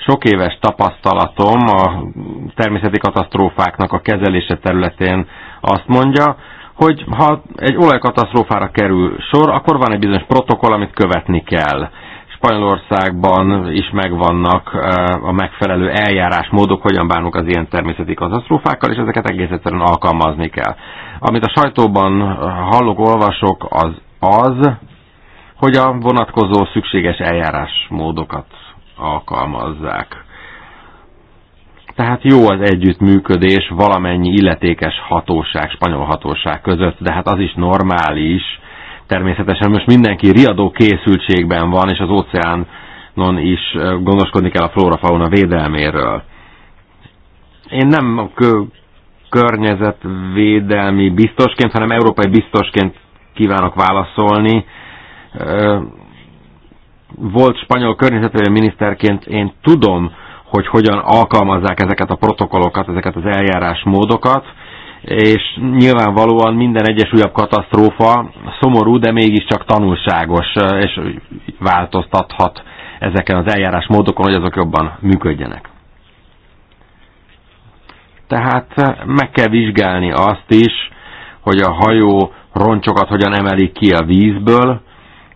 [SPEAKER 5] sok éves tapasztalatom a természeti katasztrófáknak a kezelése területén azt mondja, hogy ha egy olajkatasztrófára kerül sor, akkor van egy bizonyos protokoll, amit követni kell. Spanyolországban is megvannak eh, a megfelelő eljárásmódok, hogyan bánunk az ilyen természeti katasztrófákkal, és ezeket egész egyszerűen alkalmazni kell. Amit a sajtóban eh, hallok, olvasok, az az, hogy a vonatkozó szükséges eljárásmódokat alkalmazzák. Tehát jó az együttműködés valamennyi illetékes hatóság, spanyol hatóság között, de hát az is normális. Természetesen most mindenki riadó készültségben van, és az óceánon is gondoskodni kell a flóra-fauna védelméről. Én nem a környezetvédelmi biztosként, hanem európai biztosként kívánok válaszolni. Volt spanyol környezetvédelmi miniszterként, én tudom, hogy hogyan alkalmazzák ezeket a protokollokat, ezeket az eljárásmódokat, és nyilvánvalóan minden egyes újabb katasztrófa szomorú, de mégiscsak tanulságos, és változtathat ezeken az eljárásmódokon, hogy azok jobban működjenek. Tehát meg kell vizsgálni azt is, hogy a hajó roncsokat hogyan emelik ki a vízből,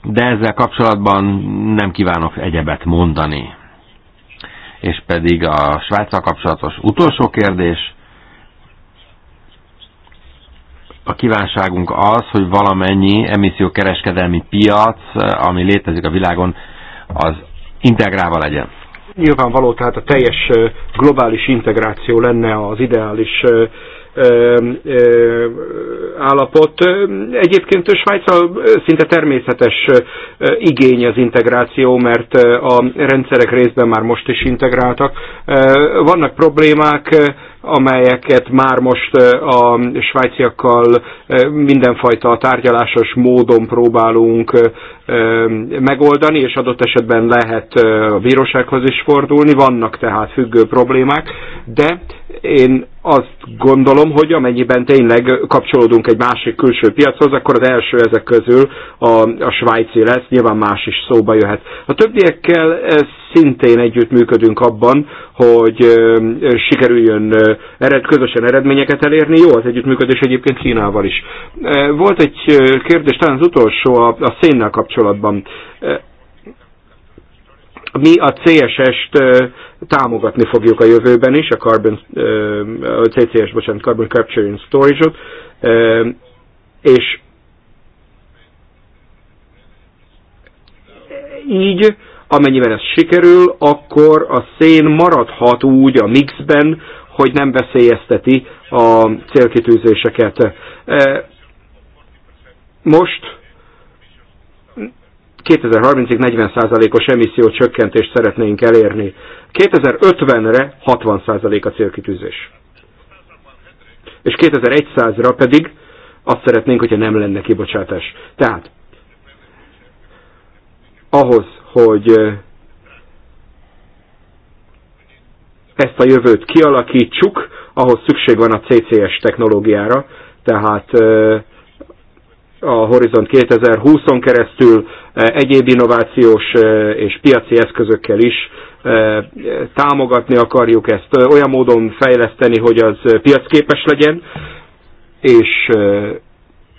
[SPEAKER 5] de ezzel kapcsolatban nem kívánok egyebet mondani és pedig a Svájccal kapcsolatos utolsó kérdés. A kívánságunk az, hogy valamennyi emissziókereskedelmi piac, ami létezik a világon, az integrálva legyen.
[SPEAKER 4] Nyilvánvaló, tehát a teljes globális integráció lenne az ideális állapot. Egyébként Svájc a szinte természetes igény az integráció, mert a rendszerek részben már most is integráltak. Vannak problémák, amelyeket már most a svájciakkal mindenfajta tárgyalásos módon próbálunk megoldani, és adott esetben lehet a bírósághoz is fordulni, vannak tehát függő problémák, de én azt gondolom, hogy amennyiben tényleg kapcsolódunk egy másik külső piachoz, akkor az első ezek közül a, a svájci lesz, nyilván más is szóba jöhet. A többiekkel szintén együtt működünk abban, hogy sikerüljön ered, közösen eredményeket elérni. Jó az együttműködés egyébként Kínával is. Volt egy kérdés, talán az utolsó a, a szénnel kapcsolatban kapcsolatban. Mi a CSS-t támogatni fogjuk a jövőben is, a Carbon, a CCS, bocsánat, Carbon Capture and Storage-ot, és így, amennyiben ez sikerül, akkor a szén maradhat úgy a mixben, hogy nem veszélyezteti a célkitűzéseket. Most 2030-ig 40%-os emisszió csökkentést szeretnénk elérni. 2050-re 60% a célkitűzés. És 2100-ra pedig azt szeretnénk, hogyha nem lenne kibocsátás. Tehát ahhoz, hogy ezt a jövőt kialakítsuk, ahhoz szükség van a CCS technológiára, tehát a Horizont 2020-on keresztül E, egyéb innovációs e, és piaci eszközökkel is e, támogatni akarjuk ezt, olyan módon fejleszteni, hogy az piacképes legyen, és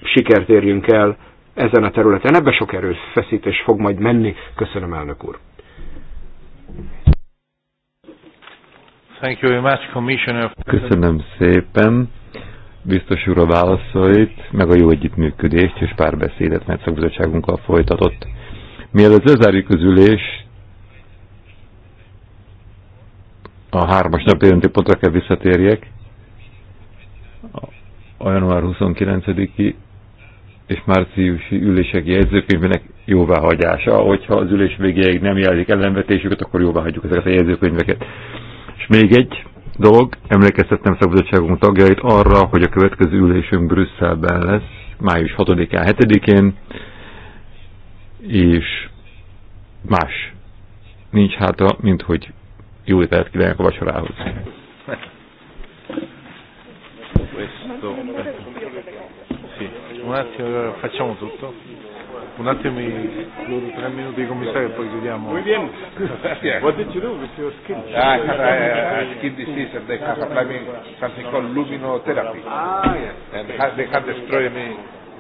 [SPEAKER 4] sikert érjünk el ezen a területen. Ebbe sok erőfeszítés fog majd menni. Köszönöm, elnök úr.
[SPEAKER 3] Thank you very much, Commissioner. Köszönöm
[SPEAKER 1] szépen biztos úr a válaszait, meg a jó együttműködést és párbeszédet, mert szakbizottságunkkal folytatott. Mielőtt lezárjuk az ülés, a hármas nap érinti pontra kell visszatérjek, a január 29-i és márciusi ülések jegyzőkönyvének jóváhagyása. Hogyha az ülés végéig nem jelzik ellenvetésüket, akkor jóváhagyjuk ezeket a jegyzőkönyveket. És még egy, dolog. Emlékeztettem szakbizottságunk tagjait arra, hogy a következő ülésünk Brüsszelben lesz, május 6-án, 7-én, és más nincs hátra, mint hogy jó ételt kívánok a vacsorához.
[SPEAKER 2] Questo. Sì, un attimo facciamo tutto
[SPEAKER 3] un attimo i
[SPEAKER 2] loro tre minuti di
[SPEAKER 3] commissario e poi chiudiamo. Muy bien. Gracias. What did you do with your skin? Ah, I eh, had eh, eh, skin disease and they have applied me something called luminotherapy. Ah, yes. And they they have destroyed
[SPEAKER 2] me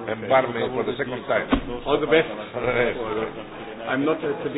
[SPEAKER 2] and barred me for the second time. All the best. I'm not a